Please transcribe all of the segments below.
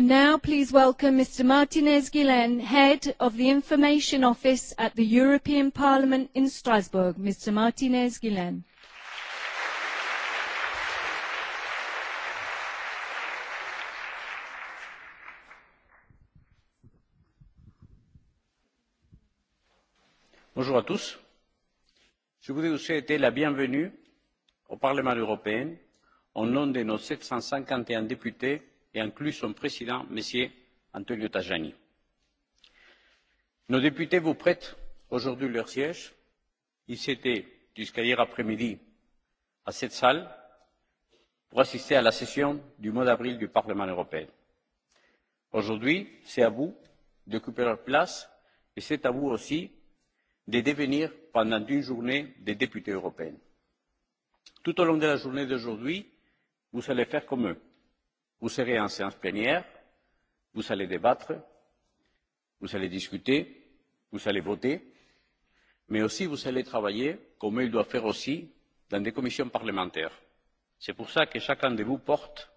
now please welcome Mr. Martinez Guilén, Head of the Information Office at the European Parliament in Strasbourg. Mr. Martinez Guilén. Bonjour à tous. Je voudrais vous souhaiter la bienvenue au Parlement européen au nom de nos 751 députés et inclut son président, M. Antonio Tajani. Nos députés vous prêtent aujourd'hui leur siège. Ils étaient jusqu'à hier après-midi à cette salle pour assister à la session du mois d'avril du Parlement européen. Aujourd'hui, c'est à vous d'occuper leur place et c'est à vous aussi de devenir pendant une journée des députés européens. Tout au long de la journée d'aujourd'hui, vous allez faire comme eux Vous serez en séance plénière, vous allez débattre, vous allez discuter, vous allez voter, mais aussi vous allez travailler comme il doit faire aussi dans des commissions parlementaires. C'est pour ça que chacun de vous porte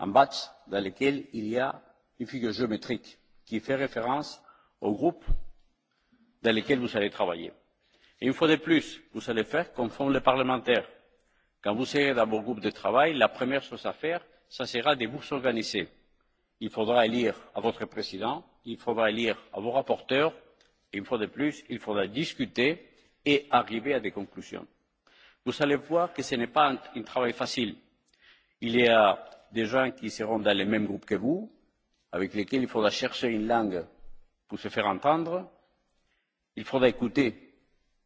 un badge dans lequel il y a une figure géométrique qui fait référence au groupe dans lequel vous allez travailler. Et une fois de plus, vous allez faire comme font les parlementaires. Quand vous serez dans vos groupes de travail, la première chose à faire, ça sera des bourses organisées. Il faudra élire à votre président, il faudra élire à vos rapporteurs, et une fois de plus, il faudra discuter et arriver à des conclusions. Vous allez voir que ce n'est pas un travail facile. Il y a des gens qui seront dans les mêmes groupes que vous, avec lesquels il faudra chercher une langue pour se faire entendre. Il faudra écouter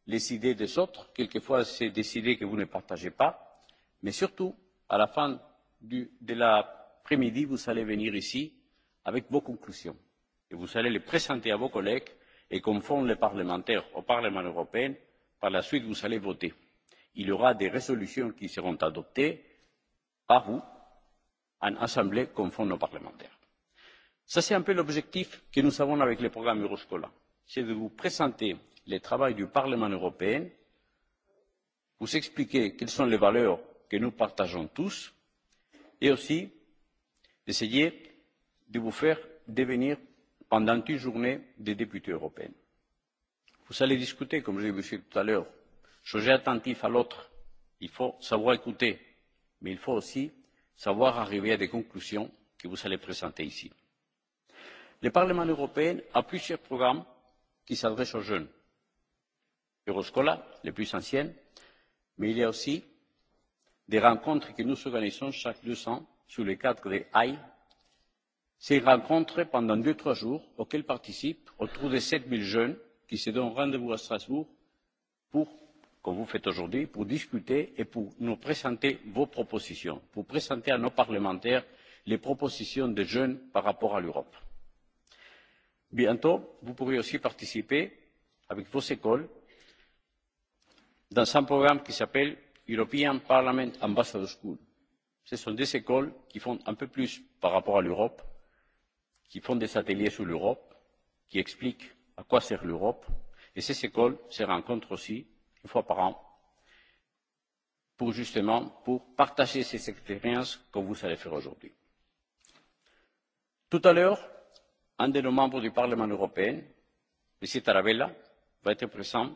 les idées des autres. Quelquefois, c'est des idées que vous ne partagez pas. Mais surtout, à la fin de l'après-midi, vous allez venir ici avec vos conclusions. Et vous allez les présenter à vos collègues et comme font les parlementaires au Parlement européen, par la suite, vous allez voter. Il y aura des résolutions qui seront adoptées par vous en assemblée comme font nos parlementaires. Ça, c'est un peu l'objectif que nous avons avec le programme Euroscola. C'est de vous présenter le travail du Parlement européen, vous expliquer quelles sont les valeurs que nous partageons tous, et aussi d'essayer de vous faire devenir pendant une journée des députés européens. Vous allez discuter, comme je l'ai dit tout à l'heure. Soyez attentif à l'autre. Il faut savoir écouter, mais il faut aussi savoir arriver à des conclusions que vous allez présenter ici. Le Parlement européen a plusieurs programmes qui s'adressent aux jeunes. Euroscola, les plus ancien, mais il y a aussi des rencontres que nous organisons chaque deux ans sous le cadre des AI. Ces rencontres pendant deux, trois jours auxquelles participent autour de 7000 jeunes qui se donnent rendez-vous à Strasbourg pour, comme vous faites aujourd'hui, pour discuter et pour nous présenter vos propositions, pour présenter à nos parlementaires les propositions des jeunes par rapport à l'Europe. Bientôt, vous pourrez aussi participer avec vos écoles dans un programme qui s'appelle European Parliament Ambassador School. Ce sont des écoles qui font un peu plus par rapport à l'Europe, qui font des ateliers sur l'Europe, qui expliquent à quoi sert l'Europe. Et ces écoles se rencontrent aussi une fois par an pour justement pour partager ces expériences que vous allez faire aujourd'hui. Tout à l'heure, un de nos membres du Parlement européen, M. Tarabella, va être présent.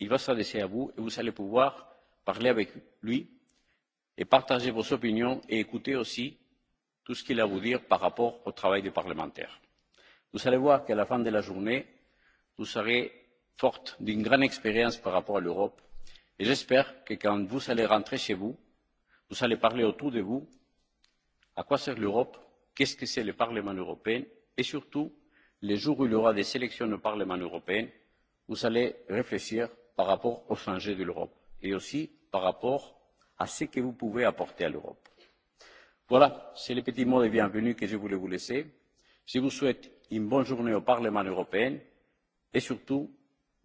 Il va s'adresser à vous et vous allez pouvoir parler avec lui et partager vos opinions et écouter aussi tout ce qu'il a à vous dire par rapport au travail des parlementaires. Vous allez voir qu'à la fin de la journée, vous serez forte d'une grande expérience par rapport à l'Europe et j'espère que quand vous allez rentrer chez vous, vous allez parler autour de vous à quoi sert l'Europe, qu'est-ce que c'est le Parlement européen et surtout, les jours où il y aura des élections au Parlement européen, vous allez réfléchir par rapport aux enjeux de l'Europe et aussi par rapport à ce que vous pouvez apporter à l'Europe. Voilà, c'est le petit mot de bienvenue que je voulais vous laisser. Je vous souhaite une bonne journée au Parlement européen et surtout,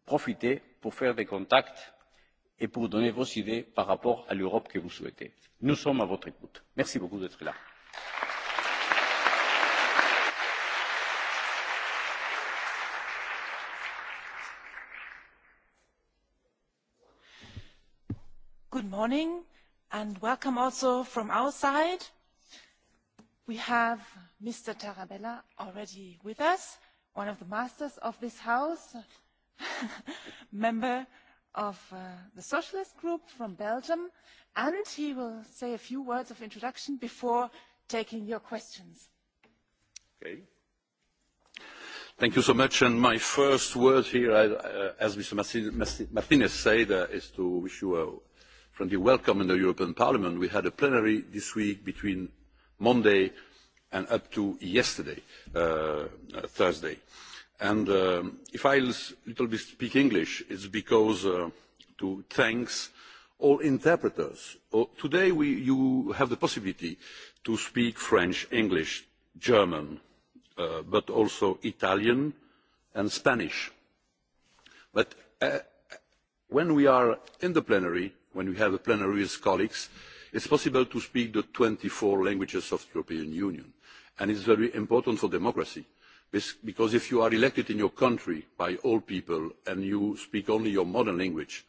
profitez pour faire des contacts et pour donner vos idées par rapport à l'Europe que vous souhaitez. Nous sommes à votre écoute. Merci beaucoup d'être là. Good morning and welcome also from our side. We have Mr. Tarabella already with us, one of the masters of this house, member of the Socialist Group from Belgium, and he will say a few words of introduction before taking your questions. Okay. Thank you so much. And my first word here, as Mr. Martinez said, is to wish you friendly welcome in the European Parliament. We had a plenary this week between Monday and up to yesterday, Thursday. And if I a little bit speak English, it's because to thank all interpreters. Today you have the possibility to speak French, English, German, but also Italian and Spanish. But when we are in the plenary, when we have a plenary with colleagues, it's possible to speak the twenty four languages of the European Union. And it is very important for democracy, because if you are elected in your country by all people and you speak only your modern language,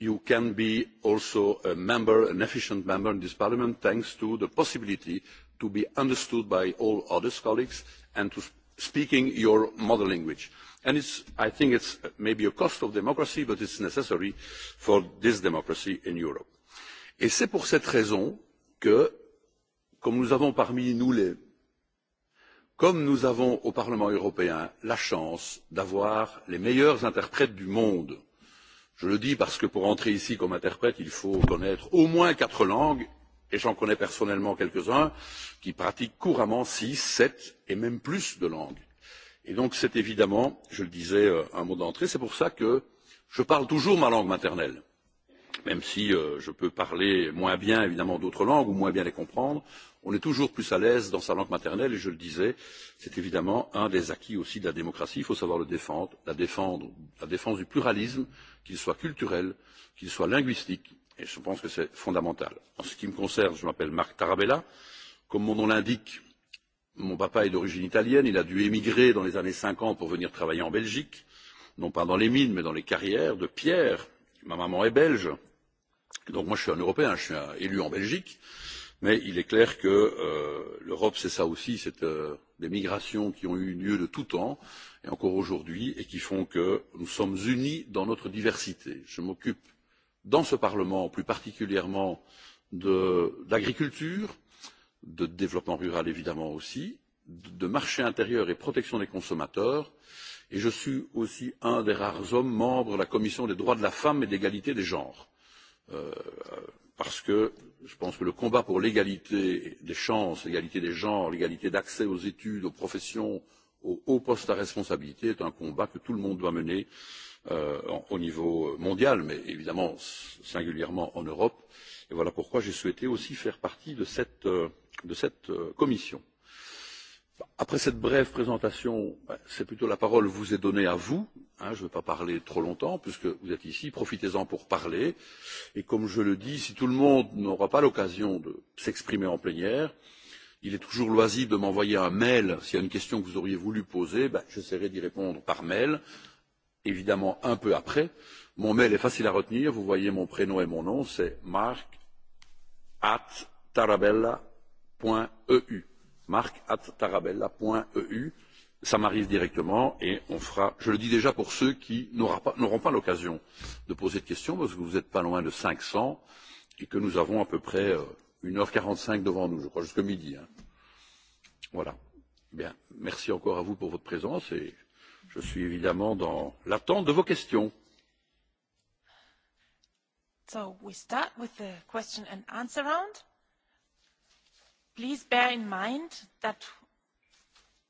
you can be also a member, an efficient member in this parliament, thanks to the possibility to be understood by all other colleagues and to speaking your mother language. And I think it's maybe a cost of democracy, but it's necessary for this democracy in Europe. Et c'est pour cette raison que, comme nous avons parmi nous les, comme nous avons au Parlement européen la chance d'avoir les meilleurs interprètes du monde, je le dis parce que pour entrer ici comme interprète, il faut connaître au moins quatre langues et j'en connais personnellement quelques uns qui pratiquent couramment six sept et même plus de langues. et donc c'est évidemment je le disais un mot d'entrée c'est pour cela que je parle toujours ma langue maternelle même si je peux parler moins bien évidemment d'autres langues ou moins bien les comprendre on est toujours plus à l'aise dans sa langue maternelle et je le disais c'est évidemment un des acquis aussi de la démocratie il faut savoir le défendre la défendre la défense du pluralisme qu'il soit culturel qu'il soit linguistique je pense que c'est fondamental. En ce qui me concerne, je m'appelle Marc Tarabella. Comme mon nom l'indique, mon papa est d'origine italienne. Il a dû émigrer dans les années 50 pour venir travailler en Belgique, non pas dans les mines, mais dans les carrières de pierre. Ma maman est belge. Donc moi, je suis un Européen, je suis un élu en Belgique. Mais il est clair que l'Europe, c'est ça aussi, c'est des migrations qui ont eu lieu de tout temps et encore aujourd'hui et qui font que nous sommes unis dans notre diversité. Je m'occupe dans ce Parlement, plus particulièrement de l'agriculture, de développement rural évidemment aussi, de marché intérieur et protection des consommateurs, et je suis aussi un des rares hommes membres de la Commission des droits de la femme et d'égalité des genres, parce que je pense que le combat pour l'égalité des chances, l'égalité des genres, l'égalité d'accès aux études, aux professions, aux hauts postes à responsabilité est un combat que tout le monde doit mener au niveau mondial, mais évidemment singulièrement en Europe. Et voilà pourquoi j'ai souhaité aussi faire partie de cette commission. Après cette brève présentation, c'est plutôt la parole vous est donnée à vous. Je ne vais pas parler trop longtemps puisque vous êtes ici. Profitez-en pour parler. Et comme je le dis, si tout le monde n'aura pas l'occasion de s'exprimer en plénière, il est toujours loisible de m'envoyer un mail. S'il y a une question que vous auriez voulu poser, j'essaierai d'y répondre par mail évidemment un peu après. Mon mail est facile à retenir. Vous voyez mon prénom et mon nom. C'est marc at tarabella.eu. Marc at tarabella.eu. Ça m'arrive directement et on fera, je le dis déjà pour ceux qui n'auront pas l'occasion de poser de questions parce que vous n'êtes pas loin de 500 et que nous avons à peu près 1h45 devant nous, je crois, jusqu'à midi. Voilà. Bien. Merci encore à vous pour votre présence et je suis évidemment dans l'attente de vos questions. So we start with the question and answer round. Please bear in mind that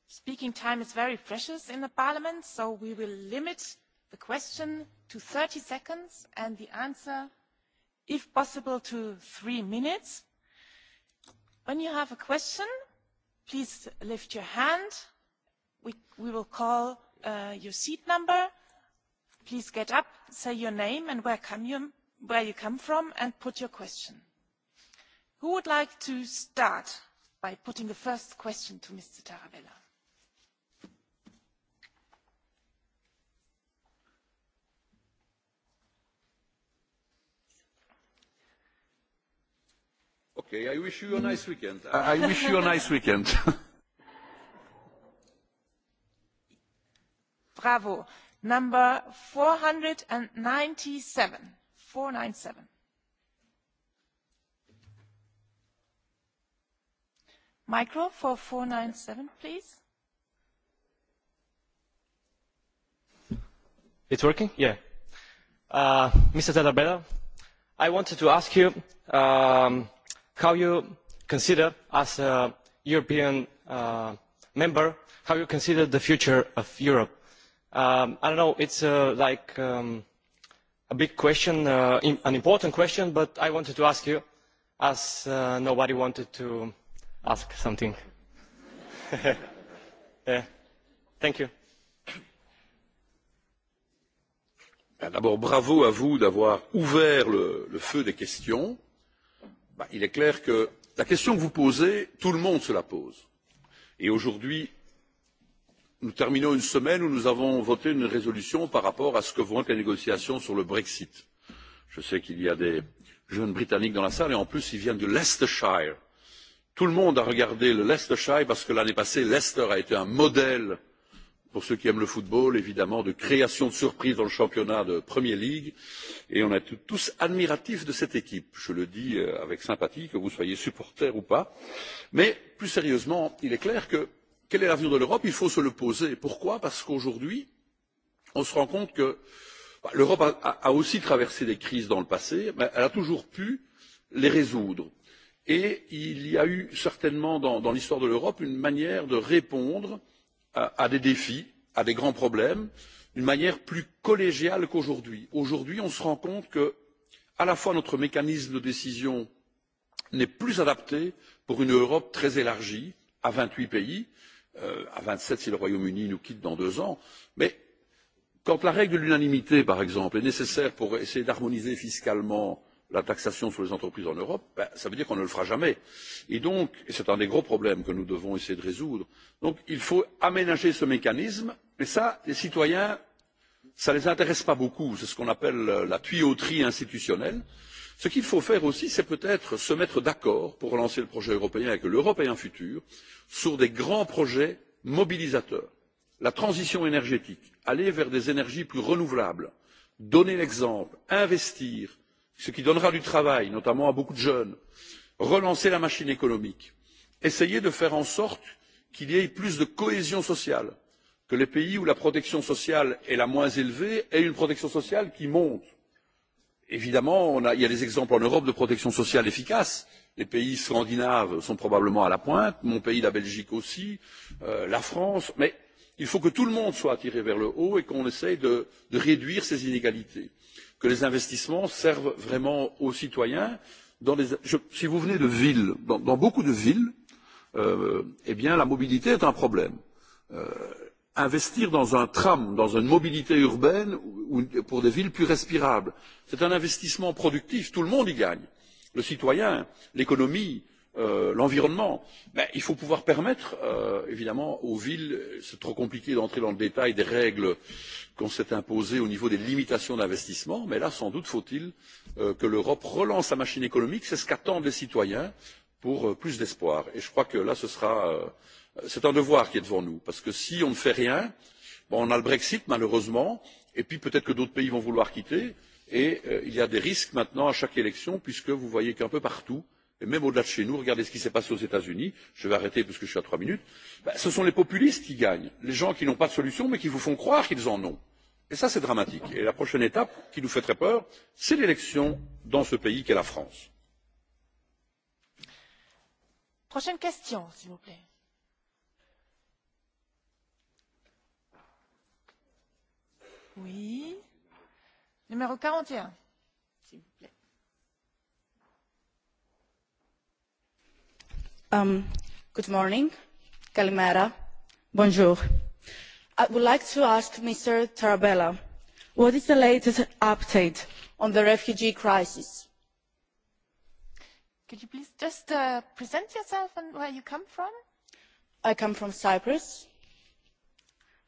speaking time is very precious in the Parliament, so we will limit the question to 30 seconds and the answer, if possible, to three minutes. When you have a question, please lift your hand. We will call your seat number. Please get up, say your name and where come you come from, and put your question. Who would like to start by putting the first question to Mr. Tarabella? Okay, I wish you a nice weekend. I wish you a nice weekend. Bravo. Number four four hundred and ninety seven 497. seven. Micro for four seven, please. It's working? Yeah. Uh, Mr. Tarabella, I wanted to ask you um, how you consider, as a European uh, member, how you consider the future of Europe I don't know, it's like a big question, an important question, but I wanted to ask you, as nobody wanted to ask something. Thank you. D'abord, bravo à vous d'avoir ouvert le feu des questions. Il est clair que la question que vous posez, tout le monde se la pose. Et aujourd'hui, nous terminons une semaine où nous avons voté une résolution par rapport à ce que vont être les négociations sur le brexit. je sais qu'il y a des jeunes britanniques dans la salle et en plus ils viennent de leicestershire. tout le monde a regardé le leicestershire parce que l'année passée leicester a été un modèle pour ceux qui aiment le football évidemment de création de surprises dans le championnat de premier league et on est tous admiratifs de cette équipe je le dis avec sympathie que vous soyez supporter ou pas mais plus sérieusement il est clair que quel est l'avenir de l'Europe Il faut se le poser. Pourquoi Parce qu'aujourd'hui, on se rend compte que l'Europe a aussi traversé des crises dans le passé, mais elle a toujours pu les résoudre. Et il y a eu certainement dans l'histoire de l'Europe une manière de répondre à des défis, à des grands problèmes, d'une manière plus collégiale qu'aujourd'hui. Aujourd'hui, on se rend compte que, à la fois, notre mécanisme de décision n'est plus adapté pour une Europe très élargie, à vingt huit pays, à vingt sept si le royaume uni nous quitte dans deux ans mais quand la règle de l'unanimité par exemple est nécessaire pour essayer d'harmoniser fiscalement la taxation sur les entreprises en europe cela veut dire qu'on ne le fera jamais et donc c'est un des gros problèmes que nous devons essayer de résoudre. il faut aménager ce mécanisme et cela les citoyens ça ne les intéresse pas beaucoup c'est ce qu'on appelle la tuyauterie institutionnelle Ce qu'il faut faire aussi, c'est peut-être se mettre d'accord pour relancer le projet européen avec l'Europe et un futur sur des grands projets mobilisateurs. La transition énergétique, aller vers des énergies plus renouvelables, donner l'exemple, investir, ce qui donnera du travail, notamment à beaucoup de jeunes, relancer la machine économique, essayer de faire en sorte qu'il y ait plus de cohésion sociale, que les pays où la protection sociale est la moins élevée aient une protection sociale qui monte Évidemment, il y a des exemples en Europe de protection sociale efficace. Les pays scandinaves sont probablement à la pointe, mon pays, la Belgique aussi, la France, mais il faut que tout le monde soit tiré vers le haut et qu'on essaye de réduire ces inégalités, que les investissements servent vraiment aux citoyens. Si vous venez de villes, dans beaucoup de villes, la mobilité est un problème investir dans un tram, dans une mobilité urbaine pour des villes plus respirables. C'est un investissement productif, tout le monde y gagne le citoyen, l'économie, l'environnement. Il faut pouvoir permettre, évidemment, aux villes c'est trop compliqué d'entrer dans le détail des règles qu'on s'est imposées au niveau des limitations d'investissement, mais là, sans doute faut il que l'Europe relance sa machine économique, c'est ce qu'attendent les citoyens pour plus d'espoir. Et je crois que là, ce sera c'est un devoir qui est devant nous parce que si on ne fait rien on a le brexit malheureusement et puis peut être que d'autres pays vont vouloir quitter et il y a des risques maintenant à chaque élection puisque vous voyez qu'un peu partout et même au delà de chez nous regardez ce qui s'est passé aux états unis je vais arrêter puisque que je suis à trois minutes ce sont les populistes qui gagnent les gens qui n'ont pas de solution mais qui vous font croire qu'ils en ont et ça c'est dramatique et la prochaine étape qui nous fait très peur c'est l'élection dans ce pays qu'est la france. prochaine question s'il vous plaît. Oui. Numéro 41, s'il vous plaît. Um, good morning. Kalimera. Bonjour. I would like to ask Mr. Tarabella, what is the latest update on the refugee crisis? Could you please just uh, present yourself and where you come from? I come from Cyprus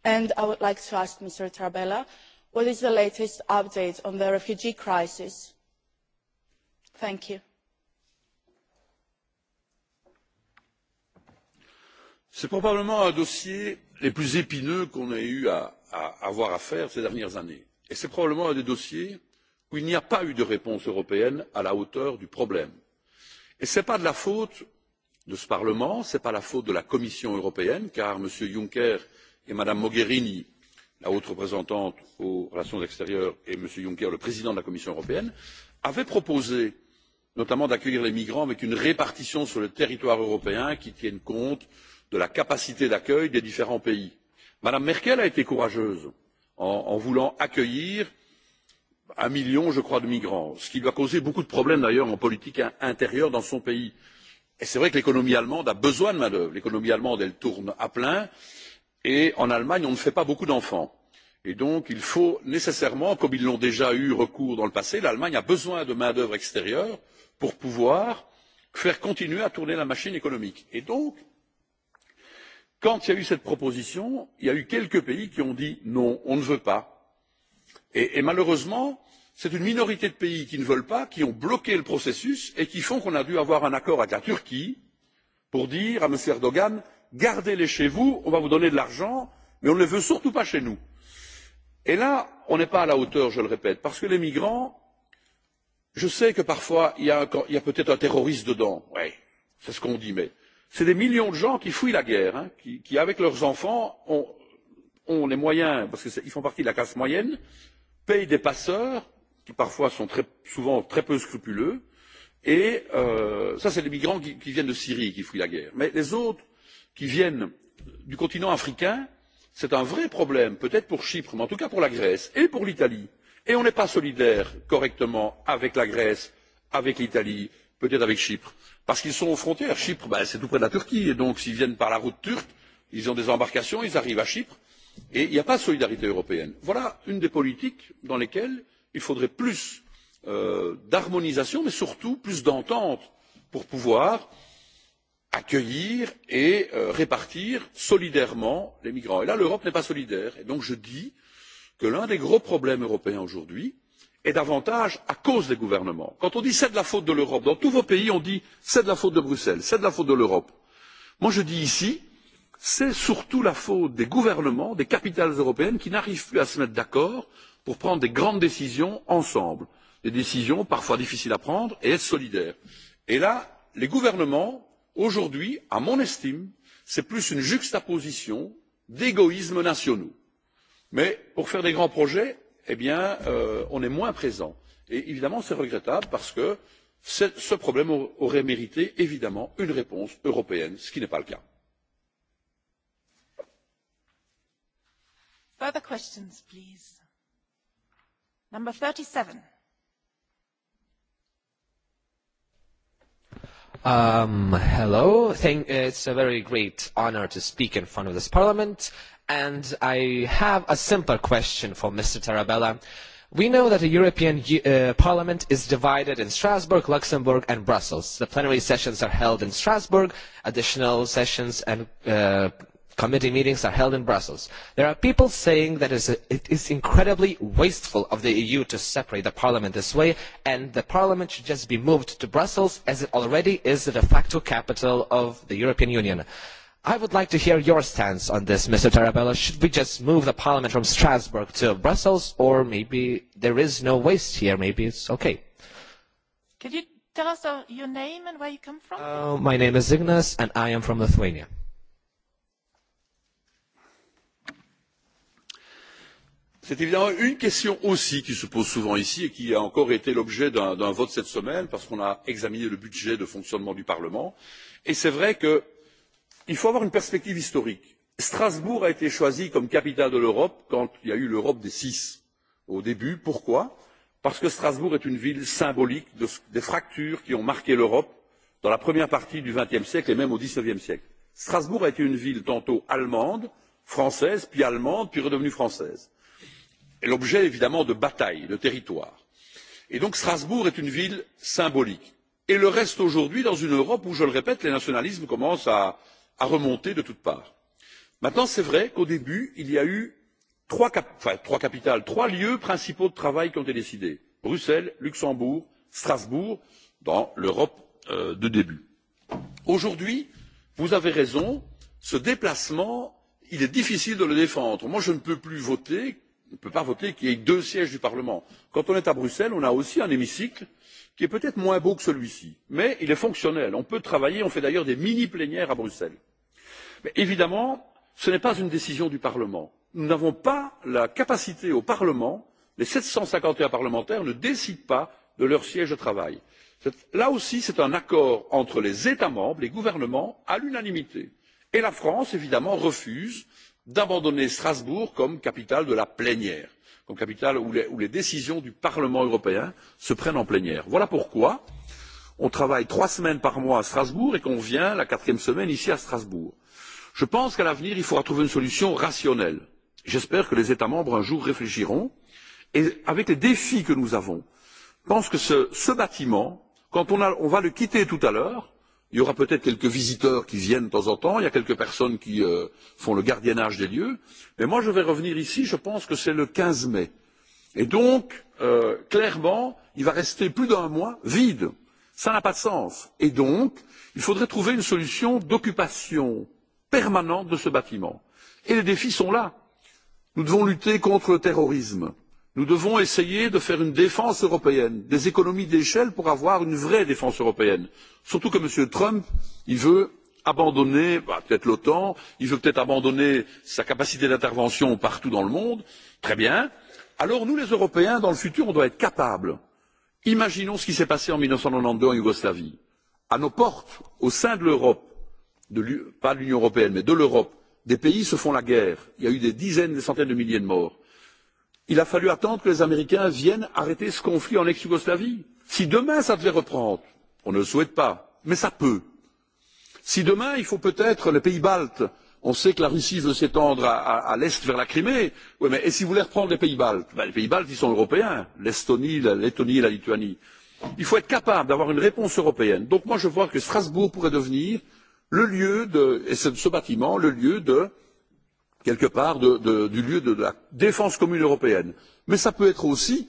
I would like to ask Mr. Tarabella, what is the latest update on the refugee crisis? Thank you. C'est probablement un dossier les plus épineux qu'on ait eu à avoir à faire ces dernières années. Et c'est probablement un des dossiers où il n'y a pas eu de réponse européenne à la hauteur du problème. Et ce n'est pas de la faute de ce Parlement, ce n'est pas la faute de la Commission européenne, car M. Juncker et Mme Mogherini, la haute représentante aux relations extérieures, et M. Juncker, le président de la Commission européenne, avaient proposé notamment d'accueillir les migrants avec une répartition sur le territoire européen qui tienne compte de la capacité d'accueil des différents pays. Mme Merkel a été courageuse en voulant accueillir un million, je crois, de migrants, ce qui doit causer beaucoup de problèmes d'ailleurs en politique intérieure dans son pays. Et c'est vrai que l'économie allemande a besoin de main d'œuvre. L'économie allemande, elle tourne à plein et en Allemagne, on ne fait pas beaucoup d'enfants. Et donc, il faut nécessairement, comme ils l'ont déjà eu recours dans le passé, l'Allemagne a besoin de main-d'œuvre extérieure pour pouvoir faire continuer à tourner la machine économique. Et donc, quand il y a eu cette proposition, il y a eu quelques pays qui ont dit non, on ne veut pas. Et malheureusement, c'est une minorité de pays qui ne veulent pas, qui ont bloqué le processus et qui font qu'on a dû avoir un accord avec la Turquie pour dire à M. Erdogan gardez les chez vous on va vous donner de l'argent mais on ne les veut surtout pas chez nous. et là on n'est pas à la hauteur je le répète parce que les migrants je sais que parfois il y a peut être un terroriste dedans oui c'est ce qu'on dit mais c'est des millions de gens qui fuient la guerre qui avec leurs enfants ont les moyens parce qu'ils font partie de la classe moyenne payent des passeurs qui parfois sont souvent très peu scrupuleux et ça c'est les migrants qui viennent de Syrie qui fuient la guerre mais les autres qui viennent du continent africain, c'est un vrai problème, peut-être pour Chypre, mais en tout cas pour la Grèce et pour l'Italie. Et on n'est pas solidaire correctement avec la Grèce, avec l'Italie, peut-être avec Chypre, parce qu'ils sont aux frontières. Chypre, c'est tout près de la Turquie, et donc s'ils viennent par la route turque, ils ont des embarcations, ils arrivent à Chypre, et il n'y a pas de solidarité européenne. Voilà une des politiques dans lesquelles il faudrait plus d'harmonisation, mais surtout plus d'entente pour pouvoir accueillir et répartir solidairement les migrants. Et là, l'Europe n'est pas solidaire. Et donc, je dis que l'un des gros problèmes européens aujourd'hui est davantage à cause des gouvernements. Quand on dit c'est de la faute de l'Europe, dans tous vos pays, on dit c'est de la faute de Bruxelles, c'est de la faute de l'Europe. Moi, je dis ici, c'est surtout la faute des gouvernements, des capitales européennes qui n'arrivent plus à se mettre d'accord pour prendre des grandes décisions ensemble. Des décisions parfois difficiles à prendre et être solidaires. Et là, les gouvernements Aujourd'hui, à mon estime, c'est plus une juxtaposition d'égoïsmes nationaux. Mais pour faire des grands projets, eh bien, on est moins présent. Et évidemment, c'est regrettable parce que ce problème aurait mérité, évidemment, une réponse européenne, ce qui n'est pas le cas. Hello. It's a very great honor to speak in front of this parliament. And I have a simple question for Mr. Tarabella. We know that the European Parliament is divided in Strasbourg, Luxembourg and Brussels. The plenary sessions are held in Strasbourg. Additional sessions and Committee meetings are held in Brussels. There are people saying that it is incredibly wasteful of the EU to separate the Parliament this way, and the Parliament should just be moved to Brussels, as it already is the de facto capital of the European Union. I would like to hear your stance on this, Mr. Tarabella. Should we just move the Parliament from Strasbourg to Brussels, or maybe there is no waste here? Maybe it's okay. Could you tell us your name and where you come from? My name is Ignas, and I am from Lithuania. C'est évidemment une question aussi qui se pose souvent ici et qui a encore été l'objet d'un vote cette semaine parce qu'on a examiné le budget de fonctionnement du Parlement. Et c'est vrai qu'il faut avoir une perspective historique. Strasbourg a été choisie comme capitale de l'Europe quand il y a eu l'Europe des six au début. Pourquoi Parce que Strasbourg est une ville symbolique des fractures qui ont marqué l'Europe dans la première partie du XXe siècle et même au XIXe siècle. Strasbourg a été une ville tantôt allemande, française, puis allemande, puis redevenue française l'objet évidemment de batailles de territoires. et donc strasbourg est une ville symbolique et le reste aujourd'hui dans une europe où je le répète les nationalismes commencent à remonter de toutes parts. maintenant c'est vrai qu'au début il y a eu trois capitales trois lieux principaux de travail qui ont été décidés bruxelles luxembourg strasbourg dans l'europe de début. aujourd'hui vous avez raison ce déplacement il est difficile de le défendre. moi je ne peux plus voter ne peut pas voter qu'il y ait deux sièges du Parlement. Quand on est à Bruxelles, on a aussi un hémicycle qui est peut-être moins beau que celui-ci, mais il est fonctionnel. On peut travailler, on fait d'ailleurs des mini-plénières à Bruxelles. Mais évidemment, ce n'est pas une décision du Parlement. Nous n'avons pas la capacité au Parlement, les sept cinquante et un parlementaires ne décident pas de leur siège de travail. Là aussi, c'est un accord entre les États membres, les gouvernements, à l'unanimité. Et la France, évidemment, refuse d'abandonner Strasbourg comme capitale de la plénière, comme capitale où les décisions du Parlement européen se prennent en plénière. Voilà pourquoi on travaille trois semaines par mois à Strasbourg et qu'on vient la quatrième semaine ici à Strasbourg. Je pense qu'à l'avenir, il faudra trouver une solution rationnelle. J'espère que les États membres un jour réfléchiront. Et avec les défis que nous avons, je pense que ce bâtiment, quand on va le quitter tout à l'heure, Il y aura peut-être quelques visiteurs qui viennent de temps en temps, il y a quelques personnes qui font le gardiennage des lieux, mais moi je vais revenir ici, je pense que c'est le 15 mai. Et donc, clairement, il va rester plus d'un mois vide. Ça n'a pas de sens. Et donc, il faudrait trouver une solution d'occupation permanente de ce bâtiment. Et les défis sont là. Nous devons lutter contre le terrorisme Nous devons essayer de faire une défense européenne, des économies d'échelle pour avoir une vraie défense européenne. Surtout que M. Trump, il veut abandonner peut-être l'OTAN, il veut peut-être abandonner sa capacité d'intervention partout dans le monde. Très bien. Alors nous, les Européens, dans le futur, on doit être capables. Imaginons ce qui s'est passé en 1992 en Yougoslavie. À nos portes, au sein de l'Europe, pas de l'Union Européenne, mais de l'Europe, des pays se font la guerre. Il y a eu des dizaines, des centaines de milliers de morts Il a fallu attendre que les Américains viennent arrêter ce conflit en ex-Yougoslavie. Si demain ça devait reprendre, on ne le souhaite pas, mais ça peut. Si demain il faut peut-être les pays baltes, on sait que la Russie veut s'étendre à l'est vers la Crimée, mais et si vous voulez reprendre les pays baltes Les pays baltes, sont européens, l'Estonie, la Lettonie et la Lituanie. Il faut être capable d'avoir une réponse européenne. Donc moi je vois que Strasbourg pourrait devenir le lieu de, et ce bâtiment, le lieu de quelque part du lieu de la défense commune européenne. Mais ça peut être aussi,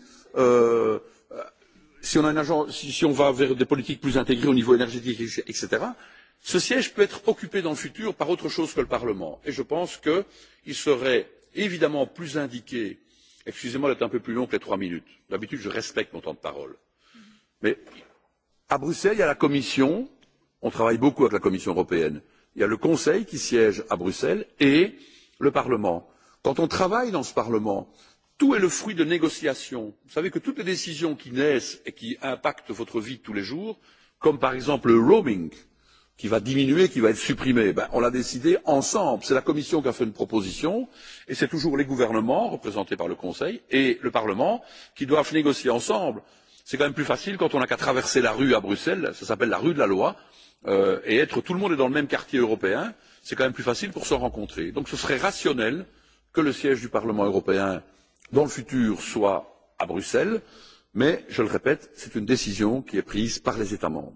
si on va vers des politiques plus intégrées au niveau énergétique, etc., ce siège peut être occupé dans le futur par autre chose que le Parlement. Et je pense qu'il serait évidemment plus indiqué, excusez-moi d'être un peu plus long que les trois minutes, d'habitude je respecte mon temps de parole, mais à Bruxelles, il y a la Commission, on travaille beaucoup avec la Commission européenne, il y a le Conseil qui siège à Bruxelles et le Parlement. Quand on travaille dans ce Parlement, tout est le fruit de négociations. Vous savez que toutes les décisions qui naissent et qui impactent votre vie tous les jours, comme par exemple le roaming, qui va diminuer, qui va être supprimé, on l'a décidé ensemble. C'est la Commission qui a fait une proposition et c'est toujours les gouvernements, représentés par le Conseil, et le Parlement qui doivent négocier ensemble. C'est quand même plus facile quand on n'a qu'à traverser la rue à Bruxelles, ça s'appelle la rue de la loi, et être tout le monde est dans le même quartier européen c'est quand même plus facile pour se rencontrer. Donc ce serait rationnel que le siège du Parlement européen dans le futur soit à Bruxelles, mais, je le répète, c'est une décision qui est prise par les États membres.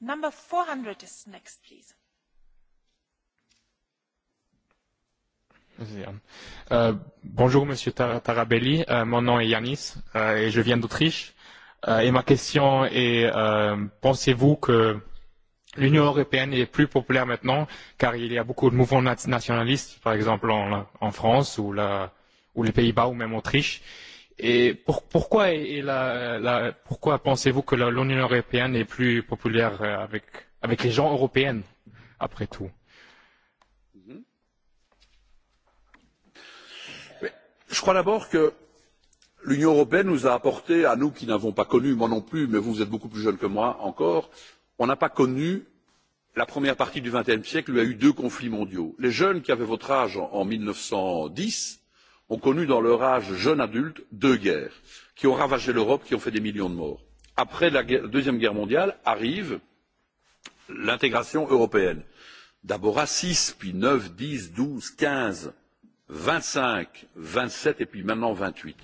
Number 400 is next, please. Bonjour Monsieur Tarabelli, mon nom est Yanis et je viens d'Autriche. Et ma question est, pensez-vous que L'Union européenne est plus populaire maintenant car il y a beaucoup de mouvements nationalistes, par exemple en France ou les Pays-Bas ou même en Autriche. Et pourquoi pensez-vous que l'Union européenne est plus populaire avec les gens européens, après tout Je crois d'abord que l'Union européenne nous a apporté, à nous qui n'avons pas connu, moi non plus, mais vous êtes beaucoup plus jeune que moi encore, on n'a pas connu la première partie du XXe siècle où il y a eu deux conflits mondiaux. Les jeunes qui avaient votre âge en 1910 ont connu dans leur âge jeune adulte deux guerres qui ont ravagé l'Europe, qui ont fait des millions de morts. Après la Deuxième Guerre mondiale arrive l'intégration européenne. D'abord à 6, puis 9, 10, 12, 15, 25, 27 et puis maintenant 28.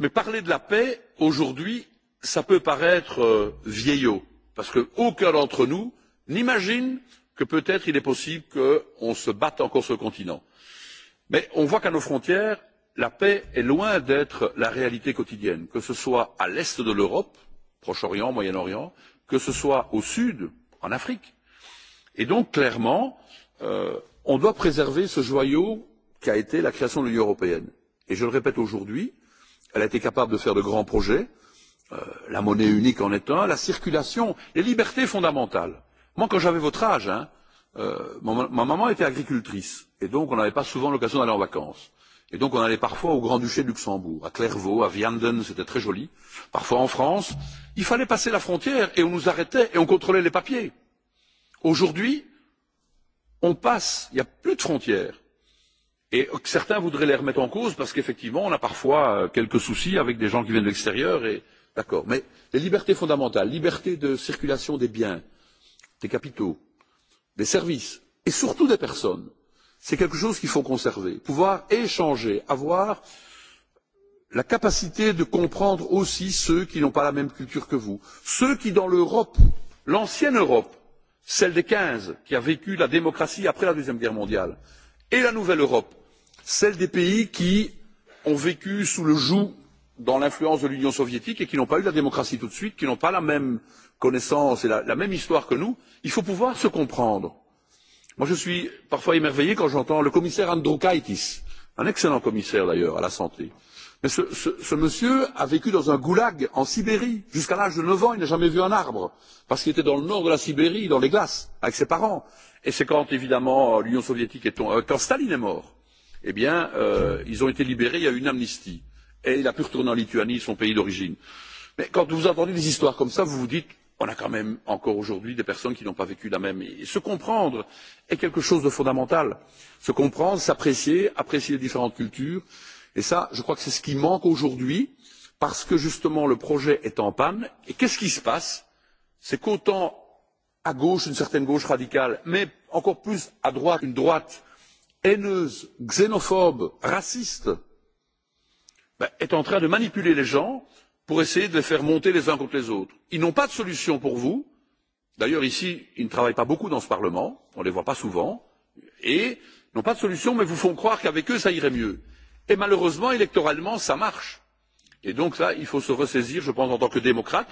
Mais parler de la paix aujourd'hui Cela peut paraître vieillot, parce qu'aucun d'entre nous n'imagine que peut-être il est possible qu'on se batte encore sur le continent. Mais on voit qu'à nos frontières, la paix est loin d'être la réalité quotidienne, que ce soit à l'est de l'Europe, Proche-Orient, Moyen-Orient, que ce soit au sud, en Afrique. Et donc, clairement, on doit préserver ce joyau qu'a été la création de l'Union européenne. Et je le répète aujourd'hui, elle a été capable de faire de grands projets, la monnaie unique en est un, la circulation, les libertés fondamentales. Moi, quand j'avais votre âge, hein, ma maman était agricultrice, et donc on n'avait pas souvent l'occasion d'aller en vacances. Et donc on allait parfois au Grand-Duché de Luxembourg, à Clairvaux, à Vianden, c'était très joli, parfois en France. Il fallait passer la frontière et on nous arrêtait et on contrôlait les papiers. Aujourd'hui, on passe, il n'y a plus de frontières. Et certains voudraient les remettre en cause parce qu'effectivement, on a parfois quelques soucis avec des gens qui viennent de l'extérieur et D'accord. Mais les libertés fondamentales, liberté de circulation des biens, des capitaux, des services, et surtout des personnes, c'est quelque chose qu'il faut conserver. Pouvoir échanger, avoir la capacité de comprendre aussi ceux qui n'ont pas la même culture que vous. Ceux qui, dans l'Europe, l'ancienne Europe, celle des 15, qui a vécu la démocratie après la Deuxième Guerre mondiale, et la nouvelle Europe, celle des pays qui ont vécu sous le joug dans l'influence de l'Union soviétique et qui n'ont pas eu la démocratie tout de suite, qui n'ont pas la même connaissance et la même histoire que nous, il faut pouvoir se comprendre. Moi, je suis parfois émerveillé quand j'entends le commissaire Androukaitis, un excellent commissaire d'ailleurs à la santé. Mais ce monsieur a vécu dans un goulag en Sibérie. Jusqu'à l'âge de 9 ans, il n'a jamais vu un arbre, parce qu'il était dans le nord de la Sibérie, dans les glaces, avec ses parents. Et c'est quand, évidemment, l'Union soviétique est... Quand Staline est mort, eh bien, ils ont été libérés, il y a eu une amnistie et il a pu retourner en Lituanie, son pays d'origine. Mais quand vous entendez des histoires comme ça, vous vous dites, on a quand même encore aujourd'hui des personnes qui n'ont pas vécu la même. Et se comprendre est quelque chose de fondamental. Se comprendre, s'apprécier, apprécier les différentes cultures. Et ça, je crois que c'est ce qui manque aujourd'hui, parce que justement le projet est en panne. Et qu'est-ce qui se passe C'est qu'autant à gauche, une certaine gauche radicale, mais encore plus à droite, une droite haineuse, xénophobe, raciste, est en train de manipuler les gens pour essayer de les faire monter les uns contre les autres. Ils n'ont pas de solution pour vous. D'ailleurs, ici, ils ne travaillent pas beaucoup dans ce Parlement. On ne les voit pas souvent. Et ils n'ont pas de solution, mais vous font croire qu'avec eux, ça irait mieux. Et malheureusement, électoralement, ça marche. Et donc là, il faut se ressaisir, je pense, en tant que démocrate,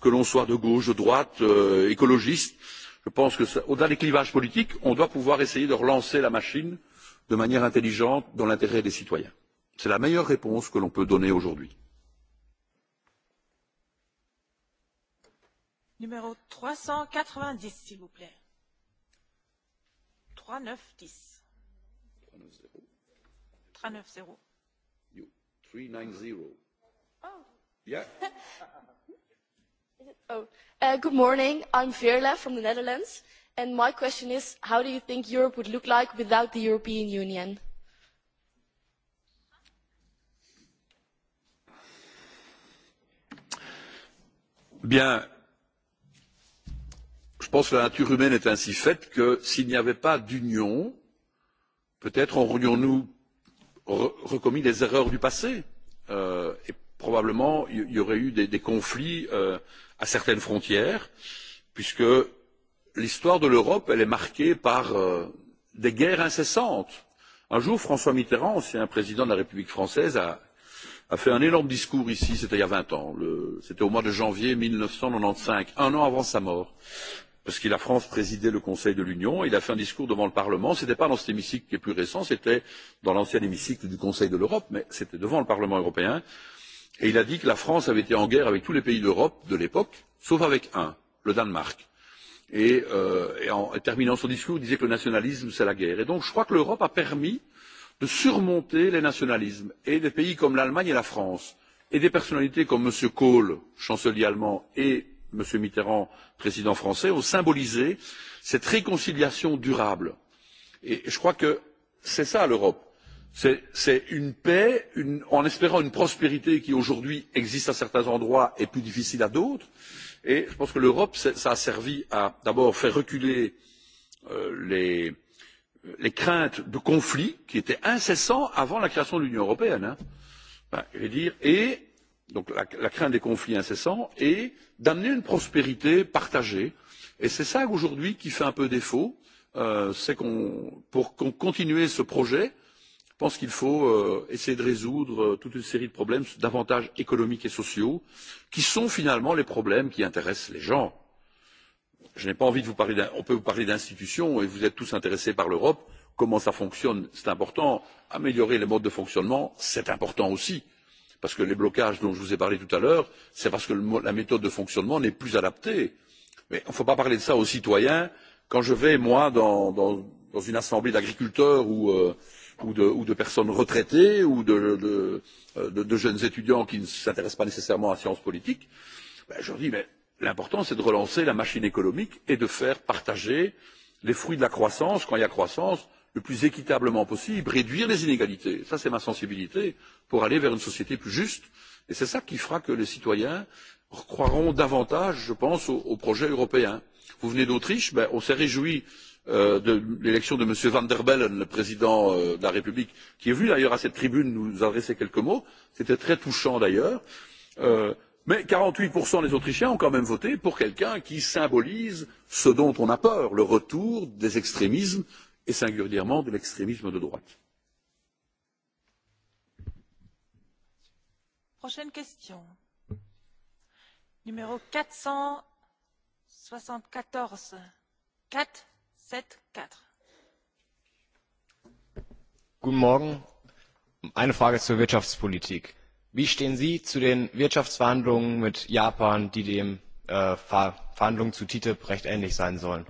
que l'on soit de gauche, de droite, écologiste. Je pense que, au-delà des clivages politiques, on doit pouvoir essayer de relancer la machine de manière intelligente dans l'intérêt des citoyens. C'est la meilleure réponse que l'on peut donner aujourd'hui. Numéro 390, s'il vous plaît. 3910. 390. 390. Oh. Yeah. oh. good morning. I'm Veerle from the Netherlands. And my question is, how do you think Europe would look like without the European Union? Bien, je pense que la nature humaine est ainsi faite que s'il n'y avait pas d'union, peut-être aurions-nous recommis des erreurs du passé. Et probablement, il y aurait eu des conflits à certaines frontières, puisque l'histoire de l'Europe, est marquée par des guerres incessantes. Un jour, François Mitterrand, ancien président de la République française, a a fait un énorme discours ici, c'était il y a 20 ans, c'était au mois de janvier 1995, un an avant sa mort, parce que la France présidait le Conseil de l'Union, il a fait un discours devant le Parlement, ce n'était pas dans cet hémicycle qui est plus récent, c'était dans l'ancien hémicycle du Conseil de l'Europe, mais c'était devant le Parlement européen, et il a dit que la France avait été en guerre avec tous les pays d'Europe de l'époque, sauf avec un, le Danemark. Et en terminant son discours, il disait que le nationalisme, c'est la guerre. Et donc je crois que l'Europe a permis de surmonter les nationalismes et des pays comme l'Allemagne et la France et des personnalités comme M. Kohl, chancelier allemand, et M. Mitterrand, président français, ont symbolisé cette réconciliation durable. Et je crois que c'est ça l'Europe. C'est une paix en espérant une prospérité qui aujourd'hui existe à certains endroits et plus difficile à d'autres. Et je pense que l'Europe, ça a servi à d'abord faire reculer les les craintes de conflits qui étaient incessants avant la création de l'Union européenne. Je dire, et donc la crainte des conflits incessants et d'amener une prospérité partagée. Et c'est ça aujourd'hui qui fait un peu défaut. C'est qu'on, pour continuer ce projet, je pense qu'il faut essayer de résoudre toute une série de problèmes davantage économiques et sociaux, qui sont finalement les problèmes qui intéressent les gens je n'ai pas envie de vous parler on peut vous parler d'institutions et vous êtes tous intéressés par l'europe comment ça fonctionne c'est important améliorer les modes de fonctionnement c'est important aussi parce que les blocages dont je vous ai parlé tout à l'heure c'est parce que la méthode de fonctionnement n'est plus adaptée mais il ne faut pas parler de ça aux citoyens quand je vais moi dans une assemblée d'agriculteurs ou de personnes retraitées ou de jeunes étudiants qui ne s'intéressent pas nécessairement à sciences politiques. politique je leur dis mais L'important, c'est de relancer la machine économique et de faire partager les fruits de la croissance, quand il y a croissance, le plus équitablement possible, réduire les inégalités. Ça, c'est ma sensibilité pour aller vers une société plus juste. Et c'est ça qui fera que les citoyens croiront davantage, je pense, au projet européen. Vous venez d'Autriche, on s'est réjoui de l'élection de M. Van der Bellen, le président de la République, qui est venu d'ailleurs à cette tribune nous adresser quelques mots. C'était très touchant d'ailleurs. Mais 48% des Autrichiens ont quand même voté pour quelqu'un qui symbolise ce dont on a peur, le retour des extrémismes et singulièrement de l'extrémisme de droite. Prochaine question. Numéro 474. 474. Guten Morgen. Eine Frage zur Wirtschaftspolitik Wie stehen Sie zu den Wirtschaftsverhandlungen mit Japan, die dem Verhandlungen zu TTIP recht ähnlich sein sollen?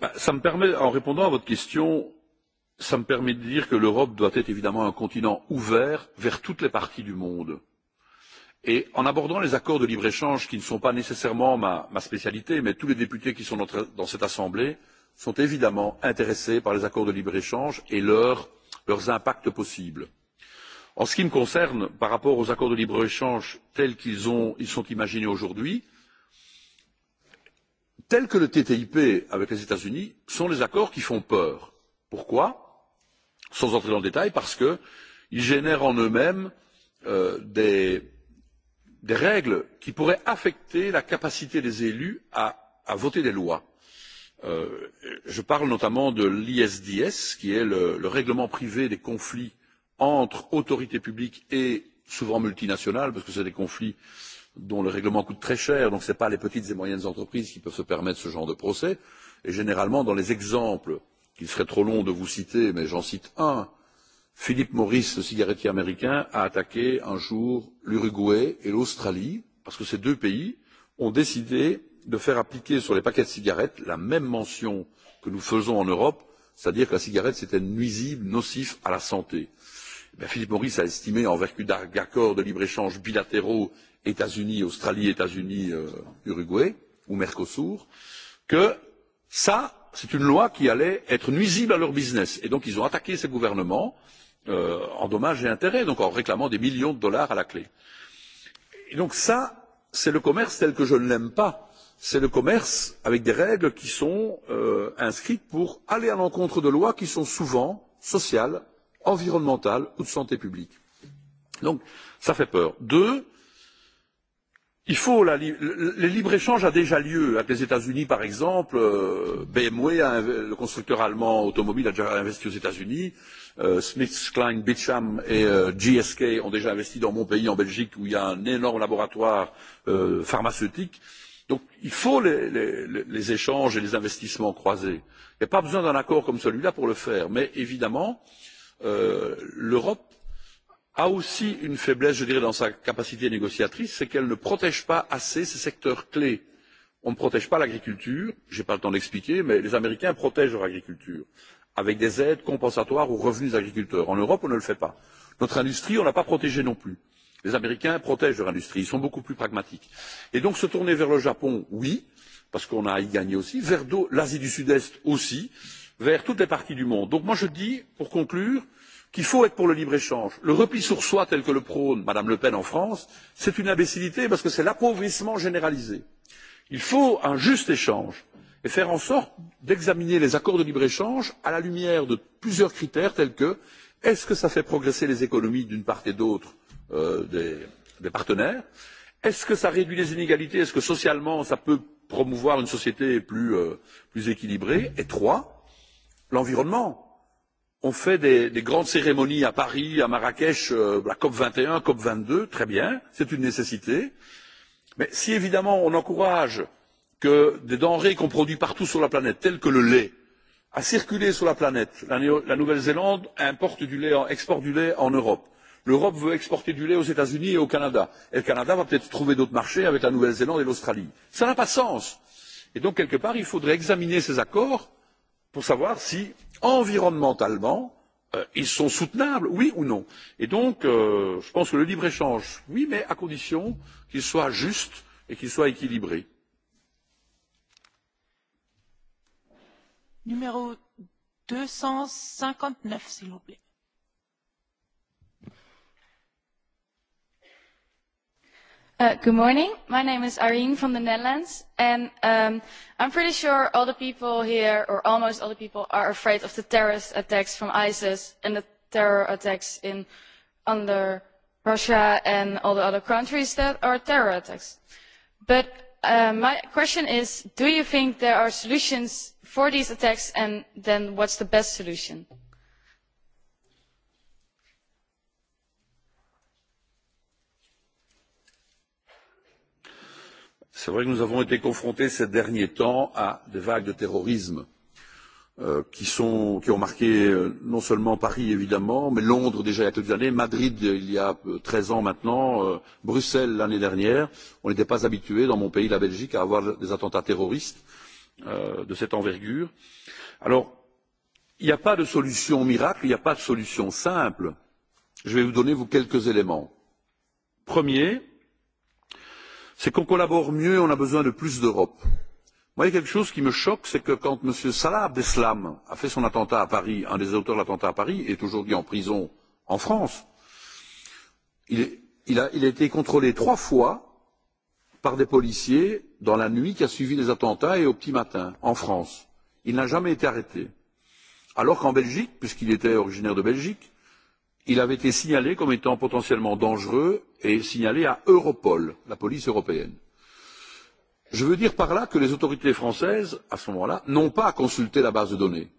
Ça me permet, en répondant à votre question, ça me permet de dire que l'Europe doit être évidemment un continent ouvert vers toutes les parties du monde Et en abordant les accords de libre-échange, qui ne sont pas nécessairement ma spécialité, mais tous les députés qui sont dans cette Assemblée sont évidemment intéressés par les accords de libre-échange et leurs impacts possibles. En ce qui me concerne, par rapport aux accords de libre-échange tels qu'ils sont imaginés aujourd'hui, tels que le TTIP avec les États-Unis, sont les accords qui font peur. Pourquoi Sans entrer dans le détail, parce qu'ils génèrent en eux-mêmes des des règles qui pourraient affecter la capacité des élus à voter des lois. Je parle notamment de l'ISDS, qui est le règlement privé des conflits entre autorités publiques et souvent multinationales, parce que ce sont des conflits dont le règlement coûte très cher, donc ce ne sont pas les petites et moyennes entreprises qui peuvent se permettre ce genre de procès. Et généralement, dans les exemples qu'il serait trop long de vous citer, mais j'en cite un, Philippe Maurice, le cigarettier américain, a attaqué un jour l'Uruguay et l'Australie, parce que ces deux pays ont décidé de faire appliquer sur les paquets de cigarettes la même mention que nous faisons en Europe, c'est-à-dire que la cigarette, c'était nuisible, nocif à la santé. Philippe Maurice a estimé, en vertu d'accords de libre-échange bilatéraux États-Unis, Australie, États-Unis, Uruguay, ou Mercosur, que ça, c'est une loi qui allait être nuisible à leur business. Et donc, ils ont attaqué ces gouvernements en dommages et intérêts, donc en réclamant des millions de dollars à la clé. Et donc ça, c'est le commerce tel que je ne l'aime pas. C'est le commerce avec des règles qui sont inscrites pour aller à l'encontre de lois qui sont souvent sociales, environnementales ou de santé publique. Donc ça fait peur. Deux, il faut le libre échange a déjà lieu avec les états unis par exemple bmw le constructeur allemand automobile a déjà investi aux états unis Smith, Klein, Beecham et GSK ont déjà investi dans mon pays, en Belgique, où il y a un énorme laboratoire pharmaceutique. Donc il faut les échanges et les investissements croisés. Il n'y a pas besoin d'un accord comme celui-là pour le faire. Mais évidemment, l'Europe a aussi une faiblesse, je dirais, dans sa capacité négociatrice, c'est qu'elle ne protège pas assez ses secteurs clés. On ne protège pas l'agriculture, je n'ai pas le temps d'expliquer, mais les Américains protègent leur agriculture avec des aides compensatoires aux revenus des agriculteurs. En Europe, on ne le fait pas. Notre industrie, on ne l'a pas protégée non plus. Les Américains protègent leur industrie, ils sont beaucoup plus pragmatiques. Et donc se tourner vers le Japon, oui, parce qu'on a à y gagner aussi, vers l'Asie du Sud-Est aussi, vers toutes les parties du monde. Donc moi je dis, pour conclure, qu'il faut être pour le libre-échange. Le repli sur soi tel que le prône Mme Le Pen en France, c'est une imbécilité parce que c'est l'appauvrissement généralisé. Il faut un juste échange et faire en sorte d'examiner les accords de libre échange à la lumière de plusieurs critères tels que est ce que cela fait progresser les économies d'une part et d'autre des partenaires est ce que cela réduit les inégalités est ce que socialement cela peut promouvoir une société plus équilibrée et trois l'environnement on fait des grandes cérémonies à paris à marrakech la cop vingt et un cop vingt deux très bien c'est une nécessité mais si évidemment on encourage que des denrées qu'on produit partout sur la planète, telles que le lait, à circuler sur la planète. La Nouvelle-Zélande importe du lait, exporte du lait en Europe. L'Europe veut exporter du lait aux États-Unis et au Canada. Et le Canada va peut-être trouver d'autres marchés avec la Nouvelle-Zélande et l'Australie. Ça n'a pas de sens. Et donc, quelque part, il faudrait examiner ces accords pour savoir si, environnementalement, ils sont soutenables, oui ou non. Et donc, je pense que le libre-échange, oui, mais à condition qu'il soit juste et qu'il soit équilibré. numéro 259, s'il vous plaît. Good morning. My name is Irene from the Netherlands, and I'm pretty sure all the people here, or almost all the people, are afraid of the terrorist attacks from ISIS and the terror attacks in under Russia and all the other countries that are terror attacks. But my question is, do you think there are solutions for these attacks, and then what's the best solution? C'est vrai que nous avons été confrontés ces derniers temps à des vagues de terrorisme qui sont qui ont marqué non seulement Paris évidemment mais Londres déjà il y a quelques années Madrid il y a 13 ans maintenant Bruxelles l'année dernière on n'était pas habitué dans mon pays la Belgique à avoir des attentats terroristes de cette envergure alors il n'y a pas de solution miracle il n'y a pas de solution simple je vais vous donner vous quelques éléments premier c'est qu'on collabore mieux et on a besoin de plus d'Europe Moi, il y a quelque chose qui me choque, c'est que quand M. Salah Abdeslam a fait son attentat à Paris, un des auteurs de l'attentat à Paris, est aujourd'hui en prison en France, il, il, a, il a été contrôlé trois fois par des policiers dans la nuit qui a suivi les attentats et au petit matin, en France. Il n'a jamais été arrêté. Alors qu'en Belgique, puisqu'il était originaire de Belgique, il avait été signalé comme étant potentiellement dangereux et signalé à Europol, la police européenne. Je veux dire par là que les autorités françaises, à ce moment-là, n'ont pas à consulter la base de données.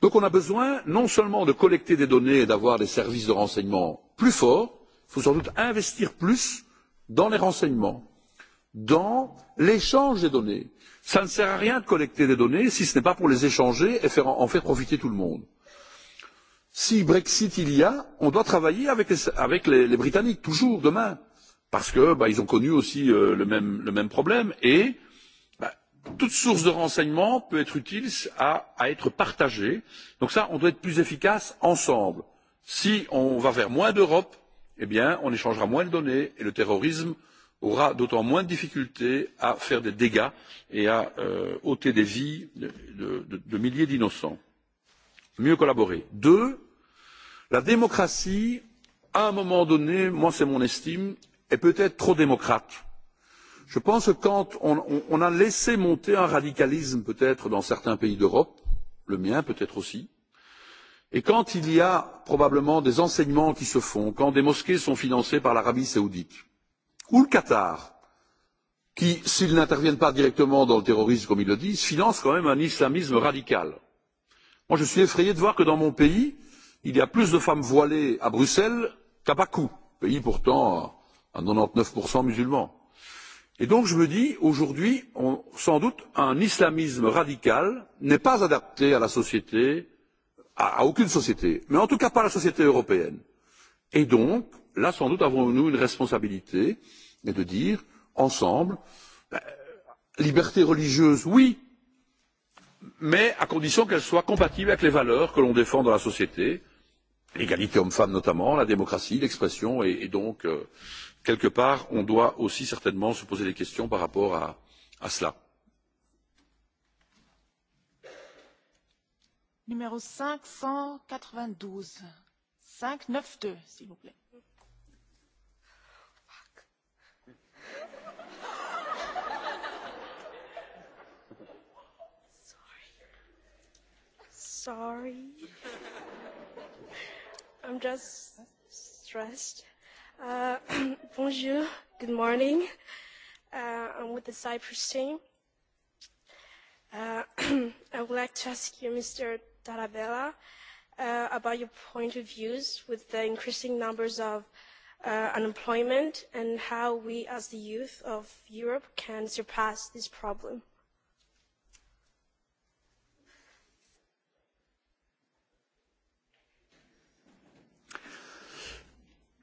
Donc on a besoin non seulement de collecter des données et d'avoir des services de renseignement plus forts, il faut sans doute investir plus dans les renseignements, dans l'échange des données. Ça ne sert à rien de collecter des données si ce n'est pas pour les échanger et en faire profiter tout le monde. Si Brexit il y a, on doit travailler avec les Britanniques, toujours, demain parce que bah, ils ont connu aussi le, même, le même problème et bah, toute source de renseignement peut être utile à, être partagée. Donc ça, on doit être plus efficace ensemble. Si on va vers moins d'Europe, eh bien, on échangera moins de données et le terrorisme aura d'autant moins de difficultés à faire des dégâts et à ôter des vies de, de, de milliers d'innocents. Mieux collaborer. Deux, la démocratie, à un moment donné, moi c'est mon estime, est peut être trop démocrate. je pense que quand on a laissé monter un radicalisme peut être dans certains pays d'europe le mien peut être aussi et quand il y a probablement des enseignements qui se font quand des mosquées sont financées par l'arabie saoudite ou le qatar qui s'ils n'interviennent pas directement dans le terrorisme comme ils le disent finance quand même un islamisme radical. Moi je suis effrayé de voir que dans mon pays il y a plus de femmes voilées à bruxelles qu'à bakou pays pourtant à 99% musulmans. Et donc je me dis, aujourd'hui, sans doute, un islamisme radical n'est pas adapté à la société, à aucune société, mais en tout cas pas à la société européenne. Et donc, là, sans doute, avons-nous une responsabilité et de dire, ensemble, liberté religieuse, oui, mais à condition qu'elle soit compatible avec les valeurs que l'on défend dans la société, l'égalité homme-femme notamment, la démocratie, l'expression et donc quelque part, on doit aussi certainement se poser des questions par rapport à cela. Numéro 592. 592, s'il vous plaît. Sorry. I'm just stressed. Bonjour, good morning. I'm with the Cyprus team. I would like to ask you, Mr. Tarabella, about your point of views with the increasing numbers of unemployment and how we as the youth of Europe can surpass this problem.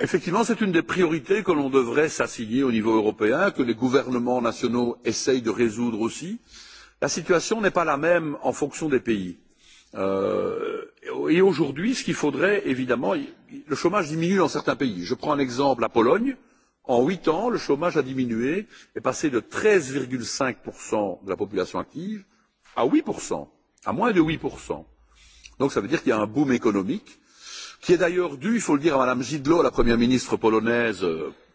Effectivement, c'est une des priorités que l'on devrait s'assigner au niveau européen, que les gouvernements nationaux essayent de résoudre aussi. La situation n'est pas la même en fonction des pays. Et aujourd'hui, ce qu'il faudrait, évidemment, le chômage diminue dans certains pays. Je prends un exemple, la Pologne. En huit ans, le chômage a diminué, est passé de 13,5% de la population active à 8%, à moins de 8%. Donc ça veut dire qu'il y a un boom économique qui est d'ailleurs dû, il faut le dire à madame Zidlo, la première ministre polonaise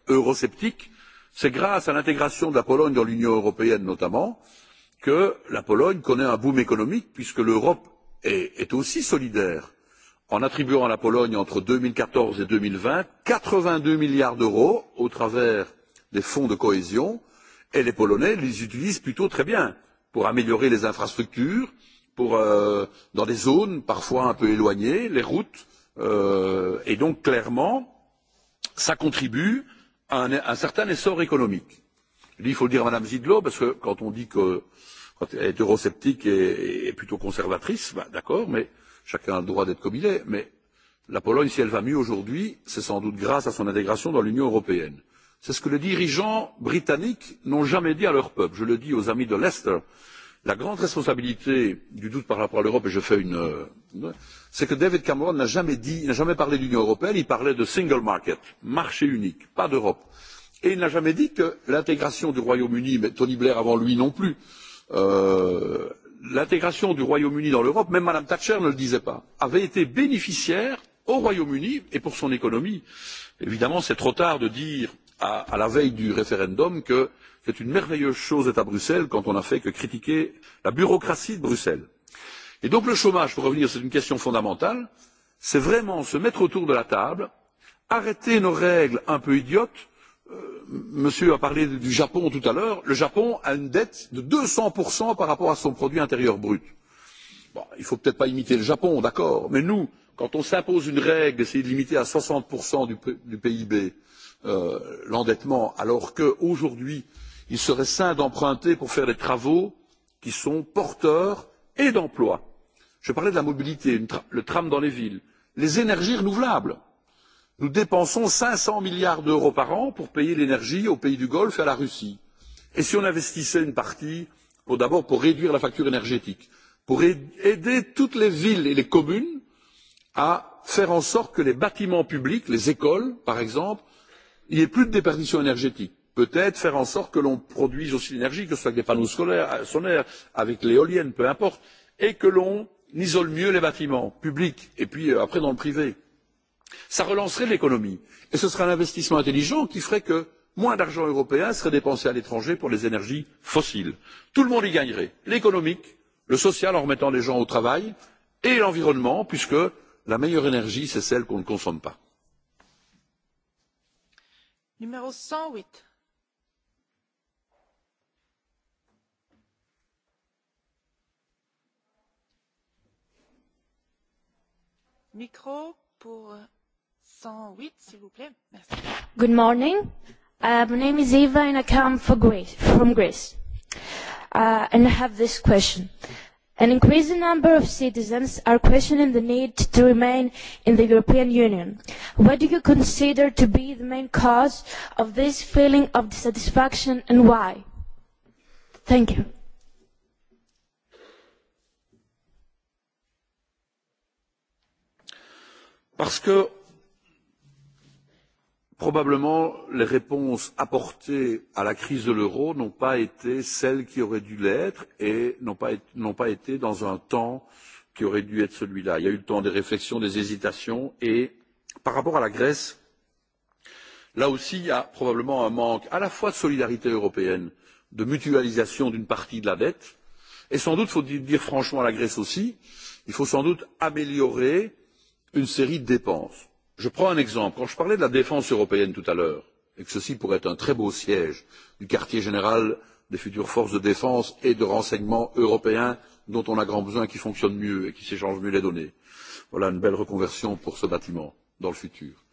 eurosceptique. C'est grâce à l'intégration de la Pologne dans l'Union européenne notamment que la Pologne connaît un boom économique puisque l'Europe est aussi solidaire en attribuant à la Pologne entre 2014 et 2020 82 milliards d'euros au travers des fonds de cohésion et les Polonais les utilisent plutôt très bien pour améliorer les infrastructures, pour, dans des zones parfois un peu éloignées, les routes, et donc clairement cela contribue à un certain essor économique. il faut le dire à mme Zidlo, parce que quand on dit qu'elle est eurosceptique et plutôt conservatrice d'accord mais chacun a le droit d'être comme il est mais la pologne si elle va mieux aujourd'hui c'est sans doute grâce à son intégration dans l'union européenne. c'est ce que les dirigeants britanniques n'ont jamais dit à leur peuple. je le dis aux amis de leicester La grande responsabilité du doute par rapport à l'Europe, et je fais une, c'est que David Cameron n'a jamais dit, n'a jamais parlé d'Union européenne, il parlait de single market, marché unique, pas d'Europe. Et il n'a jamais dit que l'intégration du Royaume-Uni, mais Tony Blair avant lui non plus, l'intégration du Royaume-Uni dans l'Europe, même Mme Thatcher ne le disait pas, avait été bénéficiaire au Royaume-Uni et pour son économie. Évidemment, c'est trop tard de dire à la veille du référendum que c'est une merveilleuse chose d'être à Bruxelles quand on n'a fait que critiquer la bureaucratie de Bruxelles. Et donc le chômage, pour revenir, c'est une question fondamentale, c'est vraiment se mettre autour de la table, arrêter nos règles un peu idiotes. Monsieur a parlé du Japon tout à l'heure. Le Japon a une dette de 200% par rapport à son produit intérieur brut. il ne faut peut-être pas imiter le Japon, d'accord, mais nous, quand on s'impose une règle, d'essayer de limiter à 60% du PIB, l'endettement, alors qu'aujourd'hui, il serait sain d'emprunter pour faire des travaux qui sont porteurs et d'emplois. Je parlais de la mobilité, le tram dans les villes, les énergies renouvelables. Nous dépensons 500 milliards d'euros par an pour payer l'énergie aux pays du Golfe et à la Russie. Et si on investissait une partie, d'abord pour réduire la facture énergétique, pour aider toutes les villes et les communes à faire en sorte que les bâtiments publics, les écoles par exemple, il n'y ait plus de déperdition énergétique. Peut-être faire en sorte que l'on produise aussi l'énergie, que ce soit avec des panneaux solaires, avec l'éolienne, peu importe, et que l'on isole mieux les bâtiments publics et puis après dans le privé. Ça relancerait l'économie et ce serait un investissement intelligent qui ferait que moins d'argent européen serait dépensé à l'étranger pour les énergies fossiles. Tout le monde y gagnerait l'économique, le social en remettant les gens au travail et l'environnement, puisque la meilleure énergie, c'est celle qu'on ne consomme pas. Numéro 108. Micro pour 108, s'il vous plaît. Merci. Good morning. Uh, my name is Eva and I come from Greece. From Greece. Uh, and I have this question. An increasing number of citizens are questioning the need to remain in the European Union. What do you consider to be the main cause of this feeling of dissatisfaction and why? Thank you. Parce que probablement les réponses apportées à la crise de l'euro n'ont pas été celles qui auraient dû l'être et n'ont pas été dans un temps qui aurait dû être celui là. il y a eu le temps des réflexions des hésitations et par rapport à la grèce là aussi il y a probablement un manque à la fois de solidarité européenne de mutualisation d'une partie de la dette et sans doute il faut dire franchement à la grèce aussi il faut sans doute améliorer une série de dépenses je prends un exemple quand je parlais de la défense européenne tout à l'heure et que ceci pourrait être un très beau siège du quartier général des futures forces de défense et de renseignement européens dont on a grand besoin qui fonctionne mieux et qui s'échangent mieux les données voilà une belle reconversion pour ce bâtiment dans le futur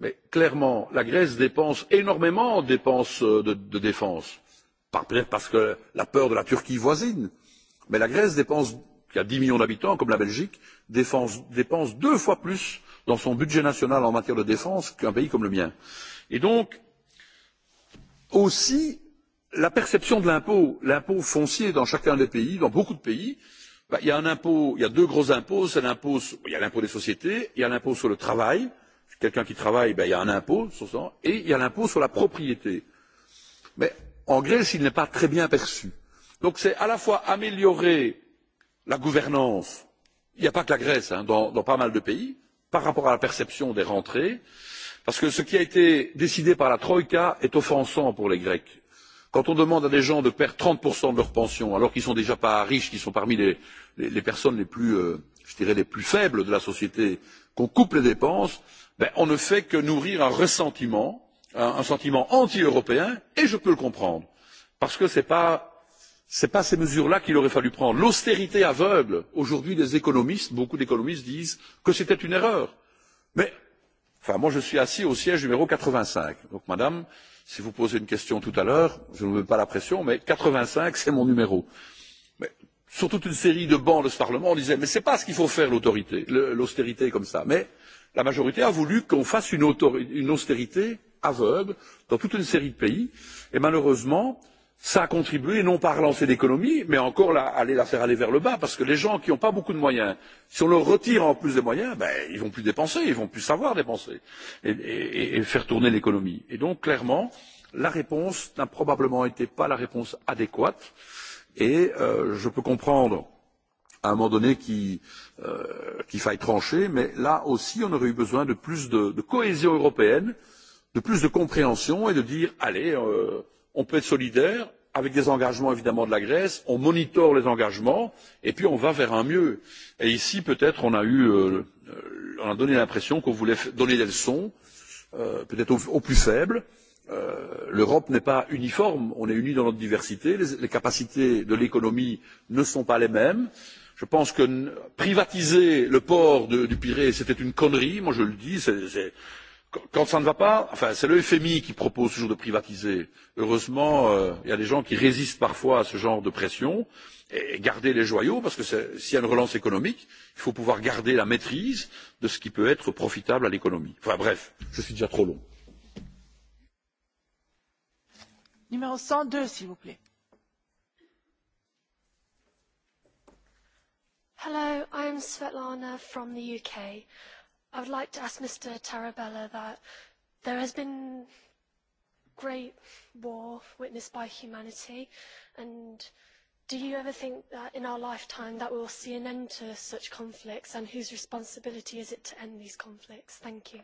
mais clairement la grèce dépense énormément de dépenses de défense peut-être parce que la peur de la turquie voisine mais la grèce dépense qui a dix millions d'habitants comme la belgique dépense deux fois plus dans son budget national en matière de défense qu'un pays comme le mien. Et donc, aussi, la perception de l'impôt, l'impôt foncier dans chacun des pays, dans beaucoup de pays, il y a un impôt, il y a deux gros impôts, c'est l'impôt, il y a l'impôt des sociétés, il y a l'impôt sur le travail, quelqu'un qui travaille, il y a un impôt sur ça, et il y a l'impôt sur la propriété. Mais en Grèce, il n'est pas très bien perçu. Donc c'est à la fois améliorer la gouvernance, il n'y a pas que la Grèce, dans pas mal de pays, par rapport à la perception des rentrées, parce que ce qui a été décidé par la Troïka est offensant pour les Grecs. Quand on demande à des gens de perdre 30% de leur pension, alors qu'ils ne sont déjà pas riches, qu'ils sont parmi les personnes les plus, je dirais, les plus faibles de la société, qu'on coupe les dépenses, ben on ne fait que nourrir un ressentiment, un sentiment anti-européen, et je peux le comprendre, parce que ce n'est pas Ce n'est pas ces mesures-là qu'il aurait fallu prendre. L'austérité aveugle, aujourd'hui des économistes, beaucoup d'économistes disent que c'était une erreur. Mais, enfin, moi je suis assis au siège numéro 85. Donc madame, si vous posez une question tout à l'heure, je ne veux pas la pression, mais 85 c'est mon numéro. Mais, sur toute une série de bancs de ce Parlement, on disait, mais ce n'est pas ce qu'il faut faire l'autorité, l'austérité comme ça. Mais la majorité a voulu qu'on fasse une austérité aveugle dans toute une série de pays. Et malheureusement, ça a contribué non pas à relancer l'économie, mais encore à aller la faire aller vers le bas, parce que les gens qui n'ont pas beaucoup de moyens, si on leur retire en plus des moyens, ben, ils vont plus dépenser, ils vont plus savoir dépenser et, et, et faire tourner l'économie. Et donc, clairement, la réponse n'a probablement été pas la réponse adéquate. Et je peux comprendre à un moment donné qu'il euh, qu faille trancher, mais là aussi, on aurait eu besoin de plus de, de cohésion européenne, de plus de compréhension et de dire, allez, on peut être solidaire avec des engagements évidemment de la Grèce, on monitore les engagements et puis on va vers un mieux. Et ici, peut-être, on a eu, on a donné l'impression qu'on voulait donner des leçons, peut-être aux plus faibles. L'Europe n'est pas uniforme, on est unis dans notre diversité, les capacités de l'économie ne sont pas les mêmes. Je pense que privatiser le port du Pirée, c'était une connerie, moi je le dis, Quand ça ne va pas, enfin, c'est le FMI qui propose toujours de privatiser. Heureusement, il y a des gens qui résistent parfois à ce genre de pression et garder les joyaux, parce que s'il y a une relance économique, il faut pouvoir garder la maîtrise de ce qui peut être profitable à l'économie. Enfin bref, je suis déjà trop long. Numéro 102, s'il vous plaît. Hello, I'm Svetlana from the UK. I would like to ask Mr. Tarabella that there has been great war witnessed by humanity, and do you ever think that in our lifetime that we will see an end to such conflicts, and whose responsibility is it to end these conflicts? Thank you.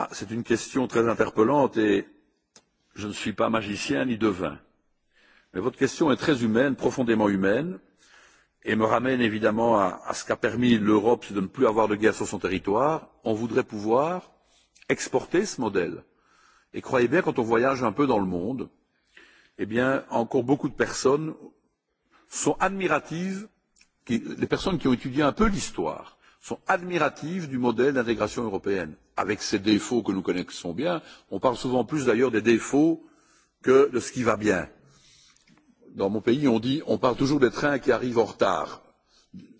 Ah, C'est une question très interpellante et je ne suis pas magicien ni devin Mais votre question est très humaine, profondément humaine, et me ramène évidemment à ce qu'a permis l'Europe, de ne plus avoir de guerre sur son territoire. On voudrait pouvoir exporter ce modèle. Et croyez bien, quand on voyage un peu dans le monde, eh bien, encore beaucoup de personnes sont admiratives, les personnes qui ont étudié un peu l'histoire, sont admiratives du modèle d'intégration européenne, avec ses défauts que nous connaissons bien. On parle souvent plus d'ailleurs des défauts que de ce qui va bien dans mon pays, on dit on parle toujours des trains qui arrivent en retard,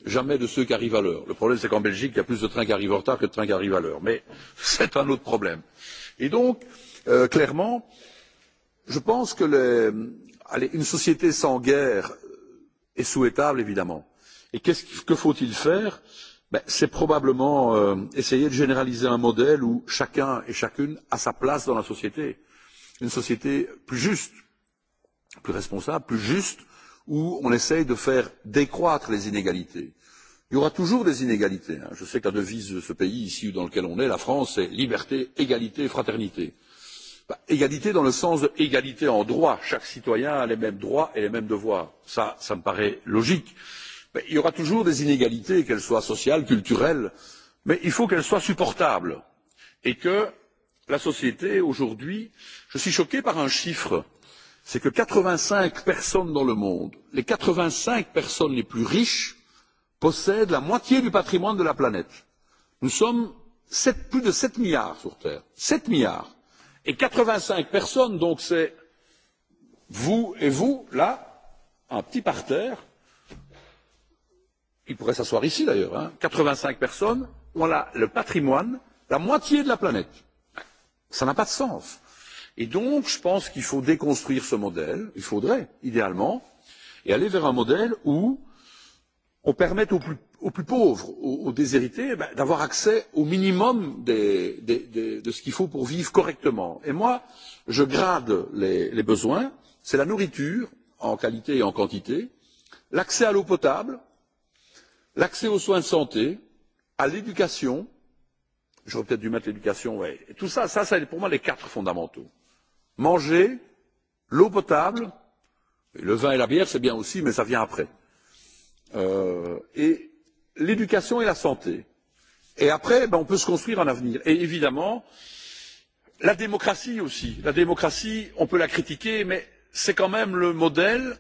jamais de ceux qui arrivent à l'heure. Le problème, c'est qu'en Belgique, il y a plus de trains qui arrivent en retard que de trains qui arrivent à l'heure. Mais c'est un autre problème. Et donc, clairement, je pense que une société sans guerre est souhaitable, évidemment. Et que faut-il faire C'est probablement essayer de généraliser un modèle où chacun et chacune a sa place dans la société. Une société plus juste plus responsable, plus juste, où on essaie de faire décroître les inégalités. Il y aura toujours des inégalités. Je sais que la devise de ce pays, ici dans lequel on est, la France, c'est liberté, égalité, fraternité. Égalité dans le sens de égalité en droit. Chaque citoyen a les mêmes droits et les mêmes devoirs. Ça, ça me paraît logique. Mais il y aura toujours des inégalités, qu'elles soient sociales, culturelles, mais il faut qu'elles soient supportables. Et que la société, aujourd'hui, je suis choqué par un chiffre c'est que 85 personnes dans le monde, les 85 personnes les plus riches, possèdent la moitié du patrimoine de la planète. Nous sommes plus de 7 milliards sur Terre. 7 milliards. Et 85 personnes, donc c'est vous et vous, là, un petit parterre. qui pourrait s'asseoir ici d'ailleurs. Hein. 85 personnes ont le patrimoine, la moitié de la planète. Ça n'a pas de sens. Et donc, je pense qu'il faut déconstruire ce modèle, il faudrait, idéalement, et aller vers un modèle où on permette aux plus, aux plus pauvres, aux, aux déshérités, d'avoir accès au minimum des, des, de ce qu'il faut pour vivre correctement. Et moi, je grade les, les besoins, c'est la nourriture, en qualité et en quantité, l'accès à l'eau potable, l'accès aux soins de santé, à l'éducation, j'aurais peut-être dû mettre l'éducation, ouais. Tout ça, ça, c'est pour moi les quatre fondamentaux manger, l'eau potable, et le vin et la bière c'est bien aussi, mais ça vient après, et l'éducation et la santé. Et après, on peut se construire un avenir. Et évidemment, la démocratie aussi. La démocratie, on peut la critiquer, mais c'est quand même le modèle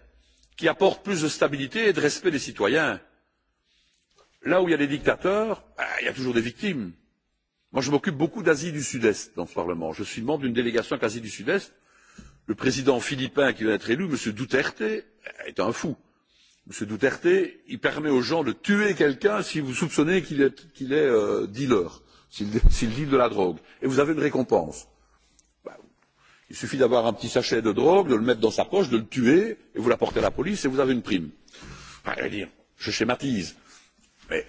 qui apporte plus de stabilité et de respect des citoyens. Là où il y a des dictateurs, il y a toujours des victimes. Moi, je m'occupe beaucoup d'Asie du Sud-Est dans ce Parlement. Je suis membre d'une délégation avec du Sud-Est. Le président philippin qui vient d'être élu, M. Duterte, est un fou. M. Duterte, il permet aux gens de tuer quelqu'un si vous soupçonnez qu'il est, dealer, s'il, deal de la drogue. Et vous avez une récompense. il suffit d'avoir un petit sachet de drogue, de le mettre dans sa poche, de le tuer, et vous l'apportez à la police, et vous avez une prime. je, je schématise. Mais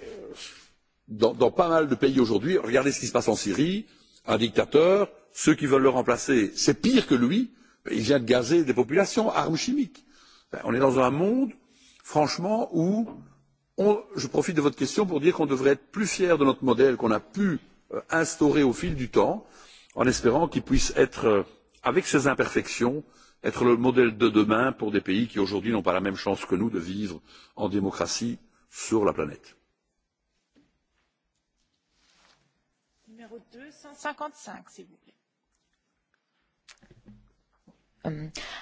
dans pas mal de pays aujourd'hui regardez ce qui se passe en syrie un dictateur ceux qui veulent le remplacer c'est pire que lui il vient de gazer des populations armes chimiques. on est dans un monde franchement où je profite de votre question pour dire qu'on devrait être plus fier de notre modèle qu'on a pu instaurer au fil du temps en espérant qu'il puisse être avec ses imperfections être le modèle de demain pour des pays qui aujourd'hui n'ont pas la même chance que nous de vivre en démocratie sur la planète.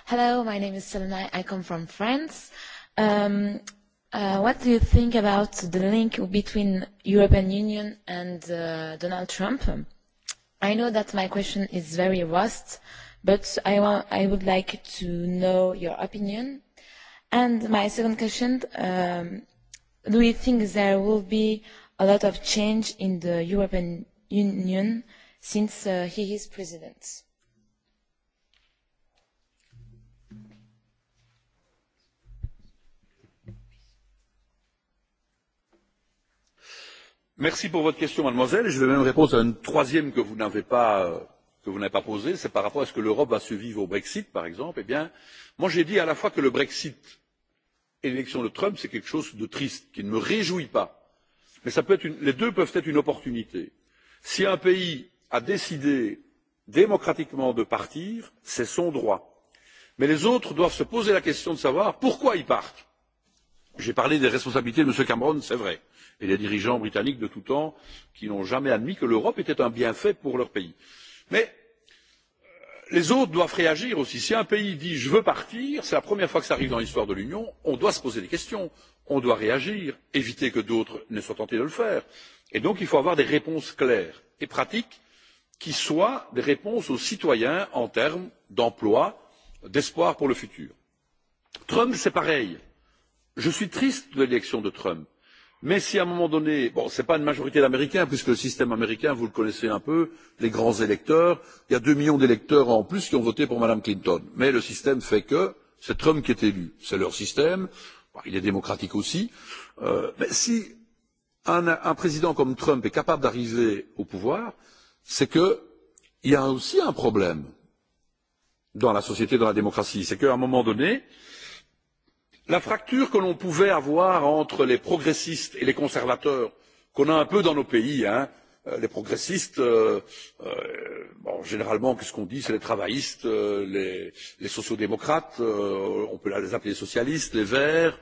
Hello, my name is Selena. I come from France. What do you think about the link between European Union and Donald Trump? I know that my question is very vast, but I would like to know your opinion. And my second question, do you think there will be a lot of change in the European Union since he is president. Merci pour votre question, mademoiselle. Je vais même répondre à une troisième que vous n'avez pas que vous n'avez pas posée. C'est par rapport à ce que l'Europe va survivre au Brexit, par exemple. Eh bien, moi, j'ai dit à la fois que le Brexit et l'élection de Trump, c'est quelque chose de triste, qui ne me réjouit pas. Mais ça peut être les deux peuvent être une opportunité. Si un pays a décidé démocratiquement de partir, c'est son droit. Mais les autres doivent se poser la question de savoir pourquoi ils partent. J'ai parlé des responsabilités de M. Cameron, c'est vrai, et des dirigeants britanniques de tout temps qui n'ont jamais admis que l'Europe était un bienfait pour leur pays. Mais les autres doivent réagir aussi. Si un pays dit je veux partir, c'est la première fois que ça arrive dans l'histoire de l'Union, on doit se poser des questions, on doit réagir, éviter que d'autres ne soient tentés de le faire. Et donc il faut avoir des réponses claires et pratiques qui soient des réponses aux citoyens en termes d'emploi, d'espoir pour le futur. Trump, c'est pareil. Je suis triste de l'élection de Trump. Mais si à un moment donné, bon, ce n'est pas une majorité d'Américains, puisque le système américain, vous le connaissez un peu, les grands électeurs, il y a deux millions d'électeurs en plus qui ont voté pour Mme Clinton. Mais le système fait que c'est Trump qui est élu. C'est leur système. Il est démocratique aussi. Mais si un président comme Trump est capable d'arriver au pouvoir, c'est qu'il y a aussi un problème dans la société, dans la démocratie. C'est qu'à un moment donné, la fracture que l'on pouvait avoir entre les progressistes et les conservateurs, qu'on a un peu dans nos pays, hein, les progressistes, généralement, qu'est-ce qu'on dit C'est les travaillistes, les sociodémocrates, on peut les appeler les socialistes, les verts.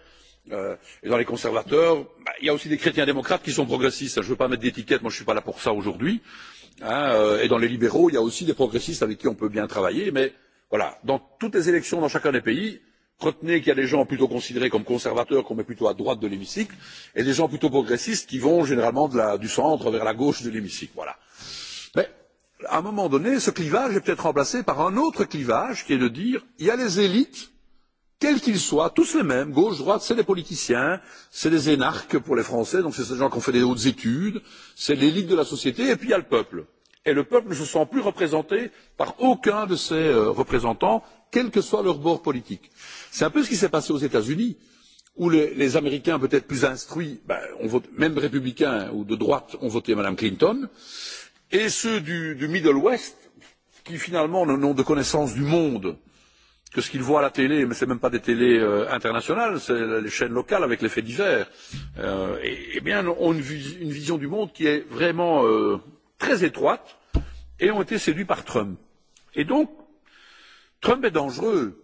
Et dans les conservateurs, il y a aussi des chrétiens démocrates qui sont progressistes. Je ne veux pas mettre d'étiquette, moi je ne suis pas là pour ça aujourd'hui et dans les libéraux, il y a aussi des progressistes avec qui on peut bien travailler, mais voilà, dans toutes les élections dans chacun des pays, retenez qu'il y a des gens plutôt considérés comme conservateurs, qu'on met plutôt à droite de l'hémicycle, et des gens plutôt progressistes qui vont généralement du centre vers la gauche de l'hémicycle. Voilà. Mais à un moment donné, ce clivage est peut-être remplacé par un autre clivage qui est de dire il y a les élites quels qu'ils soient, tous les mêmes, gauche, droite, c'est des politiciens, c'est des énarques pour les Français, donc c'est ces gens qui ont fait des hautes études, c'est l'élite de la société, et puis il y a le peuple. Et le peuple ne se sent plus représenté par aucun de ses représentants, quel que soit leur bord politique. C'est un peu ce qui s'est passé aux États-Unis, où les Américains, peut-être plus instruits, même républicains ou de droite, ont voté Mme Clinton, et ceux du Middle West, qui finalement n'ont de connaissance du monde, que ce qu'ils voient à la télé, mais ce n'est même pas des télés internationales, c'est les chaînes locales avec les faits divers, bien, ont une vision du monde qui est vraiment très étroite et ont été séduits par Trump. Et donc, Trump est dangereux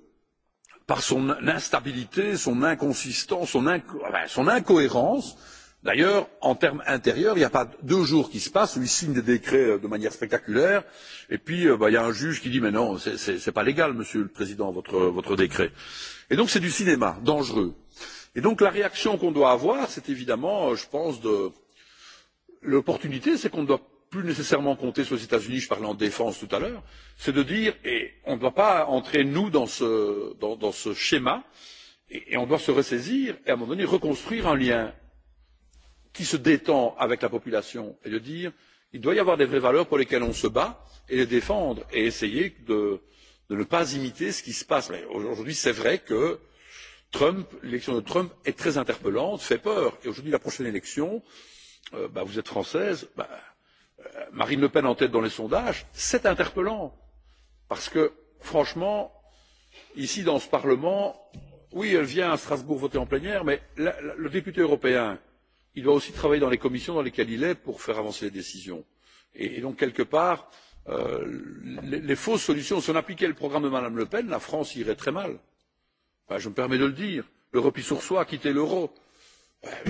par son instabilité, son inconsistance, son incohérence D'ailleurs, en termes intérieurs, il n'y a pas deux jours qui se passent où ils signent des décrets de manière spectaculaire, et puis il y a un juge qui dit Mais non, ce n'est pas légal, Monsieur le Président, votre décret. Et donc c'est du cinéma dangereux. Et donc la réaction qu'on doit avoir, c'est évidemment, je pense, de l'opportunité, c'est qu'on ne doit plus nécessairement compter sur les États Unis, je parlais en défense tout à l'heure, c'est de dire et on ne doit pas entrer, nous, dans ce schéma, et on doit se ressaisir et, à un moment donné, reconstruire un lien qui se détend avec la population et de dire il doit y avoir des vraies valeurs pour lesquelles on se bat et les défendre et essayer de ne pas imiter ce qui se passe. Aujourd'hui, c'est vrai que l'élection de Trump est très interpellante, fait peur. Et aujourd'hui, la prochaine élection, vous êtes française, Marine Le Pen en tête dans les sondages, c'est interpellant. Parce que, franchement, ici, dans ce Parlement, oui, elle vient à Strasbourg voter en plénière, mais le député européen il doit aussi travailler dans les commissions dans lesquelles il est pour faire avancer les décisions. Et donc, quelque part, les fausses solutions, si on appliquait le programme de Mme Le Pen, la France irait très mal. Je me permets de le dire. Le repli sur soi, quitter l'euro.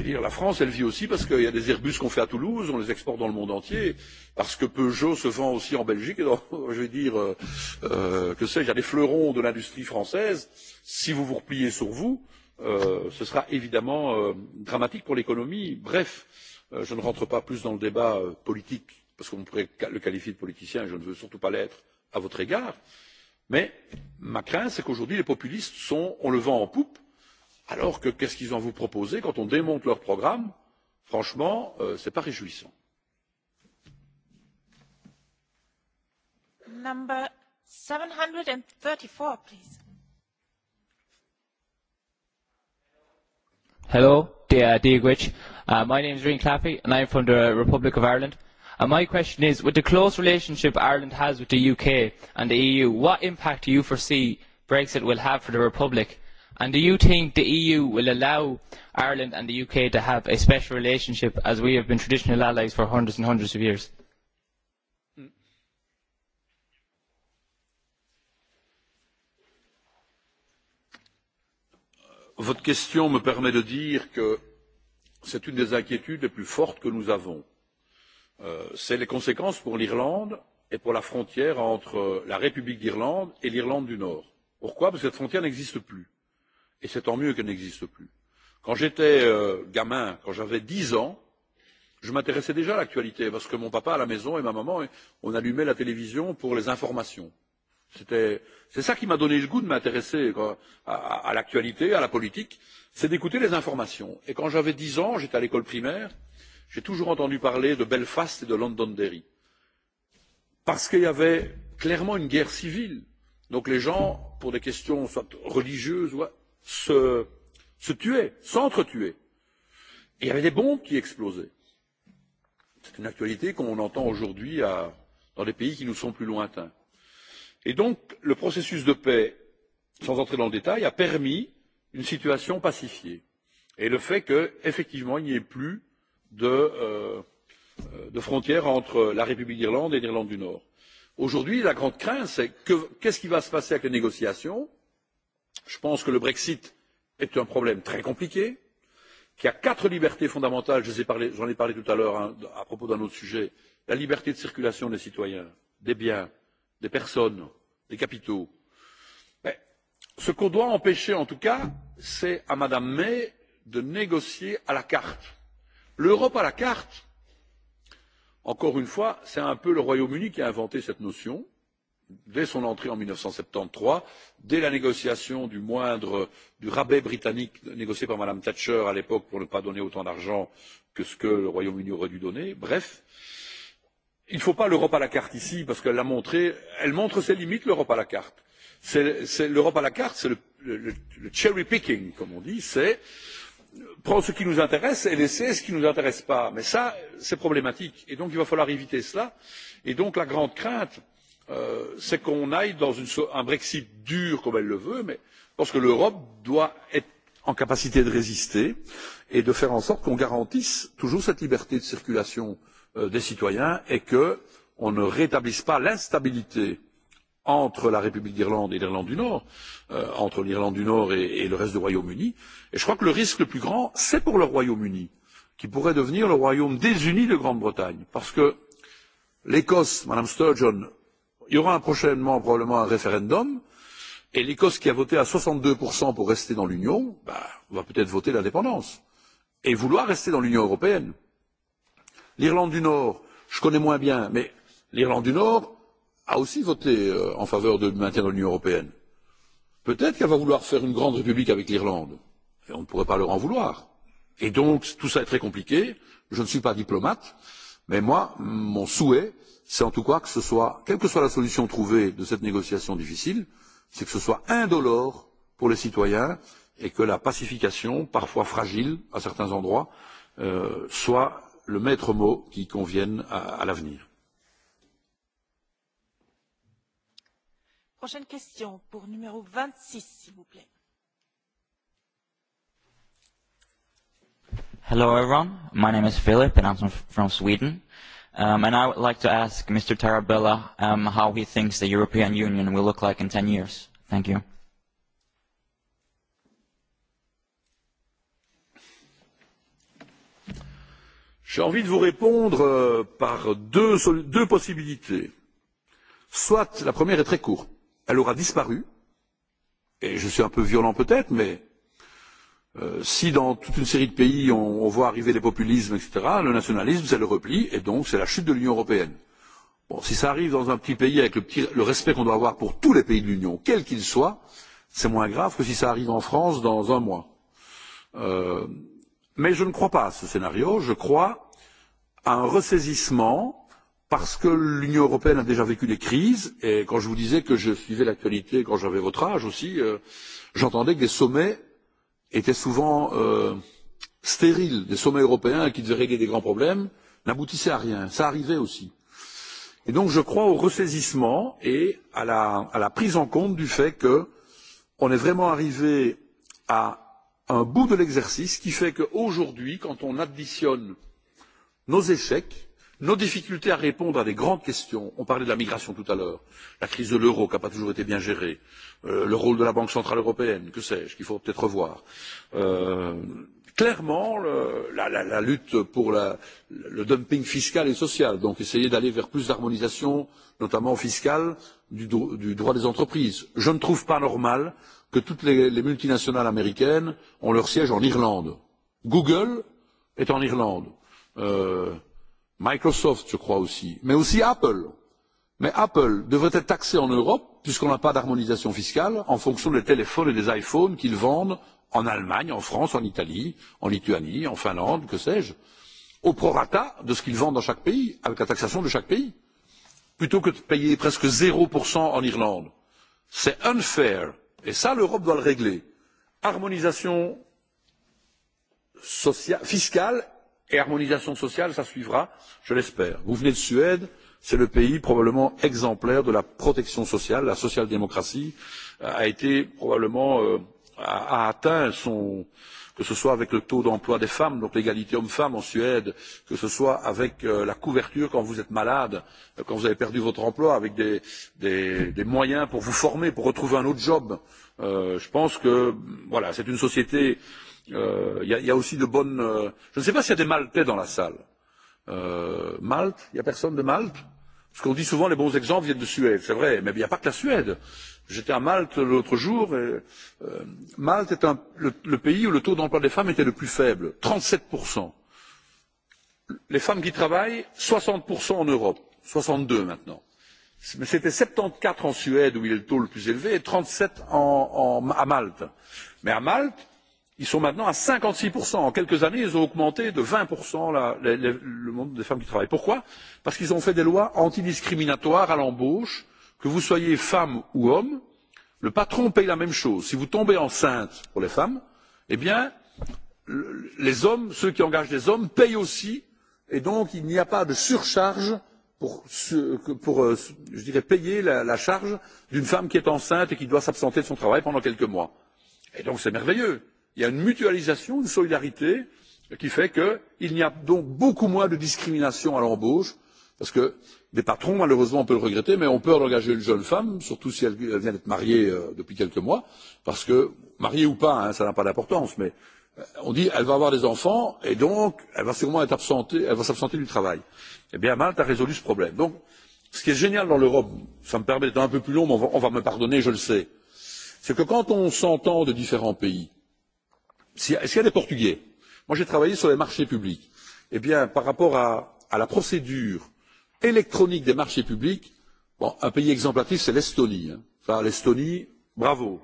La France, elle vit aussi parce qu'il y a des Airbus qu'on fait à Toulouse, on les exporte dans le monde entier, parce que Peugeot se vend aussi en Belgique, et je vais dire, que sais-je, il y a des fleurons de l'industrie française. Si vous vous repliez sur vous, ce sera évidemment dramatique pour l'économie. bref je ne rentre pas plus dans le débat politique parce qu'on pourrait le qualifier de politicien et je ne veux surtout pas l'être à votre égard mais ma crainte c'est qu'aujourd'hui les populistes sont on le vent en poupe alors que qu'est ce qu'ils ont à vous proposer quand on démonte leur programme franchement ce n'est pas réjouissant. Hello, Diagwich. My name is Reen Claffey and I'm from the Republic of Ireland. My question is, with the close relationship Ireland has with the UK and the EU, what impact do you foresee Brexit will have for the Republic? And do you think the EU will allow Ireland and the UK to have a special relationship as we have been traditional allies for hundreds and hundreds of years? Votre question me permet de dire que c'est une des inquiétudes les plus fortes que nous avons. C'est les conséquences pour l'Irlande et pour la frontière entre la République d'Irlande et l'Irlande du Nord. Pourquoi Parce que cette frontière n'existe plus. Et c'est tant mieux qu'elle n'existe plus. Quand j'étais gamin, quand j'avais dix ans, je m'intéressais déjà à l'actualité, parce que mon papa à la maison et ma maman, on allumait la télévision pour les informations c'est ça qui m'a donné le goût de m'intéresser à, l'actualité, à la politique, c'est d'écouter les informations. Et quand j'avais 10 ans, j'étais à l'école primaire, j'ai toujours entendu parler de Belfast et de Londonderry. Parce qu'il y avait clairement une guerre civile. Donc les gens, pour des questions soit religieuses, se, se tuaient, s'entretuaient. Et il y avait des bombes qui explosaient. C'est une actualité qu'on entend aujourd'hui dans des pays qui nous sont plus lointains et donc le processus de paix sans entrer dans le détail a permis une situation pacifiée et le fait qu'effectivement il n'y ait plus de frontières entre la république d'irlande et l'irlande du nord. aujourd'hui la grande crainte c'est qu'est ce qui va se passer avec les négociations? je pense que le brexit est un problème très compliqué qui a quatre libertés fondamentales j'en ai parlé tout à l'heure à propos d'un autre sujet la liberté de circulation des citoyens des biens des personnes, des capitaux. Ce qu'on doit empêcher, en tout cas, c'est à Madame May de négocier à la carte. L'Europe à la carte, encore une fois, c'est un peu le Royaume-Uni qui a inventé cette notion, dès son entrée en 1973, dès la négociation du moindre, du rabais britannique négocié par Madame Thatcher à l'époque pour ne pas donner autant d'argent que ce que le Royaume-Uni aurait dû donner. Bref il ne faut pas l'europe à la carte ici parce qu'elle l'a montré elle montre ses limites l'europe à la carte. l'europe à la carte c'est le cherry picking comme on dit c'est prendre ce qui nous intéresse et laisser ce qui ne nous intéresse pas. mais ça c'est problématique et donc il va falloir éviter cela et donc la grande crainte c'est qu'on aille dans un brexit dur comme elle le veut mais parce que l'europe doit être en capacité de résister et de faire en sorte qu'on garantisse toujours cette liberté de circulation des citoyens et qu'on ne rétablisse pas l'instabilité entre la République d'Irlande et l'Irlande du Nord, entre l'Irlande du Nord et le reste du Royaume-Uni. Et je crois que le risque le plus grand, c'est pour le Royaume-Uni, qui pourrait devenir le royaume désuni de Grande-Bretagne. Parce que l'Écosse, Madame Sturgeon, il y aura prochainement probablement un référendum, et l'Écosse qui a voté à 62% pour rester dans l'Union, va peut-être voter l'indépendance. Et vouloir rester dans l'Union européenne. L'Irlande du Nord, je connais moins bien, mais l'Irlande du Nord a aussi voté en faveur de maintien de l'Union européenne. Peut-être qu'elle va vouloir faire une grande république avec l'Irlande. Et on ne pourrait pas leur en vouloir. Et donc, tout ça est très compliqué. Je ne suis pas diplomate, mais moi, mon souhait, c'est en tout cas que ce soit, quelle que soit la solution trouvée de cette négociation difficile, c'est que ce soit indolore pour les citoyens et que la pacification, parfois fragile à certains endroits, soit le maître mot qui convienne à l'avenir. Prochaine question pour numéro 26, s'il vous plaît. Hello, everyone. My name is Philip, and I'm from Sweden. Um, and I would like to ask Mr. Tarabella um, how he thinks the European Union will look like in 10 years. Thank you. J'ai envie de vous répondre par deux possibilités. Soit la première est très courte, elle aura disparu, et je suis un peu violent peut-être, mais si dans toute une série de pays on voit arriver les populismes, etc., le nationalisme, c'est le repli, et donc c'est la chute de l'Union européenne. Bon, si ça arrive dans un petit pays avec le respect qu'on doit avoir pour tous les pays de l'Union, quels qu'ils soient, c'est moins grave que si ça arrive en France dans un mois. Mais je ne crois pas à ce scénario. Je crois à un ressaisissement parce que l'Union européenne a déjà vécu des crises. Et quand je vous disais que je suivais l'actualité quand j'avais votre âge aussi, j'entendais que des sommets étaient souvent stériles. Des sommets européens qui devaient régler des grands problèmes n'aboutissaient à rien. Ça arrivait aussi. Et donc je crois au ressaisissement et à la prise en compte du fait qu'on est vraiment arrivé à un bout de l'exercice qui fait qu'aujourd'hui, quand on additionne nos échecs, nos difficultés à répondre à des grandes questions on parlait de la migration tout à l'heure la crise de l'euro qui n'a pas toujours été bien gérée le rôle de la banque centrale européenne que sais je qu'il faut peut être revoir clairement la lutte pour le dumping fiscal et social donc essayer d'aller vers plus d'harmonisation notamment fiscale du droit des entreprises je ne trouve pas normal que toutes les multinationales américaines ont leur siège en Irlande. Google est en Irlande. Microsoft, je crois aussi. Mais aussi Apple. Mais Apple devrait être taxé en Europe, puisqu'on n'a pas d'harmonisation fiscale, en fonction des téléphones et des iPhones qu'ils vendent en Allemagne, en France, en Italie, en Lituanie, en Finlande, que sais-je, au prorata de ce qu'ils vendent dans chaque pays, avec la taxation de chaque pays, plutôt que de payer presque 0% en Irlande. C'est unfair Et ça, l'Europe doit le régler. Harmonisation fiscale et harmonisation sociale, ça suivra, je l'espère. Vous venez de Suède, c'est le pays probablement exemplaire de la protection sociale. La social-démocratie a été probablement, a atteint son que ce soit avec le taux d'emploi des femmes, donc l'égalité hommes-femmes en Suède, que ce soit avec la couverture quand vous êtes malade, quand vous avez perdu votre emploi, avec des des, des moyens pour vous former, pour retrouver un autre job. Je pense que, voilà, c'est une société. Il y a aussi de bonnes. Je ne sais pas s'il y a des Maltais dans la salle. Malte Il n'y a personne de Malte Parce qu'on dit souvent les bons exemples viennent de Suède, c'est vrai, mais il n'y a pas que la Suède. J'étais à Malte l'autre jour, et Malte est le pays où le taux d'emploi des femmes était le plus faible, 37%. Les femmes qui travaillent, 60% en Europe, 62 maintenant. Mais c'était 74 en Suède où il est le taux le plus élevé et 37 à Malte. Mais à Malte, Ils sont maintenant à 56%. En quelques années, ils ont augmenté de 20% le nombre des femmes qui travaillent. Pourquoi Parce qu'ils ont fait des lois antidiscriminatoires à l'embauche. Que vous soyez femme ou homme, le patron paye la même chose. Si vous tombez enceinte pour les femmes, eh bien, les hommes, ceux qui engagent des hommes, payent aussi. Et donc, il n'y a pas de surcharge pour, je dirais, payer la charge d'une femme qui est enceinte et qui doit s'absenter de son travail pendant quelques mois. Et donc, c'est merveilleux il y a une mutualisation, une solidarité qui fait qu'il n'y a donc beaucoup moins de discrimination à l'embauche, parce que des patrons, malheureusement, on peut le regretter, mais ont peur d'engager une jeune femme, surtout si elle vient d'être mariée depuis quelques mois, parce que, mariée ou pas, ça n'a pas d'importance, mais on dit elle va avoir des enfants, et donc elle va sûrement être absentée, elle va s'absenter du travail. Eh bien, Malte a résolu ce problème. Donc, ce qui est génial dans l'Europe, ça me permet d'être un peu plus long, mais on va me pardonner, je le sais, c'est que quand on s'entend de différents pays, S'il y a des Portugais Moi, j'ai travaillé sur les marchés publics. Eh bien, par rapport à la procédure électronique des marchés publics, un pays exemplatif, c'est l'Estonie. L'Estonie, bravo.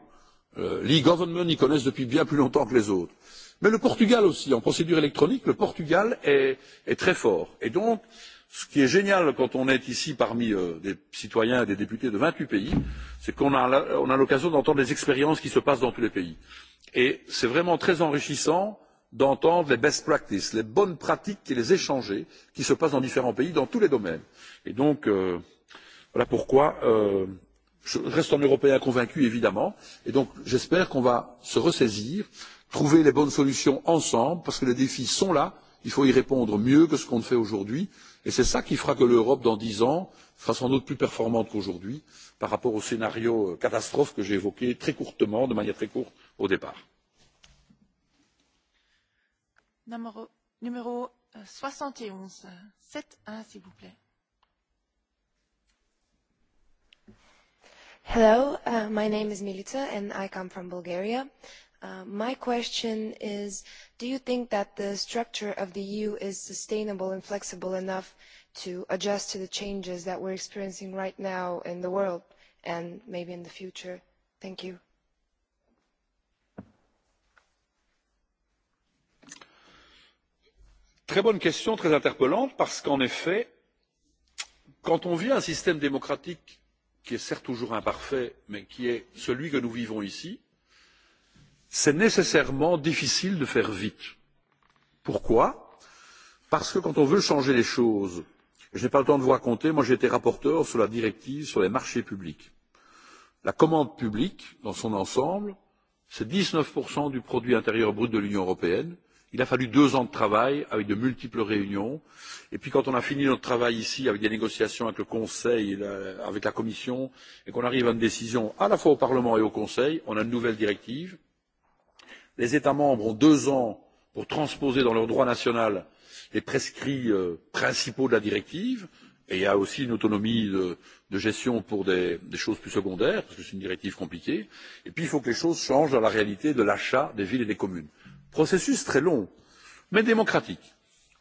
L'e-government, ils connaissent depuis bien plus longtemps que les autres. Mais le Portugal aussi, en procédure électronique, le Portugal est très fort. Et donc, Ce qui est génial quand on est ici parmi des citoyens et des députés de vingt huit pays, c'est qu'on a l'occasion d'entendre les expériences qui se passent dans tous les pays. Et c'est vraiment très enrichissant d'entendre les best practices, les bonnes pratiques et les échanger qui se passent dans différents pays, dans tous les domaines. Et donc, voilà pourquoi je reste un Européen convaincu, évidemment. Et donc, j'espère qu'on va se ressaisir, trouver les bonnes solutions ensemble, parce que les défis sont là. Il faut y répondre mieux que ce qu'on fait aujourd'hui Et c'est ça qui fera que l'Europe, dans dix ans, sera sans doute plus performante qu'aujourd'hui par rapport au scénario catastrophe que j'ai évoqué très courtement, de manière très courte, au départ. Numéro 71, 7-1, s'il vous plaît. Hello, my name is Milica and I come from Bulgaria My question is, do you think that the structure of the EU is sustainable and flexible enough to adjust to the changes that we're experiencing right now in the world and maybe in the future? Thank you. Très bonne question, très interpellante, parce qu'en effet, quand on vit un système démocratique qui est certes toujours imparfait, mais qui est celui que nous vivons ici, c'est nécessairement difficile de faire vite. Pourquoi Parce que quand on veut changer les choses, je n'ai pas le temps de vous raconter, moi j'ai été rapporteur sur la directive sur les marchés publics. La commande publique, dans son ensemble, c'est dix neuf du produit intérieur brut de l'Union européenne. Il a fallu deux ans de travail avec de multiples réunions. Et puis quand on a fini notre travail ici avec des négociations avec le Conseil, et avec la Commission, et qu'on arrive à une décision à la fois au Parlement et au Conseil, on a une nouvelle directive les États membres ont deux ans pour transposer dans leur droit national les prescrits principaux de la directive et il y a aussi une autonomie de gestion pour des choses plus secondaires parce que c'est une directive compliquée et puis il faut que les choses changent dans la réalité de l'achat des villes et des communes. processus très long mais démocratique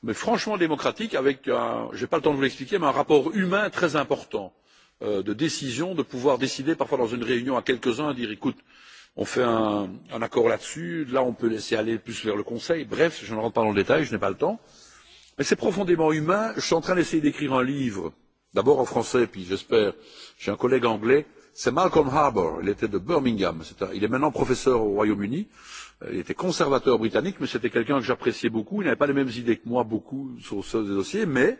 mais franchement démocratique avec je n'ai pas le temps de vous l'expliquer mais un rapport humain très important de décision de pouvoir décider parfois dans une réunion à quelques uns dire écoute On fait un accord là-dessus. Là, on peut laisser aller plus vers le Conseil. Bref, je ne rentre pas dans le détail, je n'ai pas le temps. Mais c'est profondément humain. Je suis en train d'essayer d'écrire un livre, d'abord en français, puis j'espère, j'ai un collègue anglais. C'est Malcolm Harbour. Il était de Birmingham. Il est maintenant professeur au Royaume-Uni. Il était conservateur britannique, mais c'était quelqu'un que j'appréciais beaucoup. Il n'avait pas les mêmes idées que moi, beaucoup, sur ce dossier. Mais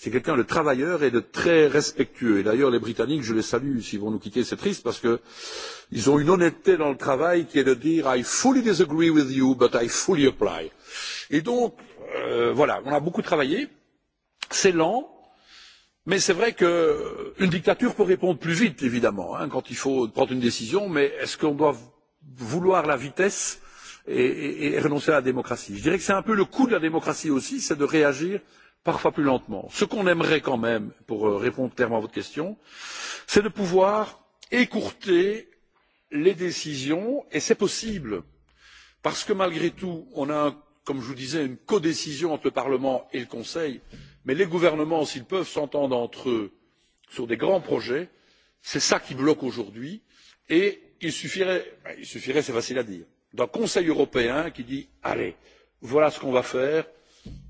c'est quelqu'un de travailleur et de très respectueux. Et d'ailleurs, les Britanniques, je les salue s'ils vont nous quitter, c'est triste parce qu'ils ont une honnêteté dans le travail qui est de dire I fully disagree with you, but I fully apply. Et donc, voilà, on a beaucoup travaillé. C'est lent, mais c'est vrai qu'une dictature peut répondre plus vite, évidemment, quand il faut prendre une décision, mais est-ce qu'on doit vouloir la vitesse et renoncer à la démocratie. Je dirais que c'est un peu le coût de la démocratie aussi, c'est de réagir parfois plus lentement. Ce qu'on aimerait quand même, pour répondre clairement à votre question, c'est de pouvoir écourter les décisions, et c'est possible, parce que malgré tout, on a, comme je vous disais, une codécision entre le Parlement et le Conseil, mais les gouvernements, s'ils peuvent s'entendre entre eux sur des grands projets, c'est ça qui bloque aujourd'hui, et il suffirait, il suffirait, c'est facile à dire, d'un Conseil européen qui dit, allez, voilà ce qu'on va faire,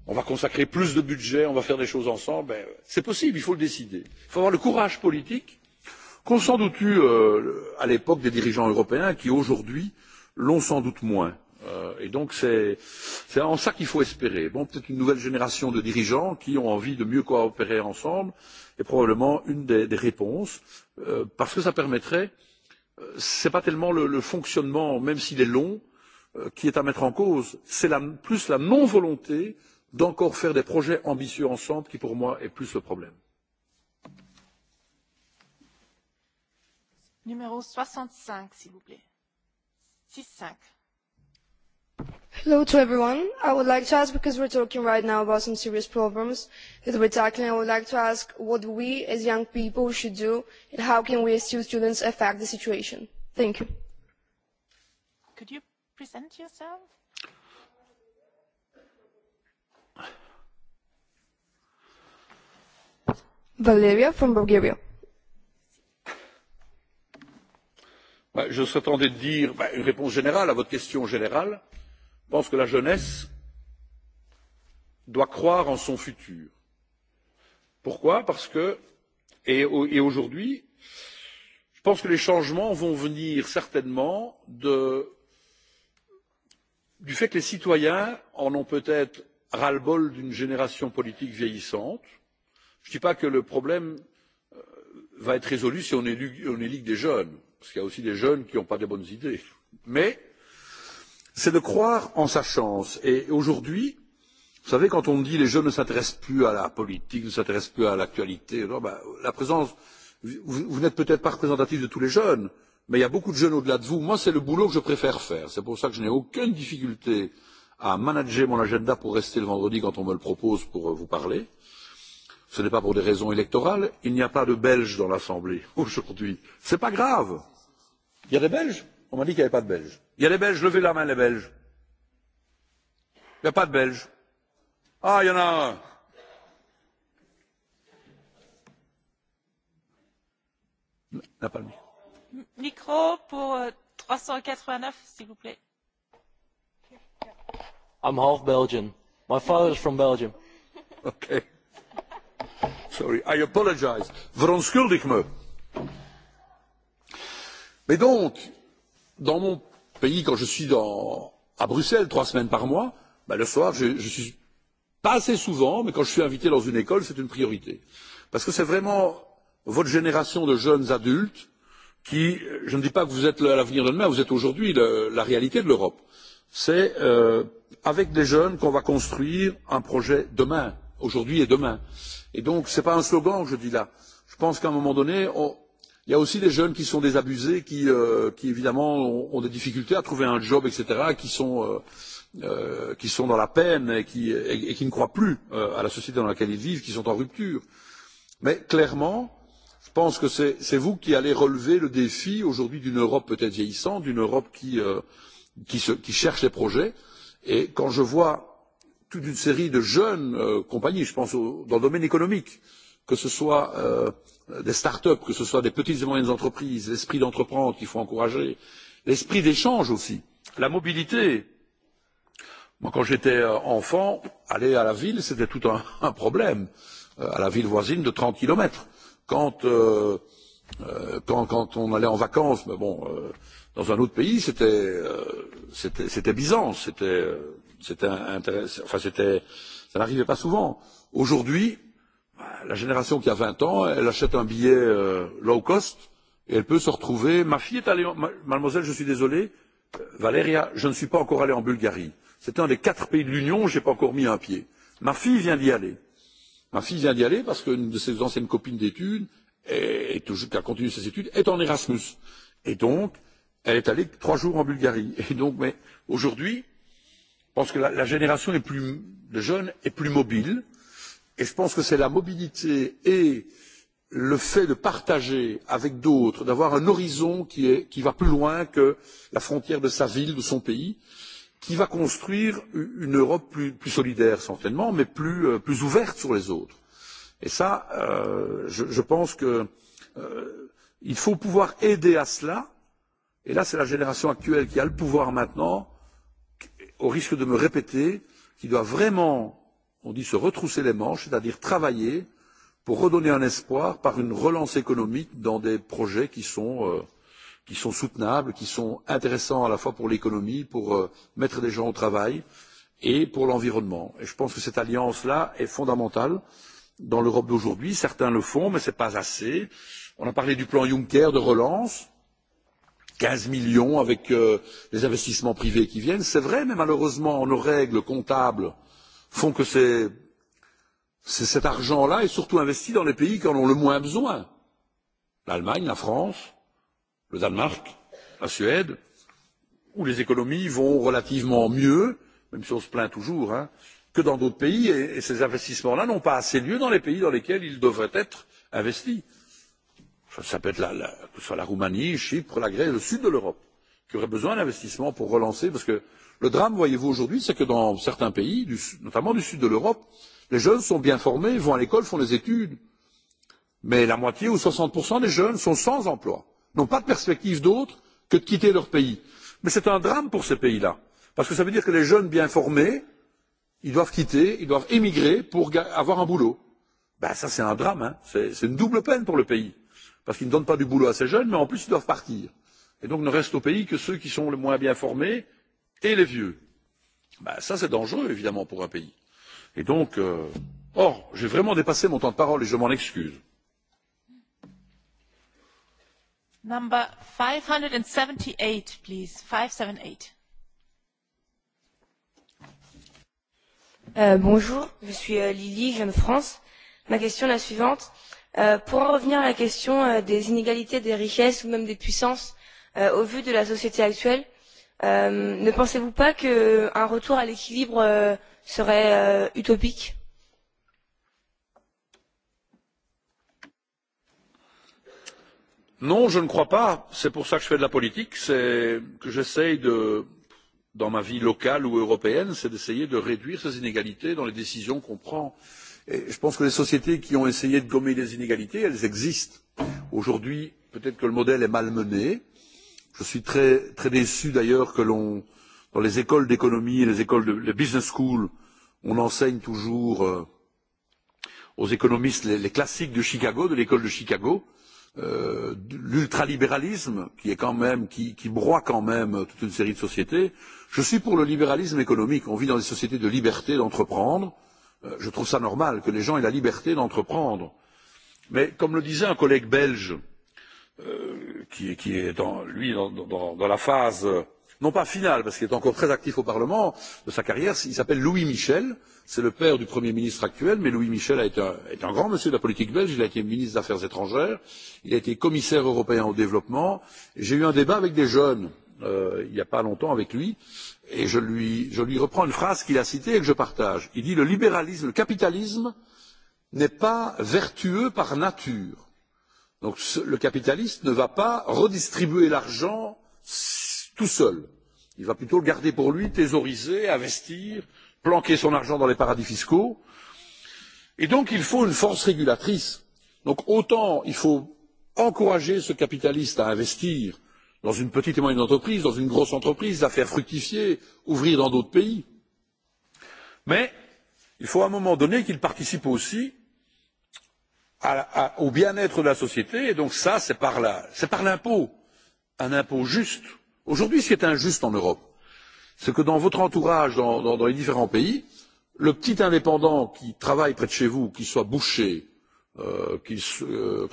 on va consacrer plus de budget, on va faire des choses ensemble. C'est possible, il faut le décider. Il faut avoir le courage politique qu'ont sans doute eu à l'époque des dirigeants européens qui aujourd'hui l'ont sans doute moins. Et donc c'est en ça qu'il faut espérer. Bon, peut-être une nouvelle génération de dirigeants qui ont envie de mieux coopérer ensemble est probablement une des réponses parce que ça permettrait, ce n'est pas tellement le fonctionnement, même s'il est long, qui est à mettre en cause, c'est plus la non-volonté d'encore faire des projets ambitieux ensemble, qui pour moi est plus le problème. Numéro 65, s'il vous plaît. 65. Hello to everyone. I would like to ask, because we're talking right now about some serious problems that we're tackling, I would like to ask what we as young people should do and how can we as students affect the situation. Thank you. Could you present yourself? Valeria from Bulgaria. Je serais de dire une réponse générale à votre question générale. Je pense que la jeunesse doit croire en son futur. Pourquoi Parce que, et aujourd'hui, je pense que les changements vont venir certainement du fait que les citoyens en ont peut-être ras-le-bol d'une génération politique vieillissante, je ne dis pas que le problème va être résolu si on élit des jeunes parce qu'il y a aussi des jeunes qui n'ont pas de bonnes idées mais c'est de croire en sa chance et aujourd'hui vous savez quand on dit dit les jeunes ne s'intéressent plus à la politique ne s'intéressent plus à l'actualité la présence vous n'êtes peut être pas représentatif de tous les jeunes mais il y a beaucoup de jeunes au delà de vous moi c'est le boulot que je préfère faire c'est pour ça que je n'ai aucune difficulté à manager mon agenda pour rester le vendredi quand on me le propose pour vous parler Ce n'est pas pour des raisons électorales. Il n'y a pas de Belges dans l'Assemblée aujourd'hui. Ce n'est pas grave. Il y a des Belges On m'a dit qu'il n'y avait pas de Belges. Il y a des Belges Levez la main, les Belges. Il n'y a pas de Belges. Ah, il y en a un. N'a pas le micro. Micro pour 389, s'il vous plaît. I'm half Belgian. My father is from Belgium. Okay. Sorry, I apologize. Verontschuldig me. Mais donc, dans mon pays, quand je suis à Bruxelles trois semaines par mois, le soir, je je suis pas assez souvent, mais quand je suis invité dans une école, c'est une priorité. Parce que c'est vraiment votre génération de jeunes adultes qui, je ne dis pas que vous êtes l'avenir de demain, vous êtes aujourd'hui la réalité de l'Europe. C'est avec des jeunes qu'on va construire un projet demain aujourd'hui et demain. Et donc, ce n'est pas un slogan que je dis là. Je pense qu'à un moment donné, il y a aussi des jeunes qui sont désabusés, qui, qui évidemment ont des difficultés à trouver un job, etc., qui sont, qui sont dans la peine et qui, et, qui ne croient plus à la société dans laquelle ils vivent, qui sont en rupture. Mais clairement, je pense que c'est vous qui allez relever le défi aujourd'hui d'une Europe peut-être vieillissante, d'une Europe qui, qui, se, qui cherche les projets. Et quand je vois toute une série de jeunes compagnies, je pense dans le domaine économique, que ce soit des start-up, que ce soit des petites et moyennes entreprises, l'esprit d'entreprendre qu'il faut encourager, l'esprit d'échange aussi, la mobilité. Moi, quand j'étais enfant, aller à la ville, c'était tout un problème, à la ville voisine de 30 kilomètres. Quand quand on allait en vacances, mais bon, dans un autre pays, c'était Byzance, c'était C'était enfin c'était ça n'arrivait pas souvent. Aujourd'hui, la génération qui a 20 ans, elle achète un billet low cost et elle peut se retrouver ma fille est allée mademoiselle, je suis désolé, Valéria, je ne suis pas encore allé en Bulgarie. C'est un des quatre pays de l'Union où je n'ai pas encore mis un pied. Ma fille vient d'y aller. Ma fille vient d'y aller parce qu'une de ses anciennes copines d'études, qui a continué ses études, est en Erasmus. Et donc, elle est allée trois jours en Bulgarie. Et donc, mais aujourd'hui, Je pense que la génération plus de jeunes est plus mobile et je pense que c'est la mobilité et le fait de partager avec d'autres d'avoir un horizon qui va plus loin que la frontière de sa ville de son pays qui va construire une europe plus solidaire certainement mais plus ouverte sur les autres. et ça je pense qu'il faut pouvoir aider à cela et là c'est la génération actuelle qui a le pouvoir maintenant au risque de me répéter, qui doit vraiment, on dit, se retrousser les manches, c'est-à-dire travailler pour redonner un espoir par une relance économique dans des projets qui sont qui sont soutenables, qui sont intéressants à la fois pour l'économie, pour mettre des gens au travail et pour l'environnement. Et je pense que cette alliance-là est fondamentale dans l'Europe d'aujourd'hui. Certains le font, mais ce n'est pas assez. On a parlé du plan Juncker de relance. 15 millions avec les investissements privés qui viennent. C'est vrai, mais malheureusement, nos règles comptables font que cet argent-là est surtout investi dans les pays qui en ont le moins besoin. L'Allemagne, la France, le Danemark, la Suède, où les économies vont relativement mieux, même si on se plaint toujours, que dans d'autres pays. Et ces investissements-là n'ont pas assez lieu dans les pays dans lesquels ils devraient être investis ça peut être la, que ce soit la Roumanie, Chypre, la Grèce, le sud de l'Europe, qui auraient besoin d'investissements pour relancer, parce que le drame, voyez-vous, aujourd'hui, c'est que dans certains pays, notamment du sud de l'Europe, les jeunes sont bien formés, vont à l'école, font des études. Mais la moitié ou 60% des jeunes sont sans emploi, n'ont pas de perspective d'autre que de quitter leur pays. Mais c'est un drame pour ces pays-là, parce que ça veut dire que les jeunes bien formés, ils doivent quitter, ils doivent émigrer pour avoir un boulot. Ben ça c'est un drame, hein. c'est une double peine pour le pays parce qu'ils ne donnent pas du boulot à ces jeunes, mais en plus ils doivent partir. Et donc ne restent au pays que ceux qui sont les moins bien formés et les vieux. Ça, c'est dangereux, évidemment, pour un pays. Et donc, or, j'ai vraiment dépassé mon temps de parole et je m'en excuse. Number 578, please. 578. Bonjour, je suis Lily, jeune France. Ma question est la suivante. Pour en revenir à la question des inégalités des richesses ou même des puissances au vu de la société actuelle, ne pensez-vous pas qu'un retour à l'équilibre serait utopique Non, je ne crois pas. C'est pour ça que je fais de la politique. C'est que j'essaye de, dans ma vie locale ou européenne, c'est d'essayer de réduire ces inégalités dans les décisions qu'on prend je pense que les sociétés qui ont essayé de gommer les inégalités, elles existent. Aujourd'hui, peut-être que le modèle est malmené. Je suis très, déçu d'ailleurs que l'on, dans les écoles d'économie et les écoles de business schools, on enseigne toujours aux économistes les, classiques de Chicago, de l'école de Chicago, l'ultralibéralisme qui est quand même, qui, qui broie quand même toute une série de sociétés. Je suis pour le libéralisme économique. On vit dans des sociétés de liberté d'entreprendre Je trouve ça normal que les gens aient la liberté d'entreprendre. Mais comme le disait un collègue belge, qui est, lui, dans la phase, non pas finale, parce qu'il est encore très actif au Parlement de sa carrière, il s'appelle Louis Michel, c'est le père du Premier ministre actuel, mais Louis Michel est un grand monsieur de la politique belge, il a été ministre des Affaires étrangères, il a été commissaire européen au développement. J'ai eu un débat avec des jeunes, il n'y a pas longtemps, avec lui et je lui reprends une phrase qu'il a citée et que je partage il dit le libéralisme le capitalisme n'est pas vertueux par nature donc le capitaliste ne va pas redistribuer l'argent tout seul il va plutôt le garder pour lui thésauriser investir planquer son argent dans les paradis fiscaux et donc il faut une force régulatrice donc autant il faut encourager ce capitaliste à investir dans une petite et moyenne entreprise, dans une grosse entreprise, la faire fructifier, ouvrir dans d'autres pays. Mais il faut à un moment donné qu'il participe aussi au bien-être de la société, et donc ça, c'est par l'impôt, un impôt juste. Aujourd'hui, ce qui est injuste en Europe, c'est que dans votre entourage, dans les différents pays, le petit indépendant qui travaille près de chez vous, qui soit boucher, que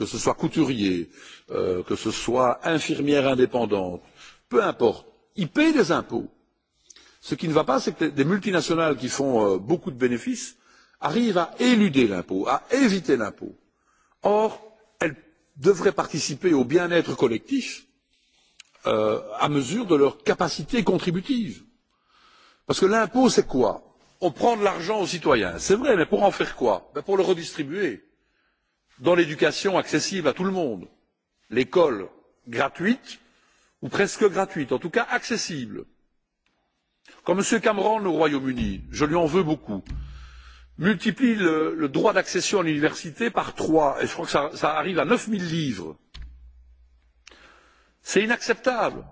ce soit couturier, que ce soit infirmière indépendante, peu importe, ils payent des impôts. Ce qui ne va pas, c'est que des multinationales qui font beaucoup de bénéfices arrivent à éluder l'impôt, à éviter l'impôt. Or, elles devraient participer au bien-être collectif à mesure de leur capacité contributive. Parce que l'impôt, c'est quoi On prend de l'argent aux citoyens, c'est vrai, mais pour en faire quoi Pour le redistribuer dans l'éducation accessible à tout le monde, l'école gratuite, ou presque gratuite, en tout cas accessible. Quand M. Cameron, au Royaume-Uni, je lui en veux beaucoup, multiplie le droit d'accession à l'université par trois, et je crois que ça arrive à neuf livres, c'est inacceptable,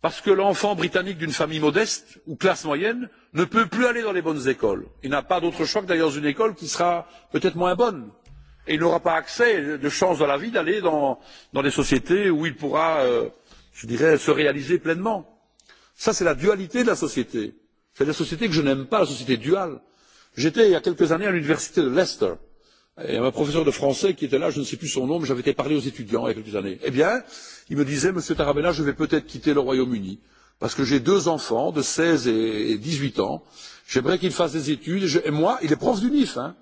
parce que l'enfant britannique d'une famille modeste ou classe moyenne ne peut plus aller dans les bonnes écoles. Il n'a pas d'autre choix que d'aller dans une école qui sera peut-être moins bonne et il n'aura pas accès de chance dans la vie d'aller dans dans des sociétés où il pourra, je dirais, se réaliser pleinement. Ça, c'est la dualité de la société. C'est la société que je n'aime pas, la société duale. J'étais il y a quelques années à l'université de Leicester. Et un professeur de français qui était là, je ne sais plus son nom, mais j'avais été parlé aux étudiants il y a quelques années. Eh bien, il me disait, Monsieur Tarabella, je vais peut-être quitter le Royaume-Uni, parce que j'ai deux enfants de 16 et 18 ans. J'aimerais qu'ils fassent des études. Et moi, il est prof du NIF, hein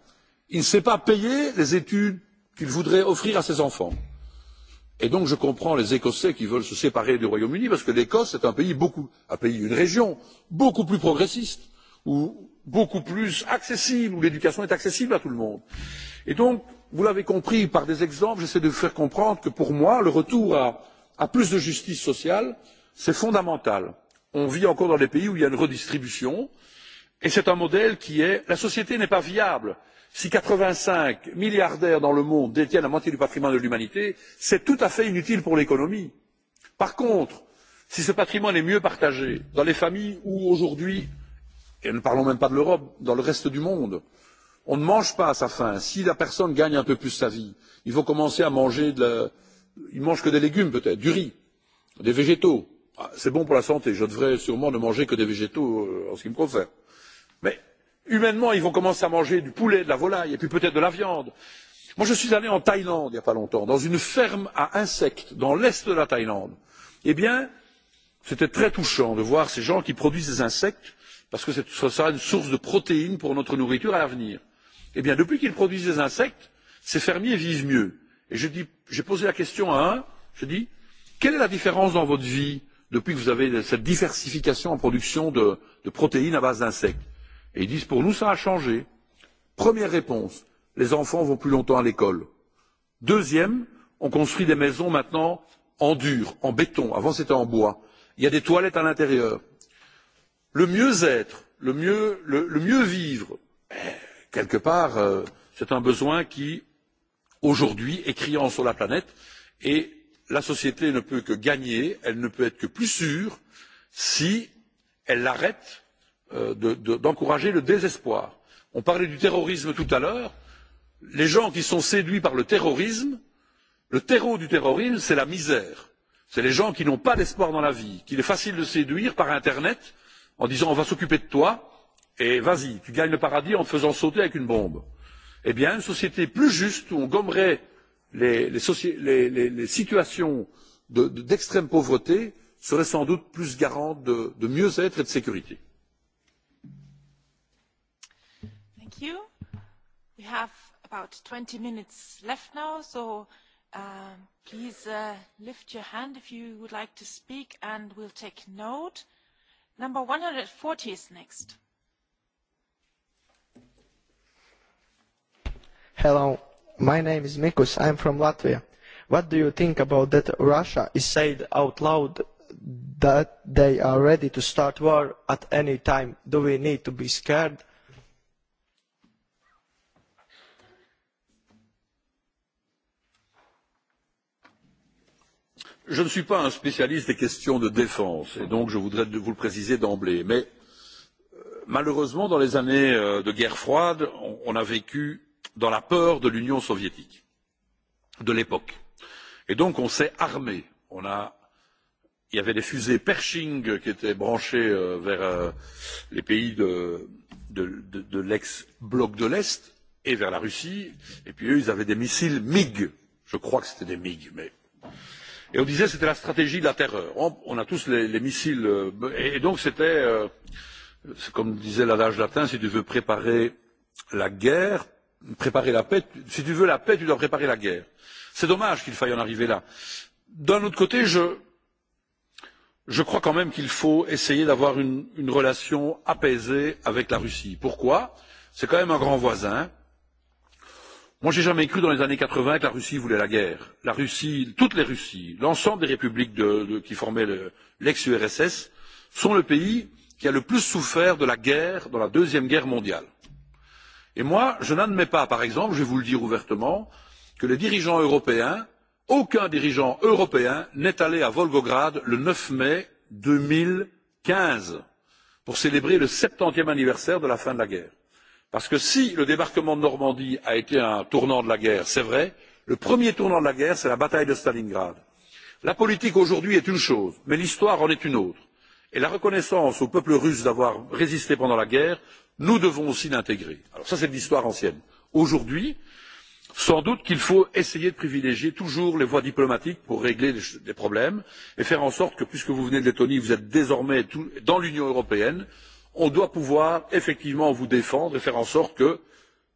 il ne sait pas payer les études qu'il voudrait offrir à ses enfants. Et donc je comprends les Écossais qui veulent se séparer du Royaume-Uni parce que l'Écosse est un pays, beaucoup, un pays, une région beaucoup plus progressiste, où beaucoup plus accessible, où l'éducation est accessible à tout le monde. Et donc, vous l'avez compris par des exemples, j'essaie de vous faire comprendre que pour moi, le retour à, à plus de justice sociale, c'est fondamental. On vit encore dans des pays où il y a une redistribution, et c'est un modèle qui est, la société n'est pas viable Si 85 milliardaires dans le monde détiennent la moitié du patrimoine de l'humanité, c'est tout à fait inutile pour l'économie. Par contre, si ce patrimoine est mieux partagé dans les familles où aujourd'hui, et ne parlons même pas de l'Europe, dans le reste du monde, on ne mange pas à sa faim. Si la personne gagne un peu plus sa vie, il faut commencer à manger de la... Il mange que des légumes peut-être, du riz, des végétaux. C'est bon pour la santé. Je devrais sûrement ne manger que des végétaux en ce qui me concerne. Mais humainement, ils vont commencer à manger du poulet, de la volaille, et puis peut-être de la viande. Moi, je suis allé en Thaïlande il n'y a pas longtemps, dans une ferme à insectes, dans l'est de la Thaïlande. Eh bien, c'était très touchant de voir ces gens qui produisent des insectes, parce que ce sera une source de protéines pour notre nourriture à l'avenir. Eh bien, depuis qu'ils produisent des insectes, ces fermiers vivent mieux. Et j'ai posé la question à un, je dis, quelle est la différence dans votre vie depuis que vous avez cette diversification en production de protéines à base d'insectes Et ils disent pour nous, ça a changé. Première réponse, les enfants vont plus longtemps à l'école. Deuxième, on construit des maisons maintenant en dur, en béton. Avant, c'était en bois. Il y a des toilettes à l'intérieur. Le mieux-être, le mieux vivre, quelque part, c'est un besoin qui, aujourd'hui, est criant sur la planète. Et la société ne peut que gagner, elle ne peut être que plus sûre si elle l'arrête d'encourager le désespoir. On parlait du terrorisme tout à l'heure. Les gens qui sont séduits par le terrorisme, le terreau du terrorisme, c'est la misère. C'est les gens qui n'ont pas d'espoir dans la vie, qu'il est facile de séduire par Internet en disant on va s'occuper de toi et vas-y, tu gagnes le paradis en te faisant sauter avec une bombe. Eh bien, une société plus juste où on gommerait les situations d'extrême pauvreté serait sans doute plus garante de mieux-être et de sécurité. We have about 20 minutes left now, so please lift your hand if you would like to speak, and we'll take note. Number 140 is next. Hello, my name is Mikus. I'm from Latvia. What do you think about that Russia is said out loud that they are ready to start war at any time? Do we need to be scared? Je ne suis pas un spécialiste des questions de défense, et donc je voudrais vous le préciser d'emblée, mais malheureusement, dans les années de guerre froide, on a vécu dans la peur de l'Union soviétique, de l'époque. Et donc on s'est armé. Il y avait des fusées Pershing qui étaient branchées vers les pays de l'ex-bloc de l'Est et vers la Russie, et puis eux, ils avaient des missiles MiG. Je crois que c'était des MiG, mais Et on disait c'était la stratégie de la terreur. On a tous les missiles. Et donc c'était, comme disait l'adage latin, si tu veux préparer la guerre, préparer la paix, si tu veux la paix, tu dois préparer la guerre. C'est dommage qu'il faille en arriver là. D'un autre côté, je crois quand même qu'il faut essayer d'avoir une relation apaisée avec la Russie. Pourquoi C'est quand même un grand voisin Moi, n'ai jamais cru dans les années 80 que la Russie voulait la guerre. La Russie, toutes les Russies, l'ensemble des républiques qui formaient l'ex-URSS, sont le pays qui a le plus souffert de la guerre dans la Deuxième Guerre mondiale. Et moi, je n'admets pas, par exemple, je vais vous le dire ouvertement, que les dirigeants européens, aucun dirigeant européen n'est allé à Volgograd le 9 mai 2015 pour célébrer le 70e anniversaire de la fin de la guerre. Parce que si le débarquement de Normandie a été un tournant de la guerre, c'est vrai, le premier tournant de la guerre, c'est la bataille de Stalingrad. La politique aujourd'hui est une chose, mais l'histoire en est une autre. Et la reconnaissance au peuple russe d'avoir résisté pendant la guerre, nous devons aussi l'intégrer. Alors ça, c'est de l'histoire ancienne. Aujourd'hui, sans doute qu'il faut essayer de privilégier toujours les voies diplomatiques pour régler des problèmes et faire en sorte que, puisque vous venez de Lettonie, vous êtes désormais dans l'Union européenne, on doit pouvoir effectivement vous défendre et faire en sorte que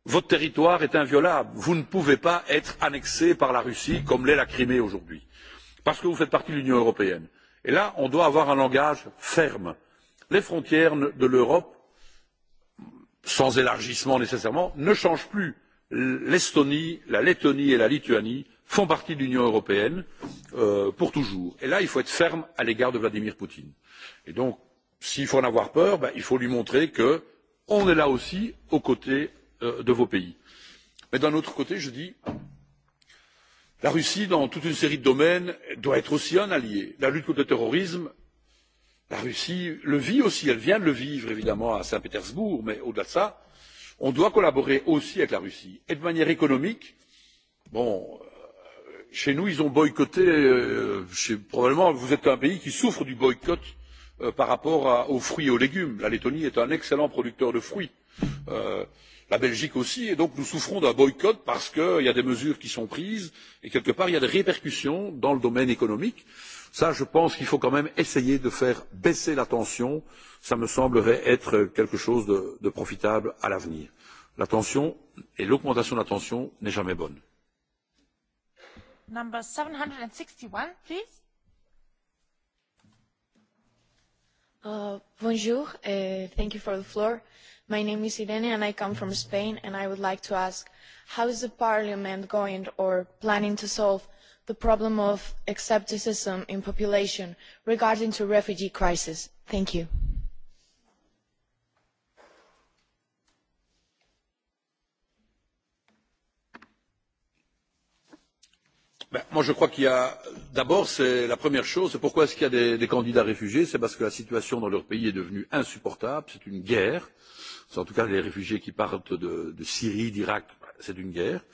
votre territoire est inviolable. Vous ne pouvez pas être annexé par la Russie comme l'est la Crimée aujourd'hui, parce que vous faites partie de l'Union européenne. Et là, on doit avoir un langage ferme. Les frontières de l'Europe, sans élargissement nécessairement, ne changent plus. L'Estonie, la Lettonie et la Lituanie font partie de l'Union européenne pour toujours. Et là, il faut être ferme à l'égard de Vladimir Poutine. Et donc, S'il faut en avoir peur, il faut lui montrer que est là aussi aux côtés de vos pays. Mais d'un autre côté, je dis, la Russie, dans toute une série de domaines, doit être aussi un allié. La lutte contre le terrorisme, la Russie le vit aussi, elle vient de le vivre évidemment à Saint-Pétersbourg, mais au-delà de ça, on doit collaborer aussi avec la Russie. Et de manière économique, chez nous, ils ont boycotté, probablement, vous êtes un pays qui souffre du boycott par rapport aux fruits et aux légumes. La Lettonie est un excellent producteur de fruits. La Belgique aussi, et donc nous souffrons d'un boycott parce qu'il y a des mesures qui sont prises et quelque part il y a des répercussions dans le domaine économique. Ça, je pense qu'il faut quand même essayer de faire baisser la tension. Ça me semblerait être quelque chose de profitable à l'avenir. La tension et l'augmentation de la tension n'est jamais bonne. Number 761, please. Bonjour, thank you for the floor. My name is Irene and I come from Spain and I would like to ask how is the Parliament going or planning to solve the problem of scepticism in population regarding to refugee crisis? Thank you. Moi, je crois qu'il y a d'abord, c'est la première chose, pourquoi est-ce qu'il y a des candidats réfugiés C'est parce que la situation dans leur pays est devenue insupportable, c'est une guerre. En tout cas, les réfugiés qui partent de Syrie, d'Irak, c'est une guerre.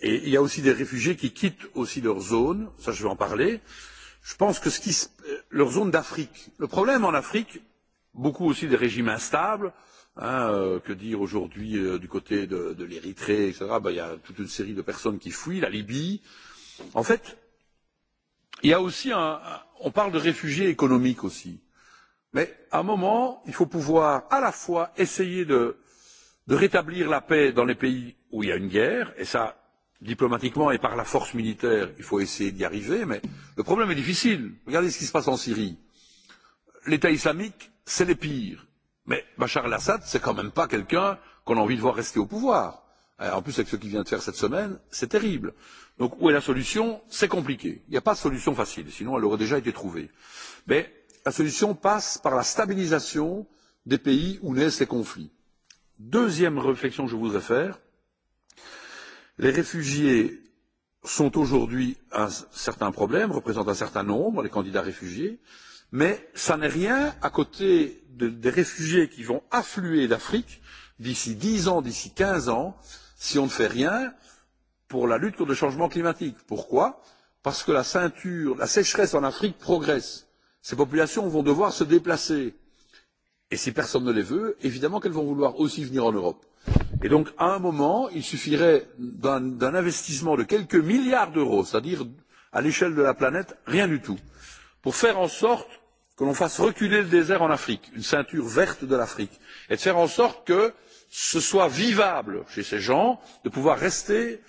Et il y a aussi des réfugiés qui quittent aussi leur zone, ça je vais en parler. Je pense que ce qui. leur zone d'Afrique. Le problème en Afrique, beaucoup aussi des régimes instables, Hein, que dire aujourd'hui du côté de, de l'Érythrée, etc. Ben, il y a toute une série de personnes qui fuient, la Libye. En fait, il y a aussi un, on parle de réfugiés économiques aussi. Mais à un moment, il faut pouvoir à la fois essayer de, de rétablir la paix dans les pays où il y a une guerre, et ça, diplomatiquement et par la force militaire, il faut essayer d'y arriver, mais le problème est difficile. Regardez ce qui se passe en Syrie. L'État islamique, c'est les pires Mais Bachar el-Assad, c'est quand même pas quelqu'un qu'on a envie de voir rester au pouvoir. En plus, avec ce qu'il vient de faire cette semaine, c'est terrible. Donc, où est la solution C'est compliqué. Il n'y a pas de solution facile, sinon elle aurait déjà été trouvée. Mais la solution passe par la stabilisation des pays où naissent ces conflits. Deuxième réflexion que je voudrais faire, les réfugiés sont aujourd'hui un certain problème, représentent un certain nombre, les candidats réfugiés mais ça n'est rien à côté des réfugiés qui vont affluer d'Afrique d'ici 10 ans, d'ici 15 ans, si on ne fait rien pour la lutte contre le changement climatique. Pourquoi Parce que la ceinture, la sécheresse en Afrique progresse. Ces populations vont devoir se déplacer. Et si personne ne les veut, évidemment qu'elles vont vouloir aussi venir en Europe. Et donc, à un moment, il suffirait d'un investissement de quelques milliards d'euros, c'est-à-dire à, a l'échelle de la planète, rien du tout, pour faire en sorte que l'on fasse reculer le désert en Afrique, une ceinture verte de l'Afrique, et de faire en sorte que ce soit vivable chez ces gens de pouvoir rester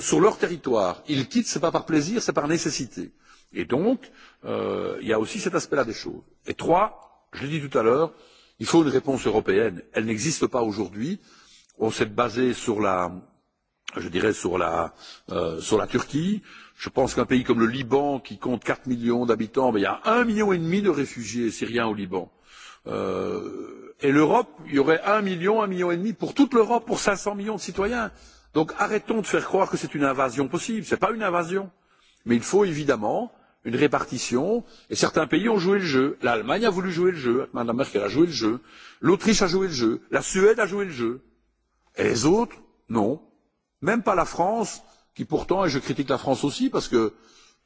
sur leur territoire. Ils quittent, ce n'est pas par plaisir, c'est par nécessité. Et donc, il y a aussi cet aspect-là des choses. Et trois, je l'ai dit tout à l'heure, il faut une réponse européenne. Elle n'existe pas aujourd'hui. On s'est basé sur la, je dirais, sur la, sur la Turquie. Je pense qu'un pays comme le Liban, qui compte 4 millions d'habitants, il y a un million et demi de réfugiés syriens au Liban. Euh, Et l'Europe, il y aurait 1 million, un million et demi pour toute l'Europe, pour 500 millions de citoyens. Donc arrêtons de faire croire que c'est une invasion possible. Ce n'est pas une invasion. Mais il faut évidemment une répartition. Et certains pays ont joué le jeu. L'Allemagne a voulu jouer le jeu. madame Merkel a joué le jeu. L'Autriche a joué le jeu. La Suède a joué le jeu. Et les autres, non. Même pas la France qui pourtant, et je critique la France aussi, parce que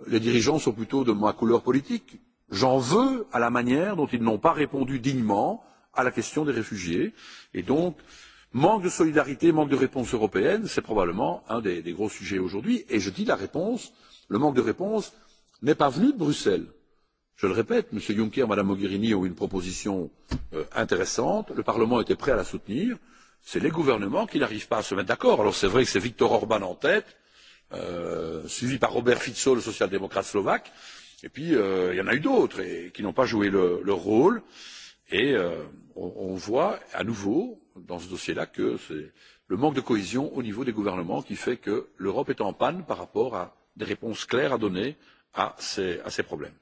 les dirigeants sont plutôt de ma couleur politique, j'en veux à la manière dont ils n'ont pas répondu dignement à la question des réfugiés. Et donc, manque de solidarité, manque de réponse européenne, c'est probablement un des gros sujets aujourd'hui. Et je dis la réponse, le manque de réponse n'est pas venu de Bruxelles. Je le répète, M. Juncker, Mme Mogherini ont une proposition intéressante, le Parlement était prêt à la soutenir, c'est les gouvernements qui n'arrivent pas à se mettre d'accord. Alors c'est vrai que c'est Viktor Orban en tête, suivi par Robert Fico, le social-démocrate slovaque. Et puis, il y en a eu d'autres qui n'ont pas joué leur rôle. Et on voit à nouveau, dans ce dossier-là, que c'est le manque de cohésion au niveau des gouvernements qui fait que l'Europe est en panne par rapport à des réponses claires à donner à ces problèmes.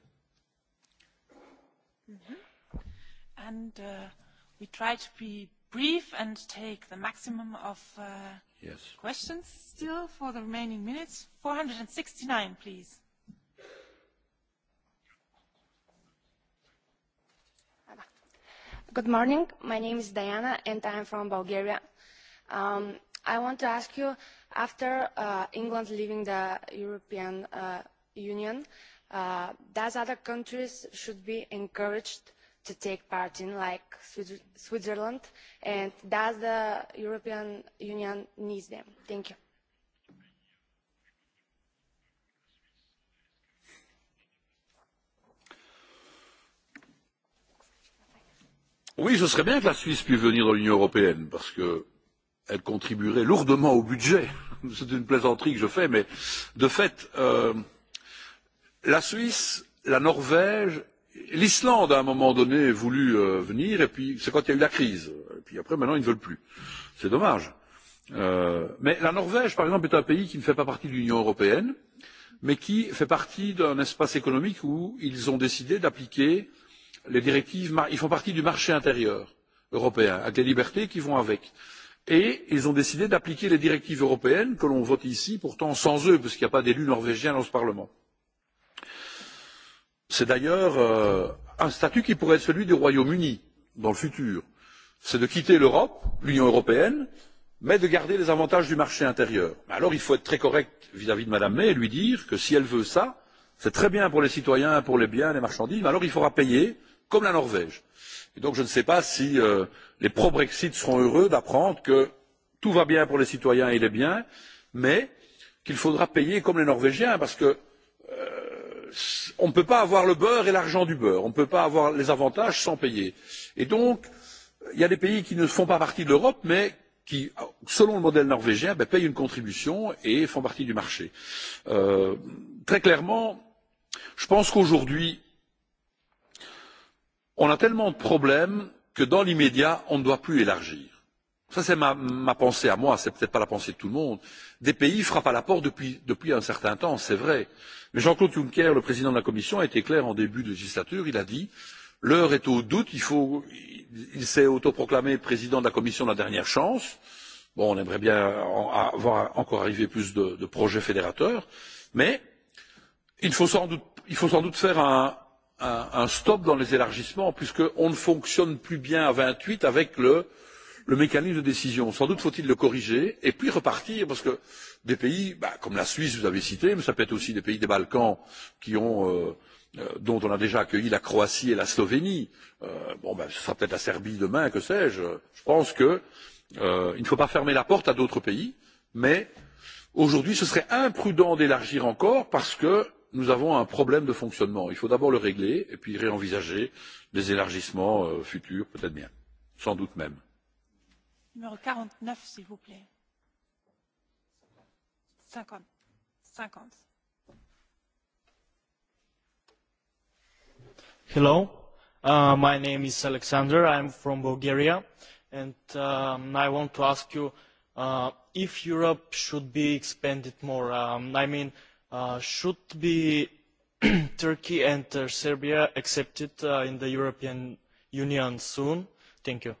Yes. Questions still for the remaining minutes? 469, please. Good morning. My name is Diana, and I am from Bulgaria. Um, I want to ask you, after uh, England leaving the European Union, uh, does other countries should be encouraged to take part in, like Switzerland, and does the European Union need them? Thank you. Oui, ce serait bien que la Suisse puisse venir dans l'Union européenne, parce qu'elle contribuerait lourdement au budget. C'est une plaisanterie que je fais, mais de fait, la Suisse, la Norvège L'Islande, à un moment donné, a voulu venir, et puis c'est quand il y a eu la crise. Et puis après, maintenant, ils ne veulent plus. C'est dommage. Mais la Norvège, par exemple, est un pays qui ne fait pas partie de l'Union européenne, mais qui fait partie d'un espace économique où ils ont décidé d'appliquer les directives. Ils font partie du marché intérieur européen, avec les libertés qui vont avec. Et ils ont décidé d'appliquer les directives européennes que l'on vote ici, pourtant sans eux, parce qu'il n'y a pas d'élus norvégiens dans ce Parlement. C'est d'ailleurs un statut qui pourrait être celui du Royaume-Uni dans le futur. C'est de quitter l'Europe, l'Union européenne, mais de garder les avantages du marché intérieur. Alors il faut être très correct vis-à-vis de Mme May et lui dire que si elle veut ça, c'est très bien pour les citoyens, pour les biens, les marchandises, mais alors il faudra payer comme la Norvège. Et donc je ne sais pas si les pro-Brexit seront heureux d'apprendre que tout va bien pour les citoyens et les biens, mais qu'il faudra payer comme les Norvégiens, parce que on ne peut pas avoir le beurre et l'argent du beurre. On ne peut pas avoir les avantages sans payer. Et donc, il y a des pays qui ne font pas partie de l'Europe, mais qui, selon le modèle norvégien, payent une contribution et font partie du marché. Très clairement, je pense qu'aujourd'hui, on a tellement de problèmes que dans l'immédiat, on ne doit plus élargir. Ça, c'est ma, pensée à moi, c'est peut-être pas la pensée de tout le monde. Des pays frappent à la porte depuis, un certain temps, c'est vrai. Mais Jean-Claude Juncker, le président de la Commission, a été clair en début de législature, il a dit, l'heure est au doute, il s'est autoproclamé président de la Commission de la dernière chance. Bon, on aimerait bien avoir encore arrivé plus de, projets fédérateurs, mais il faut sans doute, faire un, stop dans les élargissements, puisqu'on ne fonctionne plus bien à 28 avec le le mécanisme de décision. Sans doute faut-il le corriger et puis repartir parce que des pays comme la Suisse, vous avez cité, mais ça peut être aussi des pays des Balkans dont on a déjà accueilli la Croatie et la Slovénie. Bon, ce sera peut-être la Serbie demain, que sais-je. Je pense qu'il ne faut pas fermer la porte à d'autres pays, mais aujourd'hui, ce serait imprudent d'élargir encore parce que nous avons un problème de fonctionnement. Il faut d'abord le régler et puis réenvisager des élargissements futurs, peut-être bien, sans doute même. 49, s'il 50. Hello, my name is Alexander. I'm from Bulgaria, and I want to ask you if Europe should be expanded more. Um, I mean, uh, should be Turkey and uh, Serbia accepted in the European Union soon? Thank you.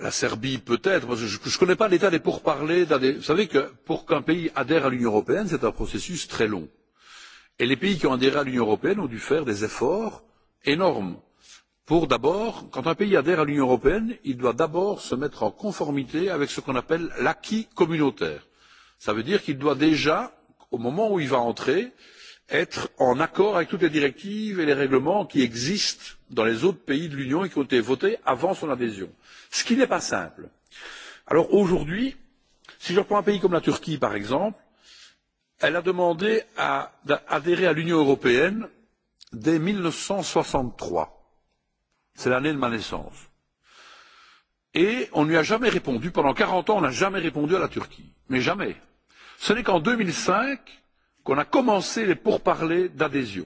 La Serbie peut-être, parce que je ne connais pas l'état des pourparlers. Vous savez que pour qu'un pays adhère à l'Union européenne, c'est un processus très long. Et les pays qui ont adhéré à l'Union européenne ont dû faire des efforts énormes. Pour d'abord, quand un pays adhère à l'Union européenne, il doit d'abord se mettre en conformité avec ce qu'on appelle l'acquis communautaire. Ça veut dire qu'il doit déjà, au moment où il va entrer, être en accord avec toutes les directives et les règlements qui existent dans les autres pays de l'union et qui ont été votés avant son adhésion ce qui n'est pas simple. alors aujourd'hui si je reprends un pays comme la turquie par exemple elle a demandé à adhérer à l'union européenne dès mille neuf cent soixante trois c'est l'année de ma naissance et on ne lui a jamais répondu pendant quarante ans on n'a jamais répondu à la turquie mais jamais. ce n'est qu'en deux mille cinq On a commencé les pourparlers d'adhésion.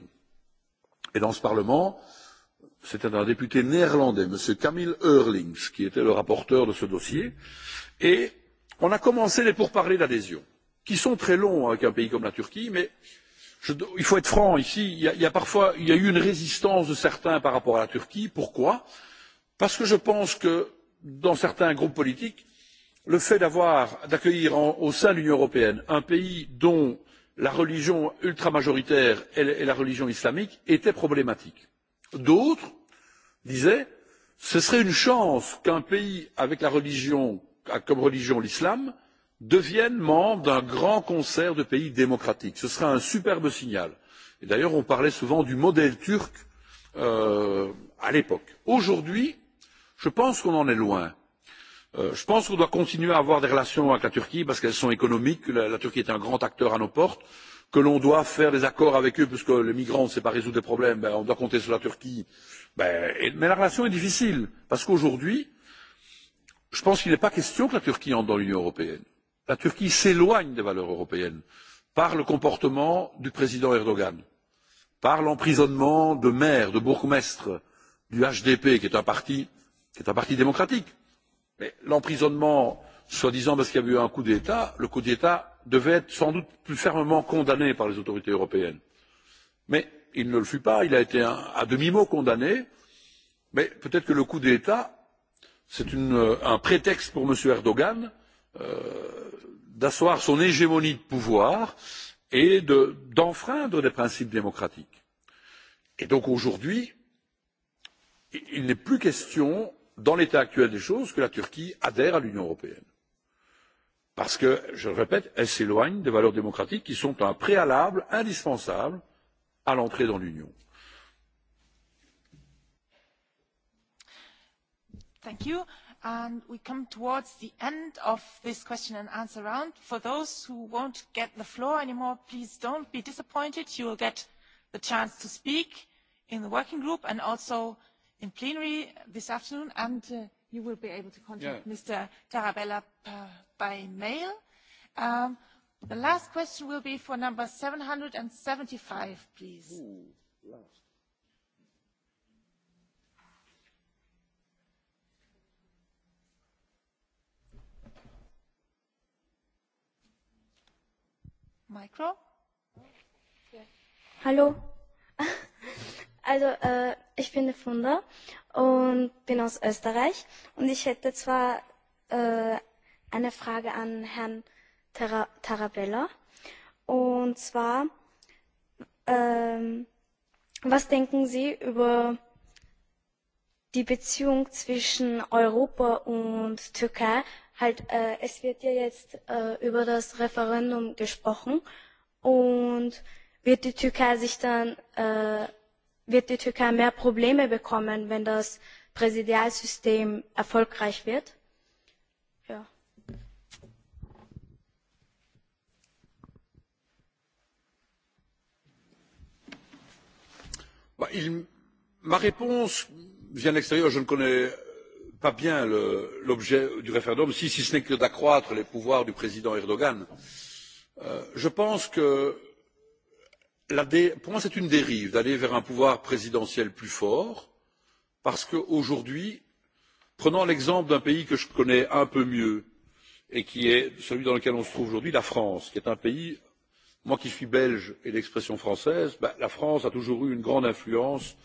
Et dans ce Parlement, c'était un député néerlandais, M. Camille Eurlings, qui était le rapporteur de ce dossier, et on a commencé les pourparlers d'adhésion, qui sont très longs avec un pays comme la Turquie, mais il faut être franc ici, il y a parfois il y a eu une résistance de certains par rapport à la Turquie. Pourquoi Parce que je pense que dans certains groupes politiques, le fait d'avoir d'accueillir au sein de l'Union européenne un pays dont la religion ultramajoritaire et la religion islamique étaient problématiques. D'autres disaient ce serait une chance qu'un pays avec la religion comme religion l'islam devienne membre d'un grand concert de pays démocratiques. Ce serait un superbe signal. Et d'ailleurs, on parlait souvent du modèle turc à l'époque. Aujourd'hui, je pense qu'on en est loin. Je pense qu'on doit continuer à avoir des relations avec la Turquie parce qu'elles sont économiques, que la Turquie est un grand acteur à nos portes, que l'on doit faire des accords avec eux puisque les migrants ne savent pas résoudre des problèmes, on doit compter sur la Turquie. Mais la relation est difficile parce qu'aujourd'hui, je pense qu'il n'est pas question que la Turquie entre dans l'Union européenne. La Turquie s'éloigne des valeurs européennes par le comportement du président Erdogan, par l'emprisonnement de maires, de bourgmestres du HDP, qui est un parti démocratique l'emprisonnement, soi-disant parce qu'il y avait eu un coup d'État, le coup d'État devait être sans doute plus fermement condamné par les autorités européennes. Mais il ne le fut pas, il a été à demi-mot condamné, mais peut-être que le coup d'État, c'est un prétexte pour M. Erdogan d'asseoir son hégémonie de pouvoir et d'enfreindre des principes démocratiques. Et donc aujourd'hui, il n'est plus question dans l'état actuel des choses, que la Turquie adhère à l'Union européenne. Parce que, je le répète, elle s'éloigne des valeurs démocratiques qui sont un préalable indispensable à l'entrée dans l'Union. Thank you. And we come towards the end of this question and answer round. For those who won't get the floor anymore, please don't be disappointed. You will get the chance to speak in the working group and also in plenary this afternoon, and you will be able to contact Mr. Tarabella by mail. The last question will be for number 775, please. Micro. Hello. Also ich bin funder Funda und bin aus Österreich. Und ich hätte zwar eine Frage an Herrn Tara Tarabella. Und zwar, was denken Sie über die Beziehung zwischen Europa und Türkei? Halt, es wird ja jetzt über das Referendum gesprochen und wird die Türkei sich dann wird die Türkei mehr Probleme bekommen, wenn das Präsidialsystem erfolgreich wird? Ja. Ma réponse vient de l'extérieur. Je ne connais pas bien l'objet du référendum, si ce n'est que d'accroître les pouvoirs du président Erdogan. Je pense que pour moi c'est une dérive d'aller vers un pouvoir présidentiel plus fort parce qu'aujourd'hui prenant l'exemple d'un pays que je connais un peu mieux et qui est celui dans lequel on se trouve aujourd'hui la france qui est un pays moi qui suis belge et d'expression française la france a toujours eu une grande influence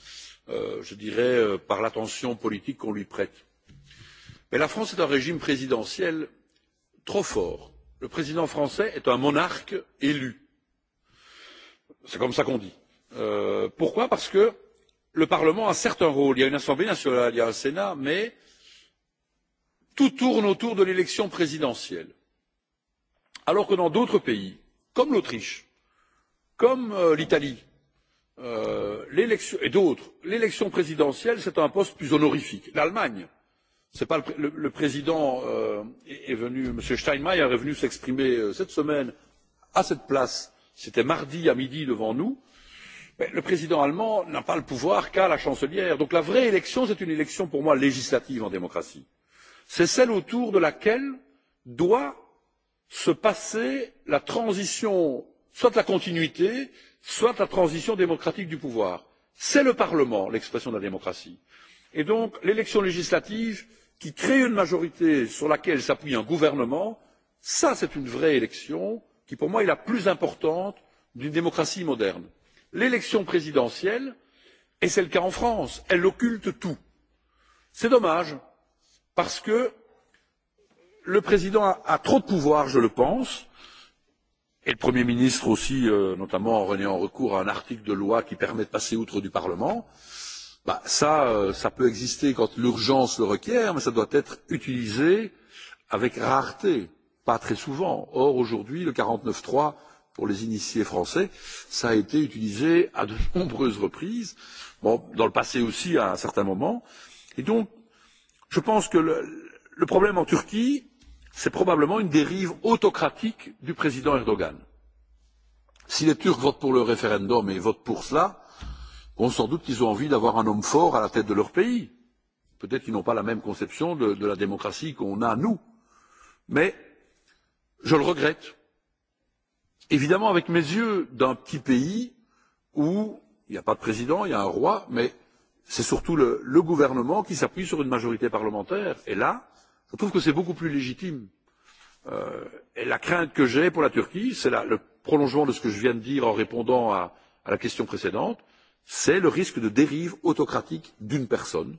je dirais par l'attention politique qu'on lui prête. mais la france est un régime présidentiel trop fort. le président français est un monarque élu c'est comme ça qu'on dit. Pourquoi Parce que le Parlement a certes un rôle, il y a une Assemblée nationale, il y a un Sénat, mais tout tourne autour de l'élection présidentielle. Alors que dans d'autres pays, comme l'Autriche, comme l'Italie, et d'autres, l'élection présidentielle, c'est un poste plus honorifique. L'Allemagne, le président est venu, M. Steinmeier est venu s'exprimer cette semaine à cette place c'était mardi à midi devant nous le président allemand n'a pas le pouvoir qu'a la chancelière. donc la vraie élection c'est une élection pour moi législative en démocratie. c'est celle autour de laquelle doit se passer la transition soit la continuité soit la transition démocratique du pouvoir. c'est le parlement l'expression de la démocratie. et donc l'élection législative qui crée une majorité sur laquelle s'appuie un gouvernement ça c'est une vraie élection qui pour moi est la plus importante d'une démocratie moderne. L'élection présidentielle, et c'est le cas en France, elle occulte tout. C'est dommage, parce que le président a trop de pouvoir, je le pense, et le Premier ministre aussi, notamment en ayant recours à un article de loi qui permet de passer outre du Parlement. Ça, ça peut exister quand l'urgence le requiert, mais ça doit être utilisé avec rareté pas très souvent. Or, aujourd'hui, le 49.3, pour les initiés français, ça a été utilisé à de nombreuses reprises, bon, dans le passé aussi à un certain moment. Et donc, je pense que le problème en Turquie, c'est probablement une dérive autocratique du président Erdogan. Si les Turcs votent pour le référendum et votent pour cela, bon, sans doute qu'ils ont envie d'avoir un homme fort à la tête de leur pays. Peut-être qu'ils n'ont pas la même conception de la démocratie qu'on a, nous. Mais Je le regrette. Évidemment, avec mes yeux, d'un petit pays où il n'y a pas de président, il y a un roi, mais c'est surtout le gouvernement qui s'appuie sur une majorité parlementaire. Et là, je trouve que c'est beaucoup plus légitime. Et la crainte que j'ai pour la Turquie, c'est le prolongement de ce que je viens de dire en répondant à la question précédente, c'est le risque de dérive autocratique d'une personne.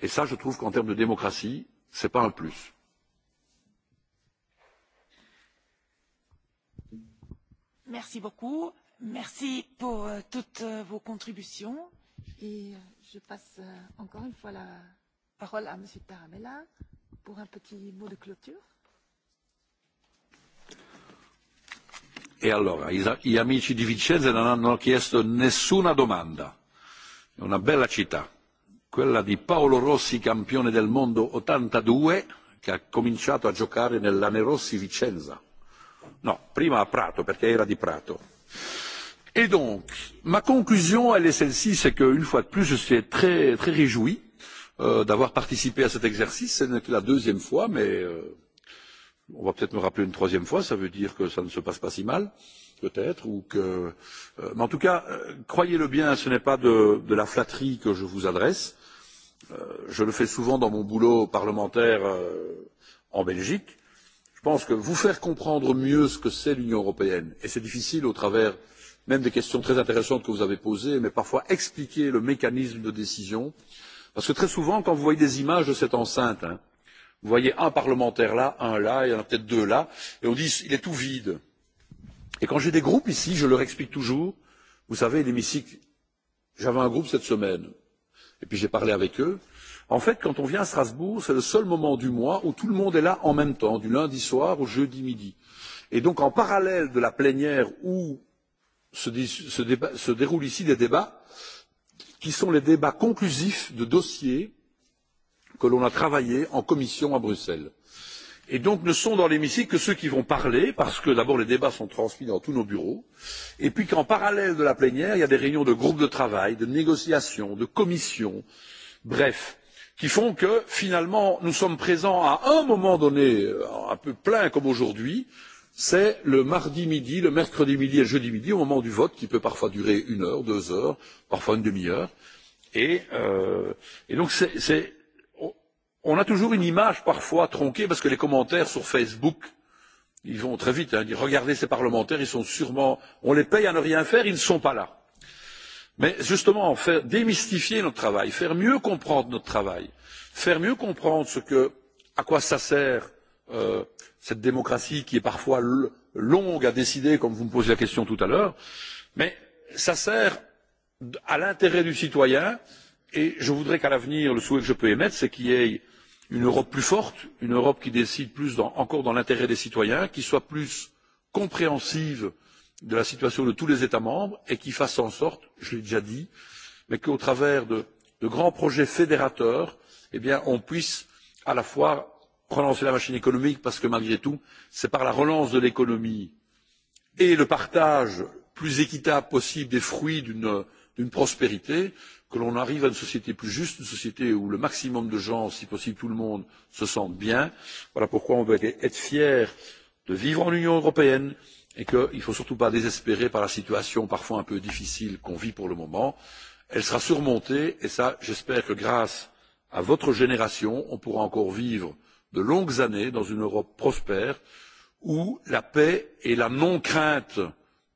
Et ça, je trouve qu'en termes de démocratie, ce n'est pas un plus. Merci beaucoup. Merci pour toutes vos contributions. Et je passe encore une fois la parole à Monsieur Taramella pour un petit mot de clôture. E allora, gli amici di Vicenza non hanno chiesto nessuna domanda. È una bella città, quella di Paolo Rossi, campione del mondo 82, che ha cominciato a giocare nell'Anerossi Vicenza No, prima a Prato, perché era di Prato. Et donc, ma conclusion, elle est celle-ci, c'est qu'une fois de plus, je suis très, très réjoui d'avoir participé à cet exercice. Ce n'est que la deuxième fois, mais on va peut-être me rappeler une troisième fois. Ça veut dire que ça ne se passe pas si mal, peut-être. Ou que... Mais en tout cas, croyez-le bien, ce n'est pas de la flatterie que je vous adresse. Je le fais souvent dans mon boulot parlementaire en Belgique Je pense que vous faire comprendre mieux ce que c'est l'Union européenne, et c'est difficile au travers même des questions très intéressantes que vous avez posées, mais parfois expliquer le mécanisme de décision, parce que très souvent, quand vous voyez des images de cette enceinte, vous voyez un parlementaire là, un là, il y en a peut-être deux là, et on dit il est tout vide. Et quand j'ai des groupes ici, je leur explique toujours, vous savez, l'hémicycle, j'avais un groupe cette semaine, et puis j'ai parlé avec eux, En fait, quand on vient à Strasbourg, c'est le seul moment du mois où tout le monde est là en même temps, du lundi soir au jeudi midi. Et donc, en parallèle de la plénière où se déroulent ici des débats, qui sont les débats conclusifs de dossiers que l'on a travaillés en commission à Bruxelles. Et donc, ne sont dans l'hémicycle que ceux qui vont parler, parce que d'abord, les débats sont transmis dans tous nos bureaux, et puis qu'en parallèle de la plénière, il y a des réunions de groupes de travail, de négociations, de commissions, bref qui font que finalement nous sommes présents à un moment donné un peu plein comme aujourd'hui c'est le mardi midi le mercredi midi et le jeudi midi au moment du vote qui peut parfois durer une heure deux heures parfois une demi heure et donc c'est on a toujours une image parfois tronquée parce que les commentaires sur facebook ils vont très vite ils disent regardez ces parlementaires ils sont sûrement on les paye à ne rien faire ils ne sont pas là. Mais justement, faire démystifier notre travail, faire mieux comprendre notre travail, faire mieux comprendre ce que, à quoi ça sert cette démocratie qui est parfois longue à décider, comme vous me posez la question tout à l'heure, mais ça sert à l'intérêt du citoyen et je voudrais qu'à l'avenir, le souhait que je peux émettre, c'est qu'il y ait une Europe plus forte, une Europe qui décide plus encore dans l'intérêt des citoyens, qui soit plus compréhensive de la situation de tous les États membres et qui fasse en sorte, je l'ai déjà dit, mais qu'au travers de grands projets fédérateurs, on puisse à la fois relancer la machine économique, parce que malgré tout, c'est par la relance de l'économie et le partage plus équitable possible des fruits d'une prospérité que l'on arrive à une société plus juste, une société où le maximum de gens, si possible tout le monde, se sentent bien. Voilà pourquoi on doit être fiers de vivre en Union européenne et qu'il ne faut surtout pas désespérer par la situation parfois un peu difficile qu'on vit pour le moment. Elle sera surmontée et ça, j'espère que grâce à votre génération, on pourra encore vivre de longues années dans une Europe prospère où la paix et la non-crainte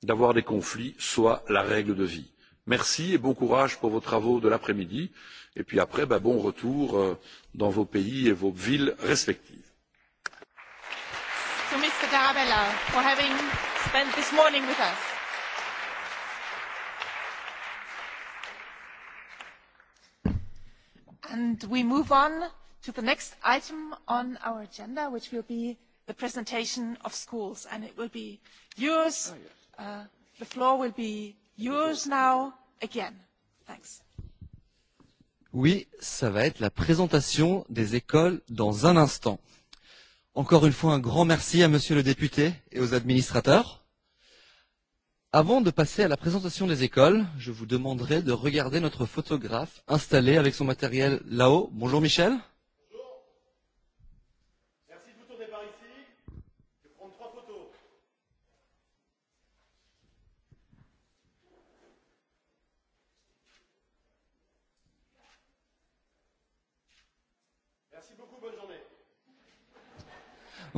d'avoir des conflits soient la règle de vie. Merci et bon courage pour vos travaux de l'après-midi. Et puis après, bon retour dans vos pays et vos villes respectives. Mr. Tarabella, for having spent this morning with us. And we move on to the next item on our agenda, which will be the presentation of schools. And it will be yours. The floor will be yours now again. Thanks. Oui, ça va être la présentation des écoles dans un instant. Encore une fois, un grand merci à Monsieur le député et aux administrateurs. Avant de passer à la présentation des écoles, je vous demanderai de regarder notre photographe installé avec son matériel là-haut. Bonjour Michel.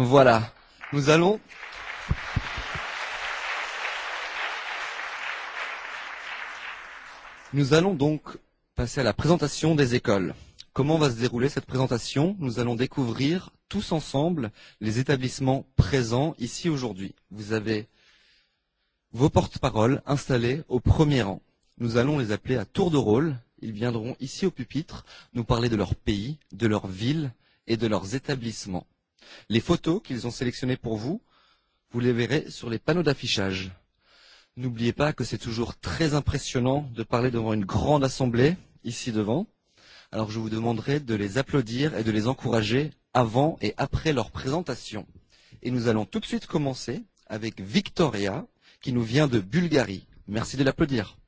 Voilà. Nous allons Nous allons donc passer à la présentation des écoles. Comment va se dérouler cette présentation Nous allons découvrir tous ensemble les établissements présents ici aujourd'hui. Vous avez vos porte-paroles installés au premier rang. Nous allons les appeler à tour de rôle. Ils viendront ici au pupitre nous parler de leur pays, de leur ville et de leurs établissements. Les photos qu'ils ont sélectionnées pour vous, vous les verrez sur les panneaux d'affichage. N'oubliez pas que c'est toujours très impressionnant de parler devant une grande assemblée, ici devant. Alors je vous demanderai de les applaudir et de les encourager avant et après leur présentation. Et nous allons tout de suite commencer avec Victoria, qui nous vient de Bulgarie. Merci de l'applaudir.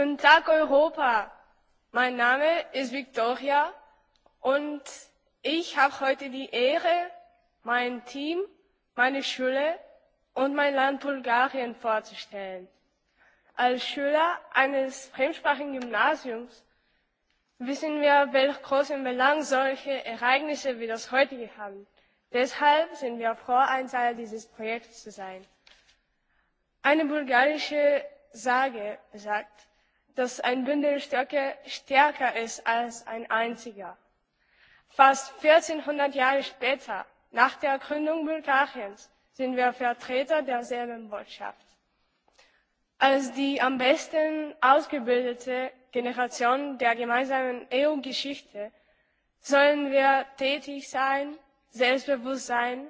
Guten Tag Europa. Mein Name ist Victoria und ich habe heute die Ehre, mein Team, meine Schule und mein Land Bulgarien vorzustellen. Als Schüler eines fremdsprachigen Gymnasiums wissen wir, welch großen Belang solche Ereignisse wie das heutige haben. Deshalb sind wir froh, ein Teil dieses Projekts zu sein. Eine bulgarische Sage besagt, dass ein Bündel stärker ist als ein einziger. Fast 1400 Jahre später, nach der Gründung Bulgariens, sind wir Vertreter derselben Botschaft. Als die am besten ausgebildete Generation der gemeinsamen EU-Geschichte sollen wir tätig sein, selbstbewusst sein,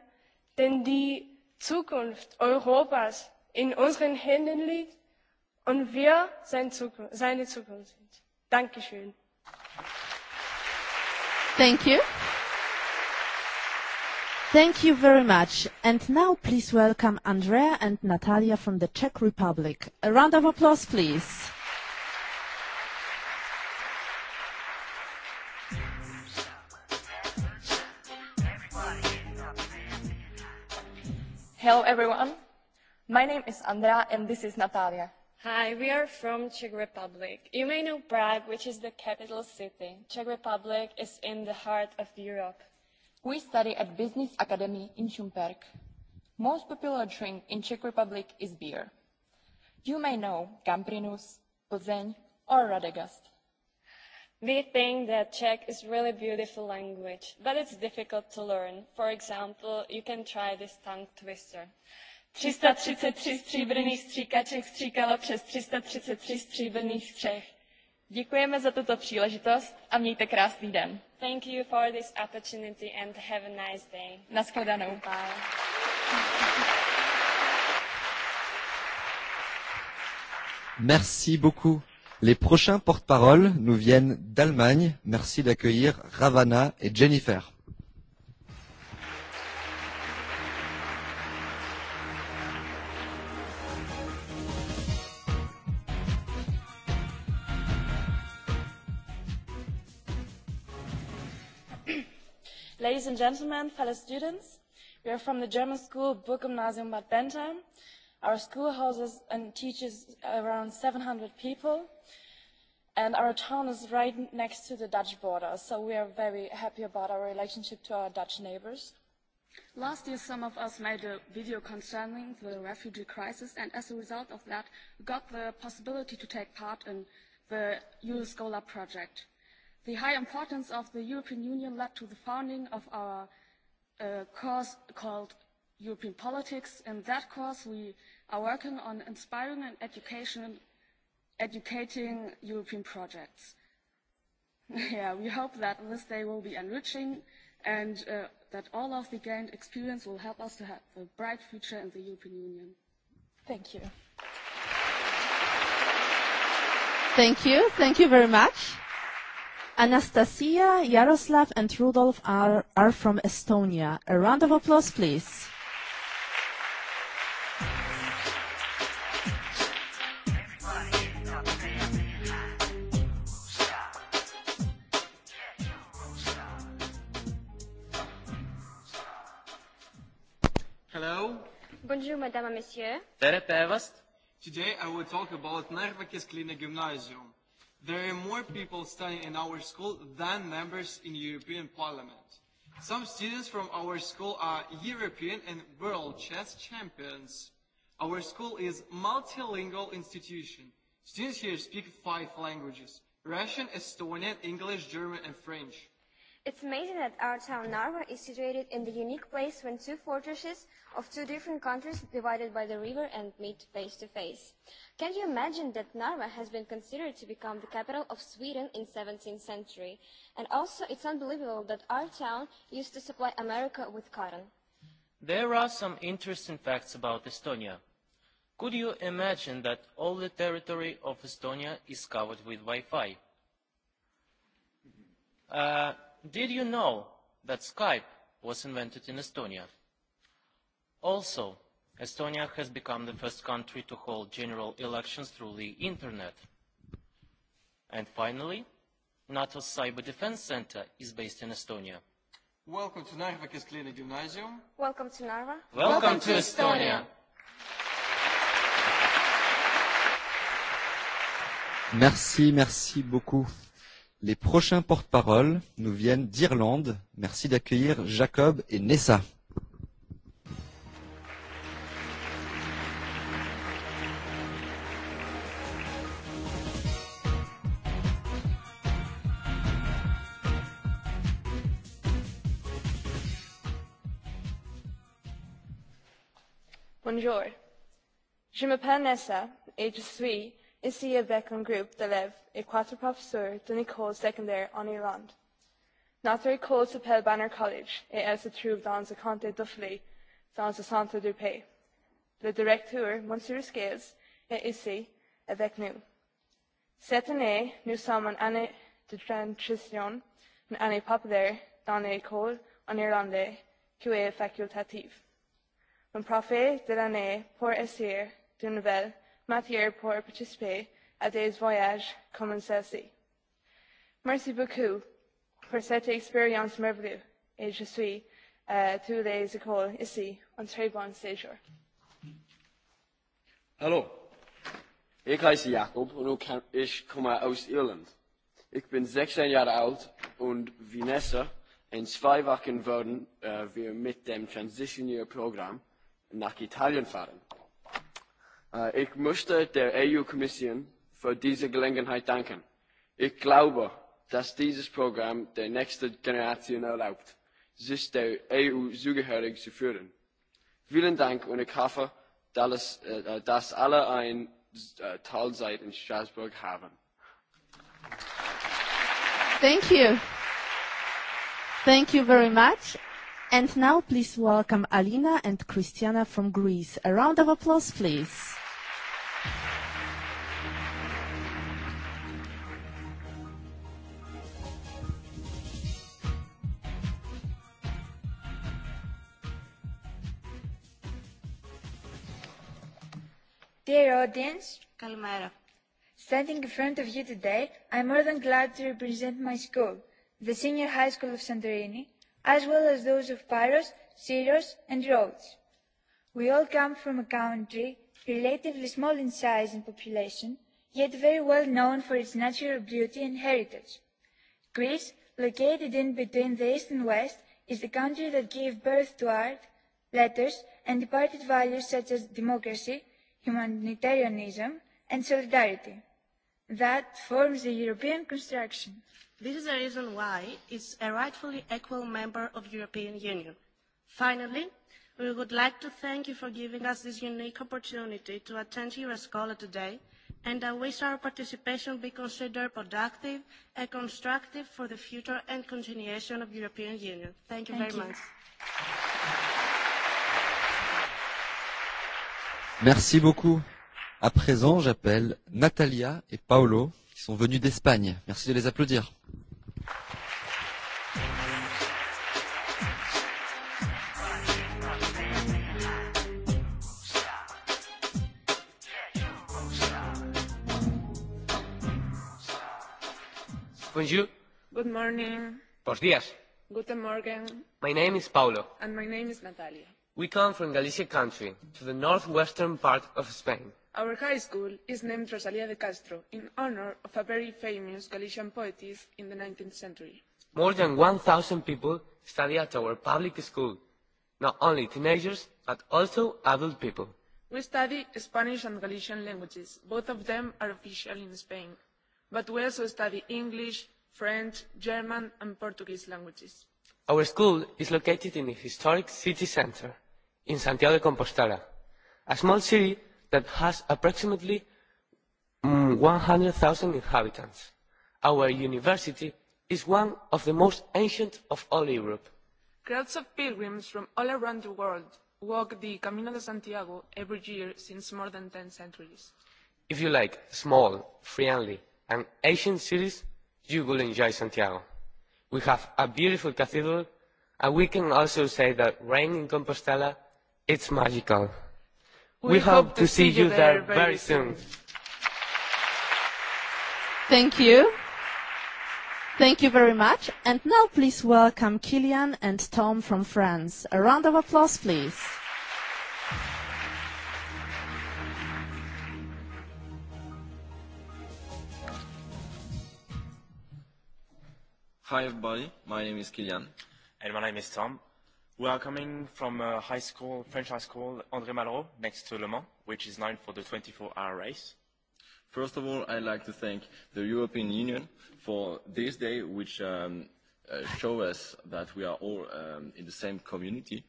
denn die Zukunft Europas in unseren Händen liegt und wir seine Zukunft Dankeschön. Thank you. Thank you very much. And now please welcome Andrea and Natalia from the Czech Republic. A round of applause, please. Hello, everyone. My name is Andrea, and this is Natalia. Hi, we are from Czech Republic. You may know Prague, which is the capital city. Czech Republic is in the heart of Europe. We study at Business Academy in Šumperk. Most popular drink in Czech Republic is beer. You may know Gambrinus, Plzeň or Radegast. We think that Czech is really beautiful language, but it's difficult to learn. For example, you can try this tongue twister. 333 stříbrných stříkaček stříkalo přes 333 stříbrných střech. Děkujeme za tuto příležitost a mějte krásný den. Thank you for this opportunity and have a nice day. Naschledanou. Bye. Merci beaucoup. Les prochains porte parole nous viennent d'Allemagne. Merci d'accueillir Ravana et Jennifer. Ladies and gentlemen, fellow students, we are from the German school Burggymnasium Bad Bentheim. Our school houses and teaches around 700 people, and our town is right next to the Dutch border, so we are very happy about our relationship to our Dutch neighbors. Last year, some of us made a video concerning the refugee crisis, and as a result of that, got the possibility to take part in the Scholar project. The high importance of the European Union led to the founding of our course called European Politics. In that course, we are working on inspiring and educating European projects. we hope that this day will be enriching and that all of the gained experience will help us to have a bright future in the European Union. Thank you. Thank you. Thank you very much. Anastasia, Yaroslav, and Rudolf are, are from Estonia. A round of applause, please. Hello. Bonjour, madame, monsieur. Tere Today I will talk about Narvakis Kline Gymnasium. There are more people studying in our school than members in European Parliament. Some students from our school are European and world chess champions. Our school is multilingual institution. Students here speak five languages: Russian, Estonian, English, German and French. It's amazing that our town Narva is situated in the unique place when two fortresses of two different countries divided by the river and meet face to face. Can you imagine that Narva has been considered to become the capital of Sweden in 17th century? And also it's unbelievable that our town used to supply America with cotton. There are some interesting facts about Estonia. Could you imagine that all the territory of Estonia is covered with Wi-Fi? did you know that Skype was invented in Estonia? Also, Estonia has become the first country to hold general elections through the Internet. And finally, NATO's Cyber Defense Center is based in Estonia. Welcome to Narva Gymnasium. Welcome to Narva. Welcome to Estonia. Merci, merci beaucoup. Les prochains porte-parole nous viennent d'Irlande. Merci d'accueillir Jacob et Nessa. Bonjour. Je m'appelle Nessa et je suis is si a bheith an grúp de leh i cuatro professúr duna cóil secundéir an Irland. Nátar cóil Pell Banner College é as a trúb dá the Conte Duffley, dá Santa Dupé. Le directúr Monsieur Scales é isí a bheith nú. Cette année, nous sommes en année de transition, an année populaire dans l'école en irlandais qui est facultative. Un profet de l'année pour essayer de nouvelles Matthew Airport participer à des voyages comme celle-ci. Merci beaucoup pour cette expérience merveilleuse et je suis à tous les écoles ici un très bon séjour. Hallo, ich heiße Jakob und ich komme aus Irland. Ich bin 16 Jahre alt und wie Nessa in zwei Wochen werden wir mit dem Transition Year Programm nach Italien fahren. Ich möchte der EU-Kommission für diese Gelegenheit danken. Ich glaube, dass dieses Programm der nächsten Generation erlaubt, sich der EU zugehörig zu führen. Vielen Dank und ich hoffe, dass alle ein Talzeit in Straßburg haben. Thank you. Thank you very much. And now please welcome Alina and Christiana from Greece. A round of applause, please. Dear audience, Standing in front of you today, I am more than glad to represent my school, the Senior High School of Santorini, as well as those of Pyros, Syros and Rhodes. We all come from a country relatively small in size and population, yet very well known for its natural beauty and heritage. Greece, located in between the East and West, is the country that gave birth to art, letters and departed values such as democracy, humanitarianism and solidarity that forms the European construction. This is the reason why it's a rightfully equal member of the European Union. Finally, we would like to thank you for giving us this unique opportunity to attend your scholar today, and I wish our participation be considered productive and constructive for the future and continuation of the European Union. Thank you very much. Merci beaucoup. À présent, j'appelle Natalia et Paolo qui sont venus d'Espagne. Merci de les applaudir. Bonjour. Good morning. Buenos días. Guten Morgen. My name is Paolo. And my name is Natalia. We come from Galicia country, to the northwestern part of Spain. Our high school is named Rosalia de Castro in honor of a very famous Galician poetess in the 19th century. More than 1,000 people study at our public school, not only teenagers, but also adult people. We study Spanish and Galician languages. Both of them are official in Spain. But we also study English, French, German and Portuguese languages. Our school is located in the historic city centre, in Santiago de Compostela, a small city that has approximately 100,000 inhabitants. Our university is one of the most ancient of all Europe. Crowds of pilgrims from all around the world walk the Camino de Santiago every year since more than 10 centuries. If you like small, friendly and ancient cities, you will enjoy Santiago. We have a beautiful cathedral, and we can also say that rain in Compostela, it's magical. We hope to see you there very soon. Thank you. Thank you very much. And now please welcome Kilian and Tom from France. A round of applause, please. Hi everybody, my name is Kilian. And my name is Tom. We are coming from a high school, French high school, André Malraux, next to Le Mans, which is known for the 24-hour race. First of all, I'd like to thank the European Union for this day, which um, uh, shows us that we are all um, in the same community.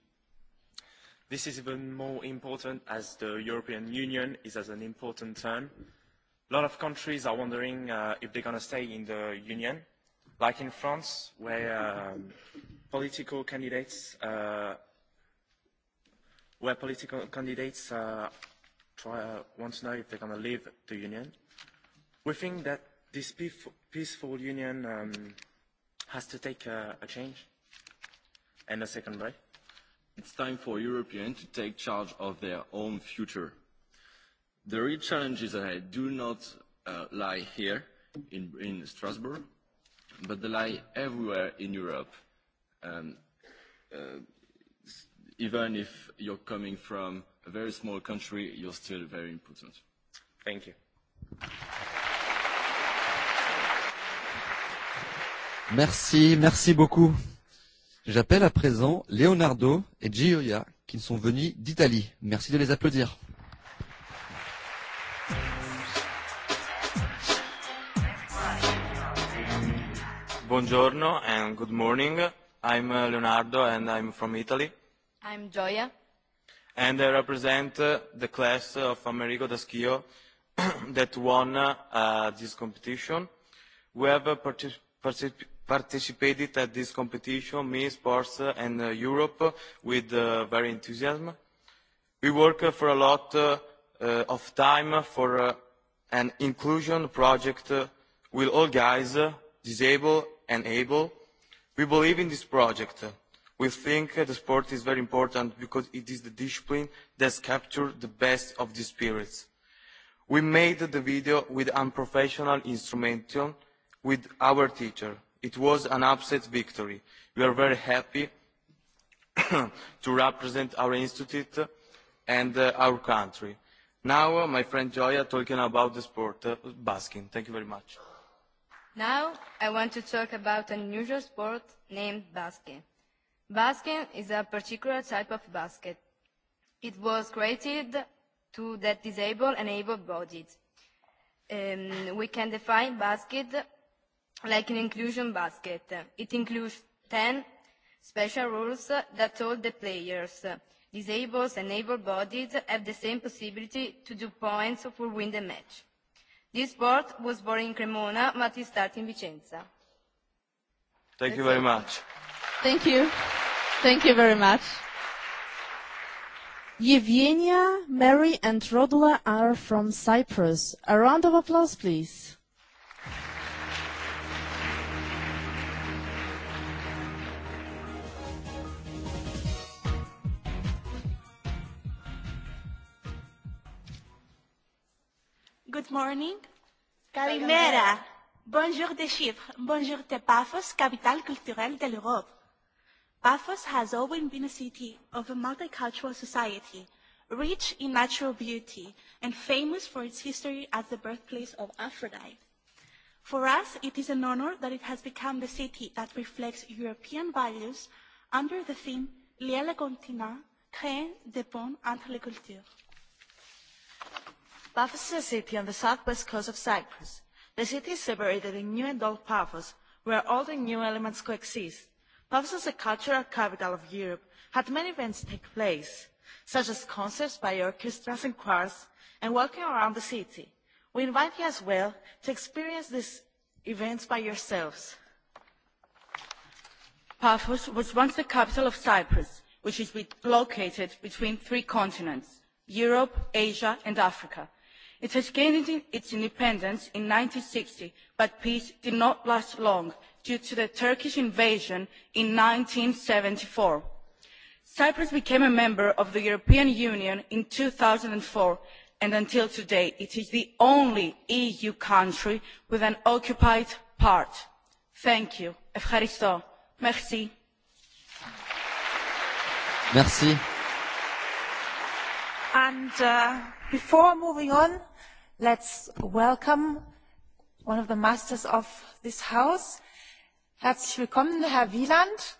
This is even more important as the European Union is as an important term. A lot of countries are wondering uh, if they're going to stay in the Union, Like in France, where political candidates where political candidates want to know if they're going to leave the union, we think that this peaceful union has to take a change and a second break. It's time for Europeans to take charge of their own future. The real challenges ahead do not lie here in Strasbourg but they lie everywhere in Europe, even if you're coming from a very small country, you're still very important. Thank you. Merci, merci beaucoup. J'appelle à présent Leonardo et Gioia qui sont venus d'Italie. Merci de les applaudir. buongiorno and good morning. I'm Leonardo and I'm from Italy. I'm Gioia. And I represent the class of Amerigo Daschio that won this competition. We have participated at this competition, me, sports and Europe, with very enthusiasm. We work for a lot of time for an inclusion project with all guys, disabled and able. We believe in this project. We think the sport is very important because it is the discipline that captures the best of the spirits. We made the video with unprofessional instrumentation with our teacher. It was an upset victory. We are very happy to represent our institute and our country. Now, my friend Joya talking about the sport, basking. Thank you very much. Now I want to talk about an unusual sport named basket. Basket is a particular type of basket. It was created to that disabled and able bodied. Um, we can define basket like an inclusion basket. It includes 10 special rules that all the players, disabled and able bodied, have the same possibility to do points for win the match. This board was born in Cremona, but it started in Vicenza. Thank you very much. Thank you. Thank you very much. Yevgenia, Mary, and Rodula are from Cyprus. A round of applause, please. morning. Καλημέρα. Bonjour de Chypre. Bonjour de Paphos, capitale culturelle de l'Europe. Paphos has always been a city of a multicultural society, rich in natural beauty and famous for its history as the birthplace of Aphrodite. For us, it is an honor that it has become the city that reflects European values under the theme le Continent, créé des ponts entre les cultures. Paphos is a city on the southwest coast of Cyprus. The city is separated in new and old Paphos, where all the new elements coexist. Paphos as a cultural capital of Europe had many events take place, such as concerts by orchestras and choirs, and walking around the city. We invite you as well to experience these events by yourselves. Paphos was once the capital of Cyprus, which is located between three continents, Europe, Asia and Africa It has gained its independence in 1960, but peace did not last long due to the Turkish invasion in 1974. Cyprus became a member of the European Union in 2004, and until today it is the only EU country with an occupied part. Thank you. Ευχαριστώ. Merci. Merci. And before moving on, let's welcome one of the masters of this house. Herzlich willkommen, Herr Wieland,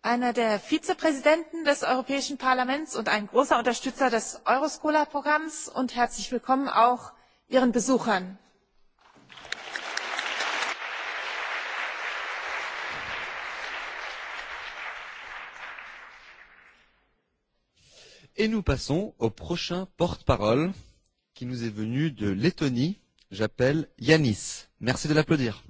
einer der Vizepräsidenten des Europäischen Parlaments und ein großer Unterstützer des Euroscola-Programms. Und herzlich willkommen auch Ihren Besuchern. Et nous passons au prochain porte-parole qui nous est venu de Lettonie. J'appelle Yanis. Merci de l'applaudir.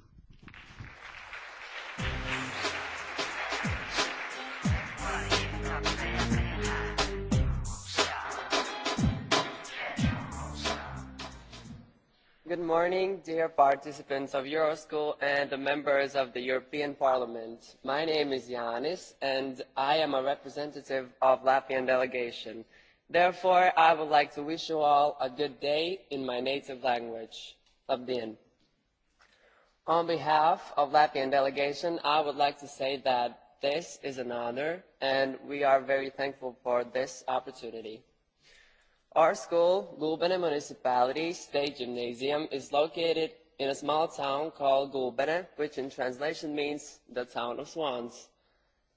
Good morning, dear participants of Euroschool and the members of the European Parliament. My name is Janis and I am a representative of Latvian delegation. Therefore, I would like to wish you all a good day in my native language, Latvian. On behalf of Latvian delegation, I would like to say that this is an honor, and we are very thankful for this opportunity. Our school, Gulbene Municipality State Gymnasium, is located in a small town called Gulbene, which in translation means the town of swans.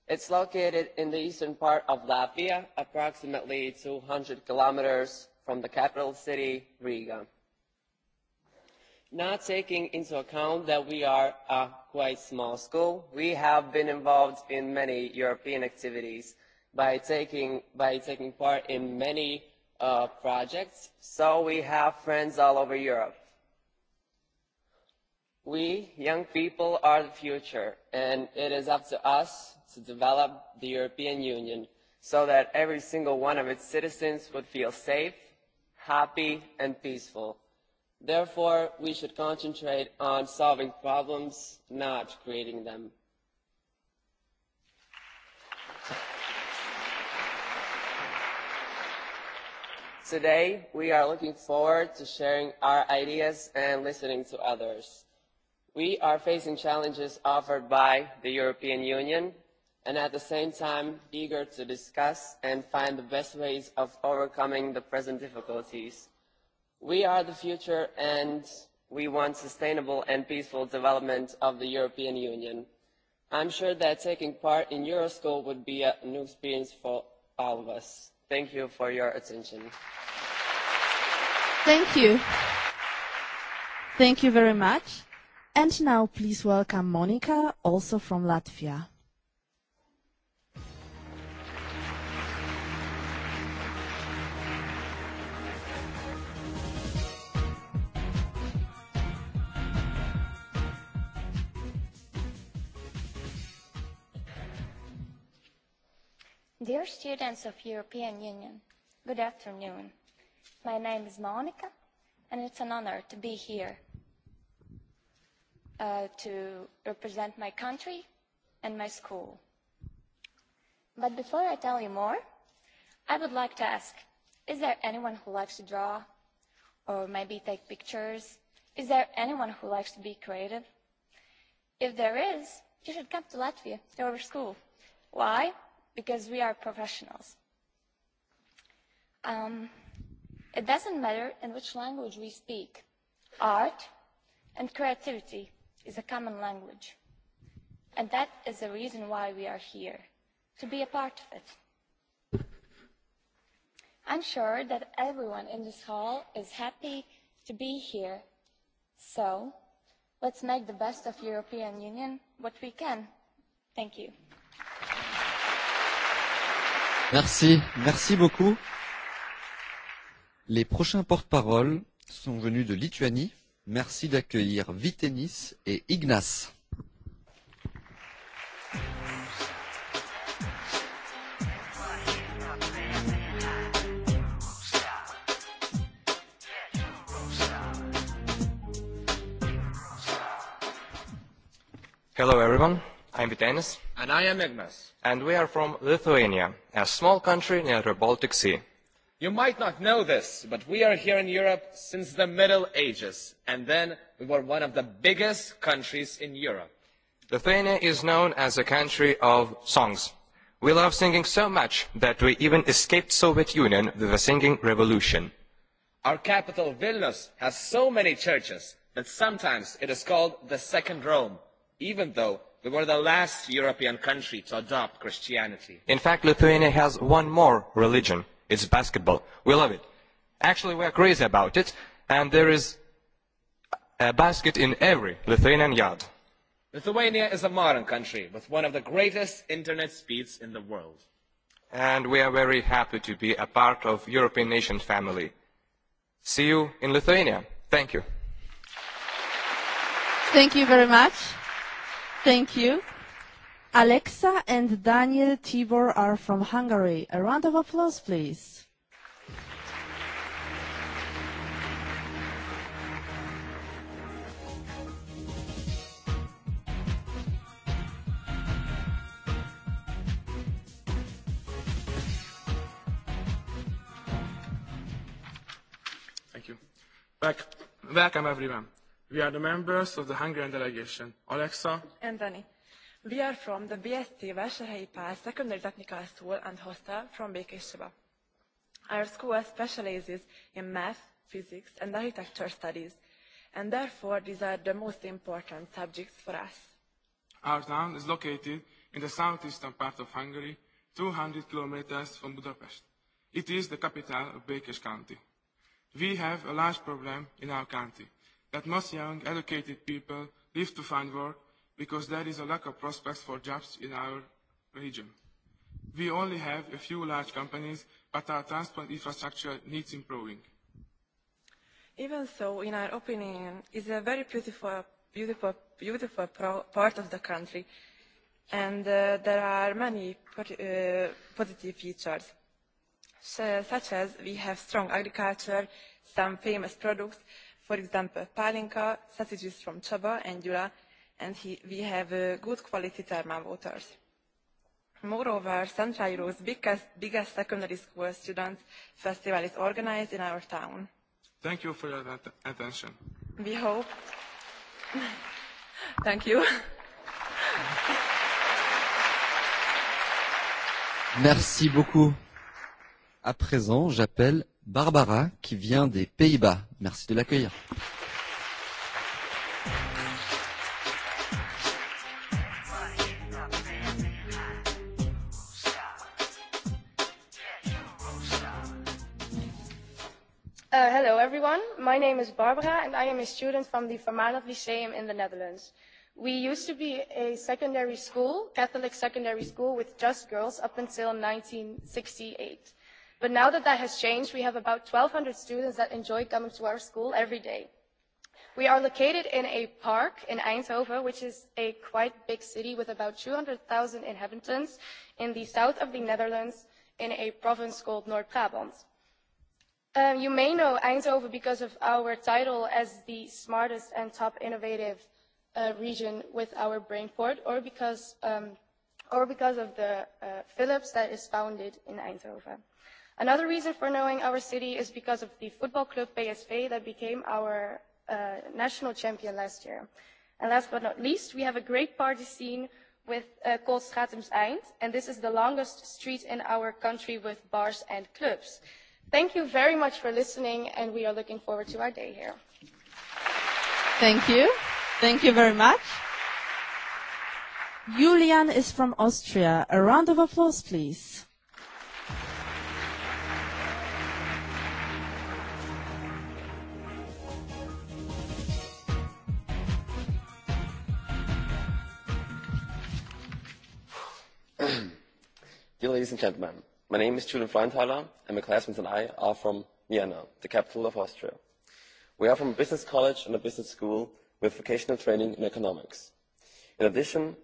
It's located in the eastern part of Latvia, approximately 200 kilometers from the capital city, Riga. Not taking into account that we are a quite small school, we have been involved in many European activities by taking, by taking part in many projects, so we have friends all over Europe. We, young people, are the future, and it is up to us to develop the European Union so that every single one of its citizens would feel safe, happy, and peaceful. Therefore, we should concentrate on solving problems, not creating them. Today, we are looking forward to sharing our ideas and listening to others. We are facing challenges offered by the European Union and at the same time eager to discuss and find the best ways of overcoming the present difficulties. We are the future and we want sustainable and peaceful development of the European Union. I'm sure that taking part in Euroschool would be a new experience for all of us. Thank you for your attention. Thank you. Thank you very much. And now please welcome Monica, also from Latvia. Dear students of European Union, good afternoon. My name is Monica, and it's an honor to be here to represent my country and my school. But before I tell you more, I would like to ask, is there anyone who likes to draw or maybe take pictures? Is there anyone who likes to be creative? If there is, you should come to Latvia, to our school. Why? because we are professionals. It doesn't matter in which language we speak. Art and creativity is a common language. And that is the reason why we are here, to be a part of it. I'm sure that everyone in this hall is happy to be here. So, let's make the best of European Union what we can. Thank you. Merci, merci beaucoup. Les prochains porte-parole sont venus de Lituanie. Merci d'accueillir Vitenis et Ignace. Hello everyone I'm Vitenis. And I am Ignas. And we are from Lithuania, a small country near the Baltic Sea. You might not know this, but we are here in Europe since the Middle Ages, and then we were one of the biggest countries in Europe. Lithuania is known as a country of songs. We love singing so much that we even escaped Soviet Union with a singing revolution. Our capital, Vilnius, has so many churches that sometimes it is called the second Rome, even though We were the last European country to adopt Christianity. In fact, Lithuania has one more religion. It's basketball. We love it. Actually, we are crazy about it, and there is a basket in every Lithuanian yard. Lithuania is a modern country with one of the greatest internet speeds in the world. And we are very happy to be a part of European nation family. See you in Lithuania. Thank you. Thank you very much. Thank you. Alexa and Daniel Tibor are from Hungary. A round of applause, please. Thank you. Welcome, everyone. We are the members of the Hungarian delegation. Alexa. And Danny, We are from the BST Vásárhelyi Pál Secondary Technical School and Hostel from Békéscsaba. Our school specializes in math, physics and architecture studies, and therefore these are the most important subjects for us. Our town is located in the southeastern part of Hungary, 200 kilometers from Budapest. It is the capital of Békés County. We have a large problem in our county that most young, educated people leave to find work because there is a lack of prospects for jobs in our region. We only have a few large companies, but our transport infrastructure needs improving. Even so, in our opinion, is a very beautiful, beautiful, beautiful part of the country, and there are many positive features, such as we have strong agriculture, some famous products, For example, Palinka, sausages from Chaba and Jura, and we have good quality thermal waters. Moreover, Central Europe's biggest secondary school students festival is organized in our town. Thank you for your attention. We hope. Thank you. Merci beaucoup. À présent, j'appelle Barbara qui vient des Pays-Bas. Merci de l'accueillir. Hello everyone, my name is Barbara and I am a student from the Fermanagh Lyceum in the Netherlands. We used to be a secondary school, Catholic secondary school with just girls up until 1968. But now that that has changed, we have about 1,200 students that enjoy coming to our school every day. We are located in a park in Eindhoven, which is a quite big city with about 200,000 inhabitants in the south of the Netherlands in a province called Noord-Brabant. You may know Eindhoven because of our title as the smartest and top innovative region with our port or because of the Philips that is founded in Eindhoven. Another reason for knowing our city is because of the football club PSV that became our national champion last year. And last but not least, we have a great party scene with called Eind, and this is the longest street in our country with bars and clubs. Thank you very much for listening, and we are looking forward to our day here. Thank you. Thank you very much. Julian is from Austria. A round of applause, please. Dear ladies and gentlemen, my name is Julian Freundhaler, and my classmates and I are from Vienna, the capital of Austria. We are from a business college and a business school with vocational training in economics. In addition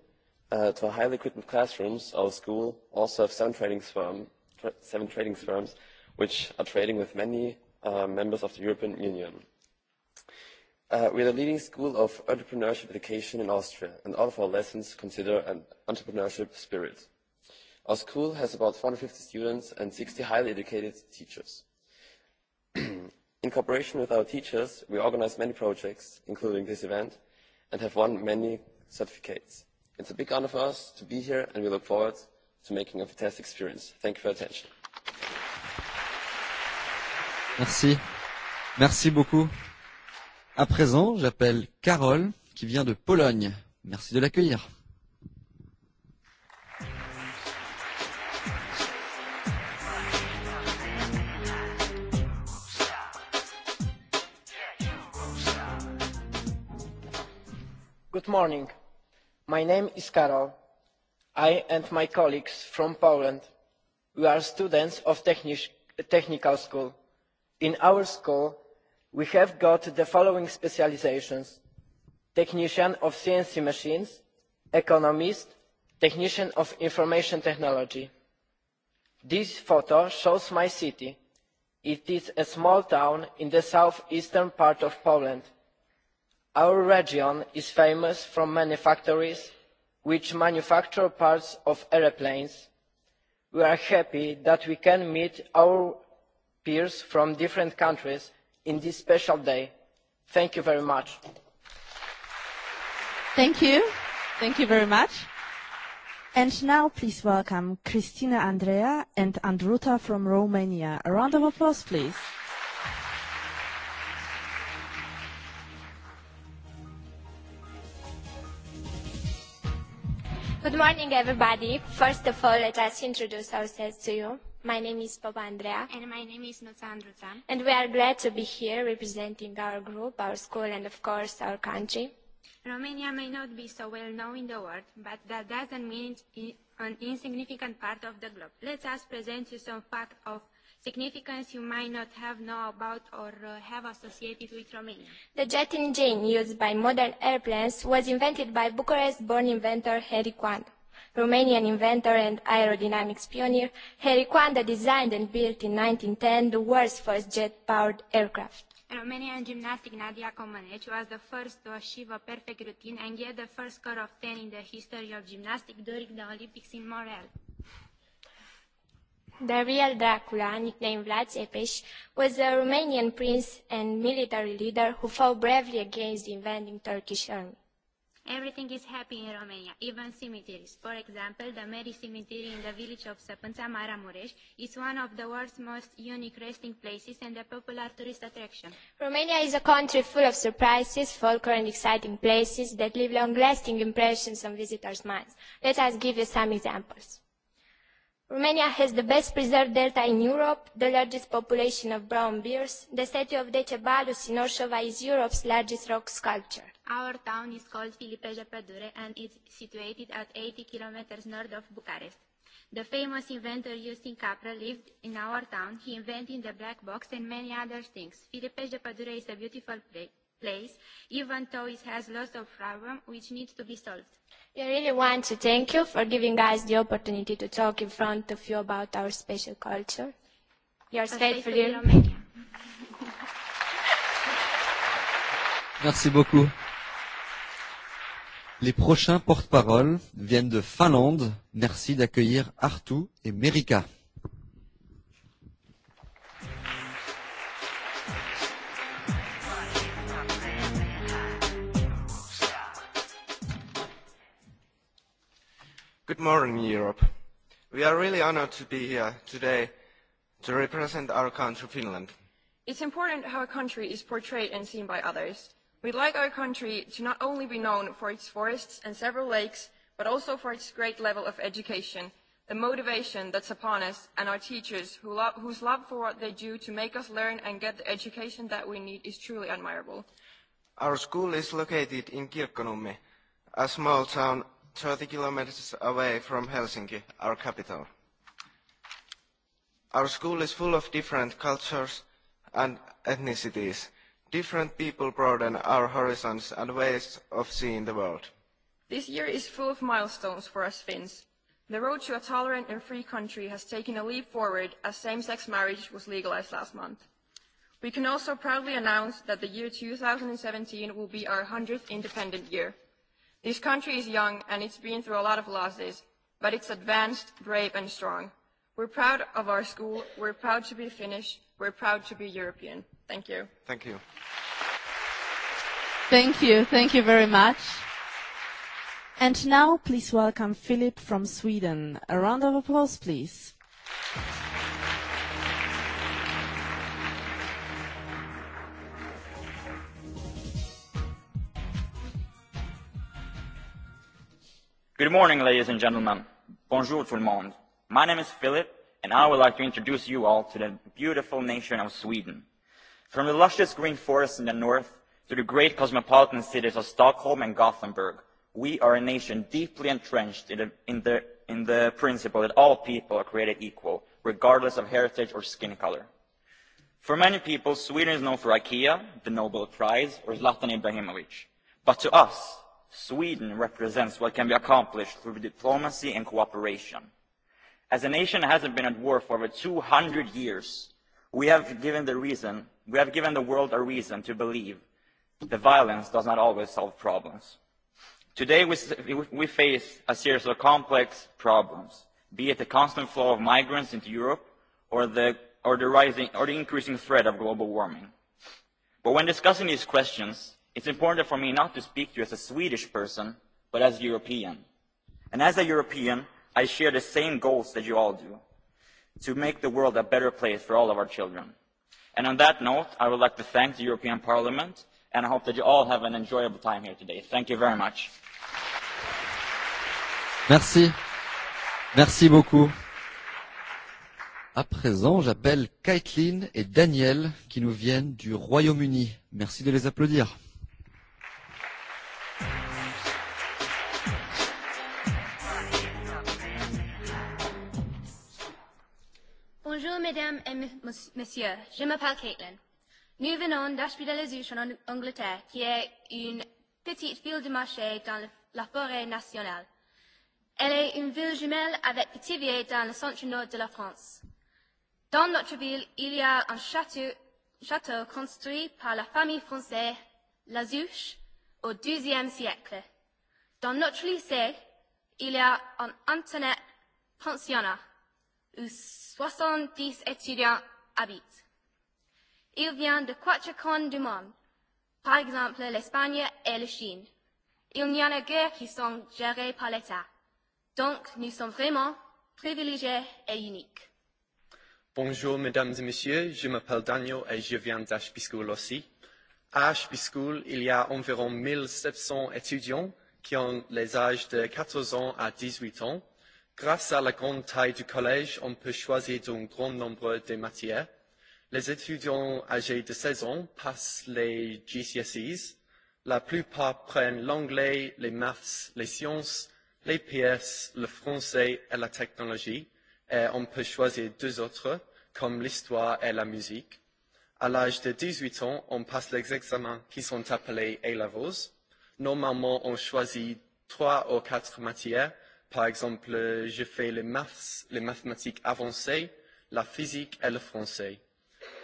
to our highly equipped classrooms, our school also has seven trading firms which are trading with many members of the European Union. We are the leading school of entrepreneurship education in Austria, and all of our lessons consider an entrepreneurship spirit. Our school has about 450 students and 60 highly educated teachers. In cooperation with our teachers, we organize many projects, including this event, and have won many certificates. It's a big honor for us to be here, and we look forward to making a fantastic experience. Thank you for your attention. Merci. Merci beaucoup. À présent, j'appelle Carole, qui vient de Pologne. Merci de l'accueillir. Good morning. My name is Karol. I and my colleagues from Poland, we are students of technical school. In our school, we have got the following specializations: technician of CNC machines, economist, technician of information technology. This photo shows my city. It is a small town in the southeastern part of Poland Our region is famous for many factories which manufacture parts of aeroplanes. We are happy that we can meet our peers from different countries on this special day. Thank you very much. Thank you. Thank you very much. And now please welcome Christina Andrea and Andruta from Romania. A round of applause, please. Good morning, everybody. First of all, let us introduce ourselves to you. My name is Popa Andrea. And my name is Nuța Andruța. And we are glad to be here representing our group, our school, and of course, our country. Romania may not be so well known in the world, but that doesn't mean an insignificant part of the globe. Let us present you some facts of significance you might not have known about or have associated with Romania. The jet engine used by modern airplanes was invented by Bucharest-born inventor Heri Quanda. Romanian inventor and aerodynamics pioneer, Heri Quanda designed and built in 1910 the world's first jet-powered aircraft. Romanian gymnastic Nadia Comaneci was the first to achieve a perfect routine and get the first score of 10 in the history of gymnastics during the Olympics in Morel. The real Dracula, nicknamed Vlad Zepes, was a Romanian prince and military leader who fought bravely against the invading Turkish army. Everything is happy in Romania, even cemeteries. For example, the Mary Cemetery in the village of Săpânța Maramureș, is one of the world's most unique resting places and a popular tourist attraction. Romania is a country full of surprises, folklore and exciting places that leave long-lasting impressions on visitors' minds. Let us give you some examples. Romania has the best preserved delta in Europe, the largest population of brown bears. The statue of Decebalus in Orshova is Europe's largest rock sculpture. Our town is called Filipeja Pădure and is situated at 80 kilometers north of Bucharest. The famous inventor Justin Capra lived in our town. He invented the black box and many other things. Filipeja Pădure is a beautiful place, even though it has lots of problems which need to be solved. I really want to thank you for giving us the opportunity to talk in front of you about our special culture. Yours faithfully, Romania. Merci beaucoup. Les prochains porte paroles viennent de Finlande. Merci d'accueillir Artu et Merika. Good morning, Europe. We are really honored to be here today to represent our country, Finland. It's important how a country is portrayed and seen by others. We'd like our country to not only be known for its forests and several lakes, but also for its great level of education, the motivation that's upon us, and our teachers who whose love for what they do to make us learn and get the education that we need is truly admirable. Our school is located in Kirkkonummi, a small town 30 kilometers away from Helsinki, our capital. Our school is full of different cultures and ethnicities. Different people broaden our horizons and ways of seeing the world. This year is full of milestones for us Finns. The road to a tolerant and free country has taken a leap forward as same-sex marriage was legalized last month. We can also proudly announce that the year 2017 will be our 100th independent year. This country is young and it's been through a lot of losses, but it's advanced, brave and strong. We're proud of our school, we're proud to be Finnish, we're proud to be European. Thank you. Thank you. Thank you. Thank you very much. And now please welcome Philip from Sweden. A round of applause, please. Good morning, ladies and gentlemen. Bonjour tout le monde. My name is Philip, and I would like to introduce you all to the beautiful nation of Sweden. From the luscious green forests in the north to the great cosmopolitan cities of Stockholm and Gothenburg, we are a nation deeply entrenched in the, in the, in the principle that all people are created equal, regardless of heritage or skin color. For many people, Sweden is known for IKEA, the Nobel Prize, or Zlatan Ibrahimovic. But to us, Sweden represents what can be accomplished through diplomacy and cooperation. As a nation that hasn't been at war for over 200 years, we have given the reason, we have given the world a reason to believe that violence does not always solve problems. Today we face a series of complex problems, be it the constant flow of migrants into Europe or the or the rising or the increasing threat of global warming. But when discussing these questions, It's important for me not to speak to you as a Swedish person, but as a European. And as a European, I share the same goals that you all do, to make the world a better place for all of our children. And on that note, I would like to thank the European Parliament, and I hope that you all have an enjoyable time here today. Thank you very much. Merci. Merci beaucoup. À présent, j'appelle Caitlin et Daniel qui nous viennent du Royaume-Uni. Merci de les applaudir. mesdames et messieurs, je m'appelle Caitlin. Nous venons dashby de en Angleterre, qui est une petite ville de marché dans la forêt nationale. Elle est une ville jumelle avec Pithiviers dans le centre nord de la France. Dans notre ville, il y a un château, château construit par la famille française Lazouche au XIIe siècle. Dans notre lycée, il y a un internet pensionnat 70 étudiants habitent. Ils viennent de quatre coins du monde, par exemple l'Espagne et la Chine. Il n'y en a guère qui sont gérés par l'État. Donc, nous sommes vraiment privilégiés et uniques. Bonjour, mesdames et messieurs. Je m'appelle Daniel et je viens d'HP School aussi. À HB School, il y a environ 1700 étudiants qui ont les âges de 14 ans à 18 ans Grâce à la grande taille du collège, on peut choisir d'un grand nombre de matières. Les étudiants âgés de 16 ans passent les GCSEs. La plupart prennent l'anglais, les maths, les sciences, les PS, le français et la technologie. Et on peut choisir deux autres, comme l'histoire et la musique. À l'âge de 18 ans, on passe les examens qui sont appelés A-levels. Normalement, on choisit trois ou quatre matières Par exemple, je fais les maths, les mathématiques avancées, la physique et le français.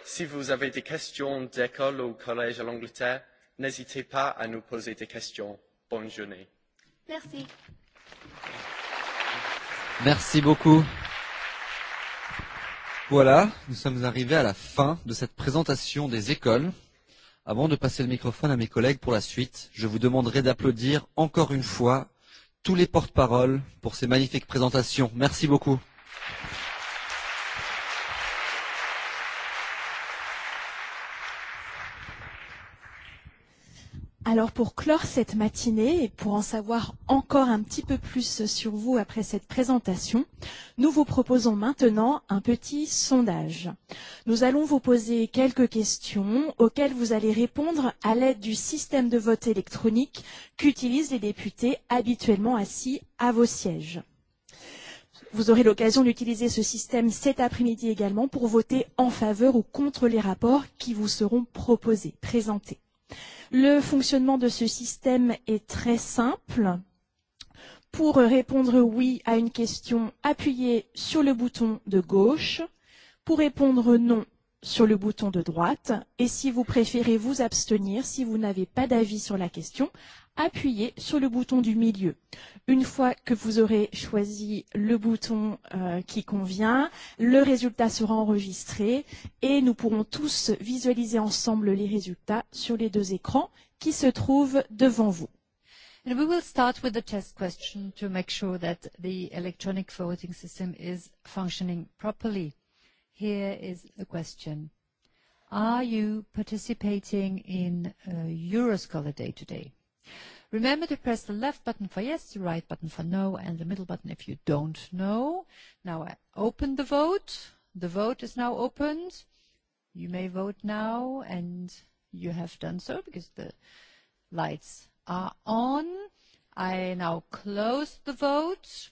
Si vous avez des questions d'école ou collège à l'Angleterre, n'hésitez pas à nous poser des questions. Bonne journée. Merci. Merci beaucoup. Voilà, nous sommes arrivés à la fin de cette présentation des écoles. Avant de passer le microphone à mes collègues pour la suite, je vous demanderai d'applaudir encore une fois tous les porte-paroles pour ces magnifiques présentations. Merci beaucoup. Alors pour clore cette matinée et pour en savoir encore un petit peu plus sur vous après cette présentation, nous vous proposons maintenant un petit sondage. Nous allons vous poser quelques questions auxquelles vous allez répondre à l'aide du système de vote électronique qu'utilisent les députés habituellement assis à vos sièges. Vous aurez l'occasion d'utiliser ce système cet après-midi également pour voter en faveur ou contre les rapports qui vous seront proposés, présentés. Le fonctionnement de ce système est très simple. Pour répondre oui à une question, appuyez sur le bouton de gauche. Pour répondre non, sur le bouton de droite. Et si vous préférez vous abstenir, si vous n'avez pas d'avis sur la question, appuyez sur le bouton du milieu. Une fois que vous aurez choisi le bouton qui convient, le résultat sera enregistré et nous pourrons tous visualiser ensemble les résultats sur les deux écrans qui se trouvent devant vous. And we will start with the test question to make sure that the electronic voting system is functioning properly. Here is the question. Are you participating in Euroscholar Day today? Remember to press the left button for yes, the right button for no, and the middle button if you don't know. Now I open the vote. The vote is now opened. You may vote now, and you have done so because the lights are on. I now close the vote.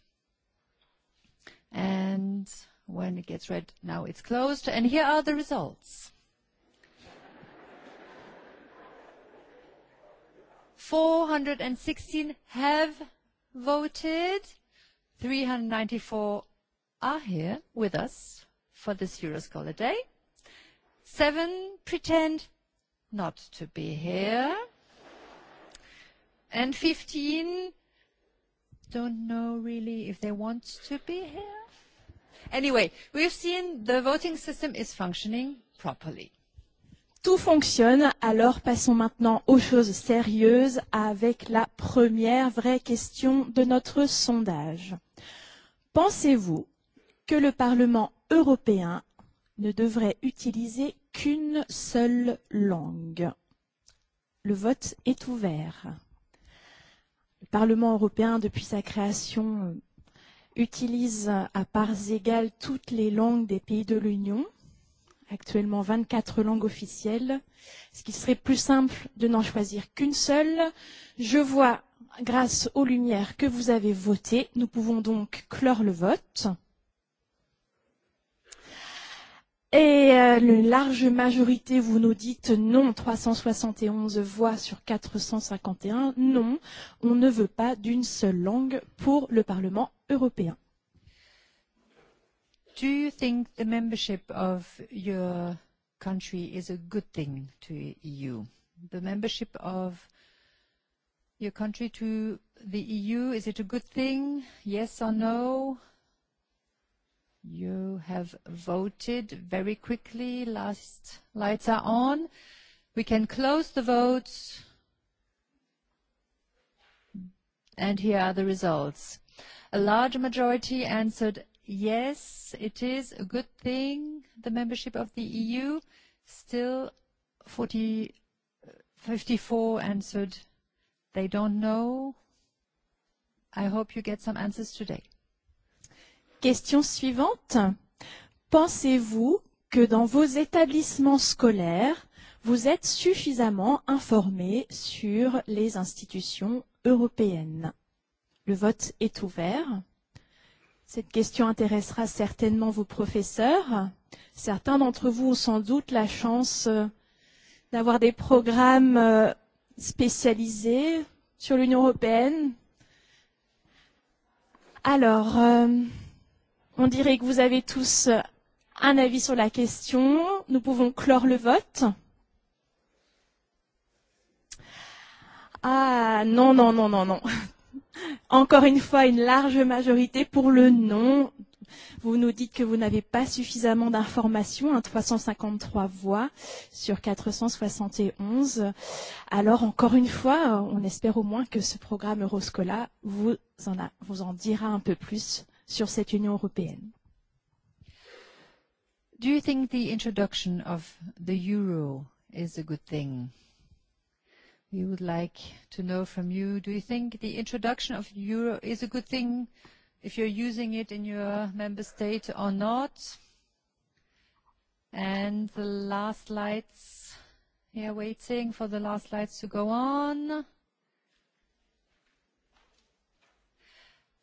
And when it gets red, now it's closed. And here are the results. 416 have voted. 394 are here with us for this Euroscholar Day. Seven pretend not to be here. And 15 don't know really if they want to be here. Anyway, we've seen the voting system is functioning properly. Tout fonctionne, alors passons maintenant aux choses sérieuses avec la première vraie question de notre sondage. Pensez-vous que le Parlement européen ne devrait utiliser qu'une seule langue Le vote est ouvert. Le Parlement européen, depuis sa création, utilise à parts égales toutes les langues des pays de l'Union actuellement 24 langues officielles. Est-ce qu'il serait plus simple de n'en choisir qu'une seule Je vois, grâce aux lumières, que vous avez voté. Nous pouvons donc clore le vote. Et une large majorité, vous nous dites non, 371 voix sur 451, non, on ne veut pas d'une seule langue pour le Parlement européen. Do you think the membership of your country is a good thing to EU? The membership of your country to the EU, is it a good thing? Yes or no? You have voted very quickly. Last lights are on. We can close the votes. And here are the results. A large majority answered Yes, it is a good thing, the membership of the EU. Still, 40, 54 answered they don't know. I hope you get some answers today. Question suivante. Pensez-vous que dans vos établissements scolaires, vous êtes suffisamment informé sur les institutions européennes Le vote est ouvert. Cette question intéressera certainement vos professeurs. Certains d'entre vous ont sans doute la chance d'avoir des programmes spécialisés sur l'Union européenne. Alors, on dirait que vous avez tous un avis sur la question. Nous pouvons clore le vote. Ah non, non, non, non, non. Encore une fois, une large majorité pour le non. Vous nous dites que vous n'avez pas suffisamment d'informations, 353 voix sur 471. Alors, encore une fois, on espère au moins que ce programme Euroscola vous en, a, vous en dira un peu plus sur cette Union européenne. Do you think the introduction of the euro is a good thing? we would like to know from you. Do you think the introduction of euro is a good thing if you're using it in your member state or not? And the last lights, are waiting for the last lights to go on.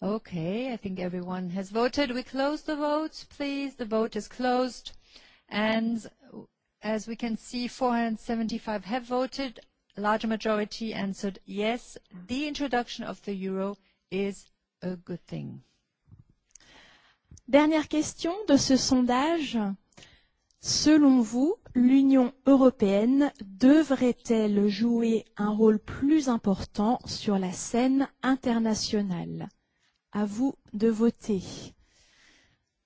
Okay, I think everyone has voted. We close the vote, please. The vote is closed. And as we can see, 475 have voted, large majority answered yes, the introduction of the euro is a good thing. Dernière question de ce sondage. Selon vous, l'Union européenne devrait-elle jouer un rôle plus important sur la scène internationale À vous de voter.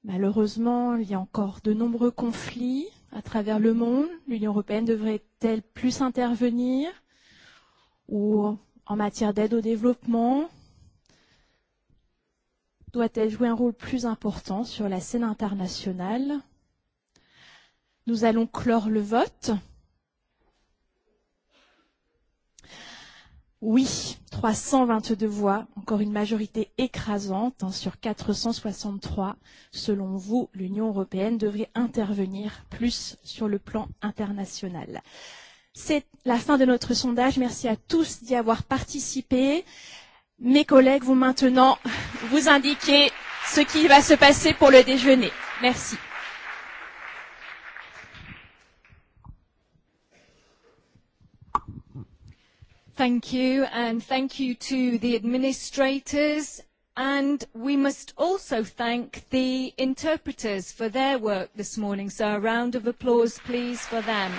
Malheureusement, il y a encore de nombreux conflits à travers le monde. L'Union européenne devrait-elle plus intervenir ou en matière d'aide au développement Doit-elle jouer un rôle plus important sur la scène internationale Nous allons clore le vote. Oui, 322 voix, encore une majorité écrasante sur 463. Selon vous, l'Union européenne devrait intervenir plus sur le plan international. C'est la fin de notre sondage. Merci à tous d'y avoir participé. Mes collègues vont maintenant vous indiquer ce qui va se passer pour le déjeuner. Merci. Thank you, and thank you to the administrators. And we must also thank the interpreters for their work this morning. So a round of applause, please, for them.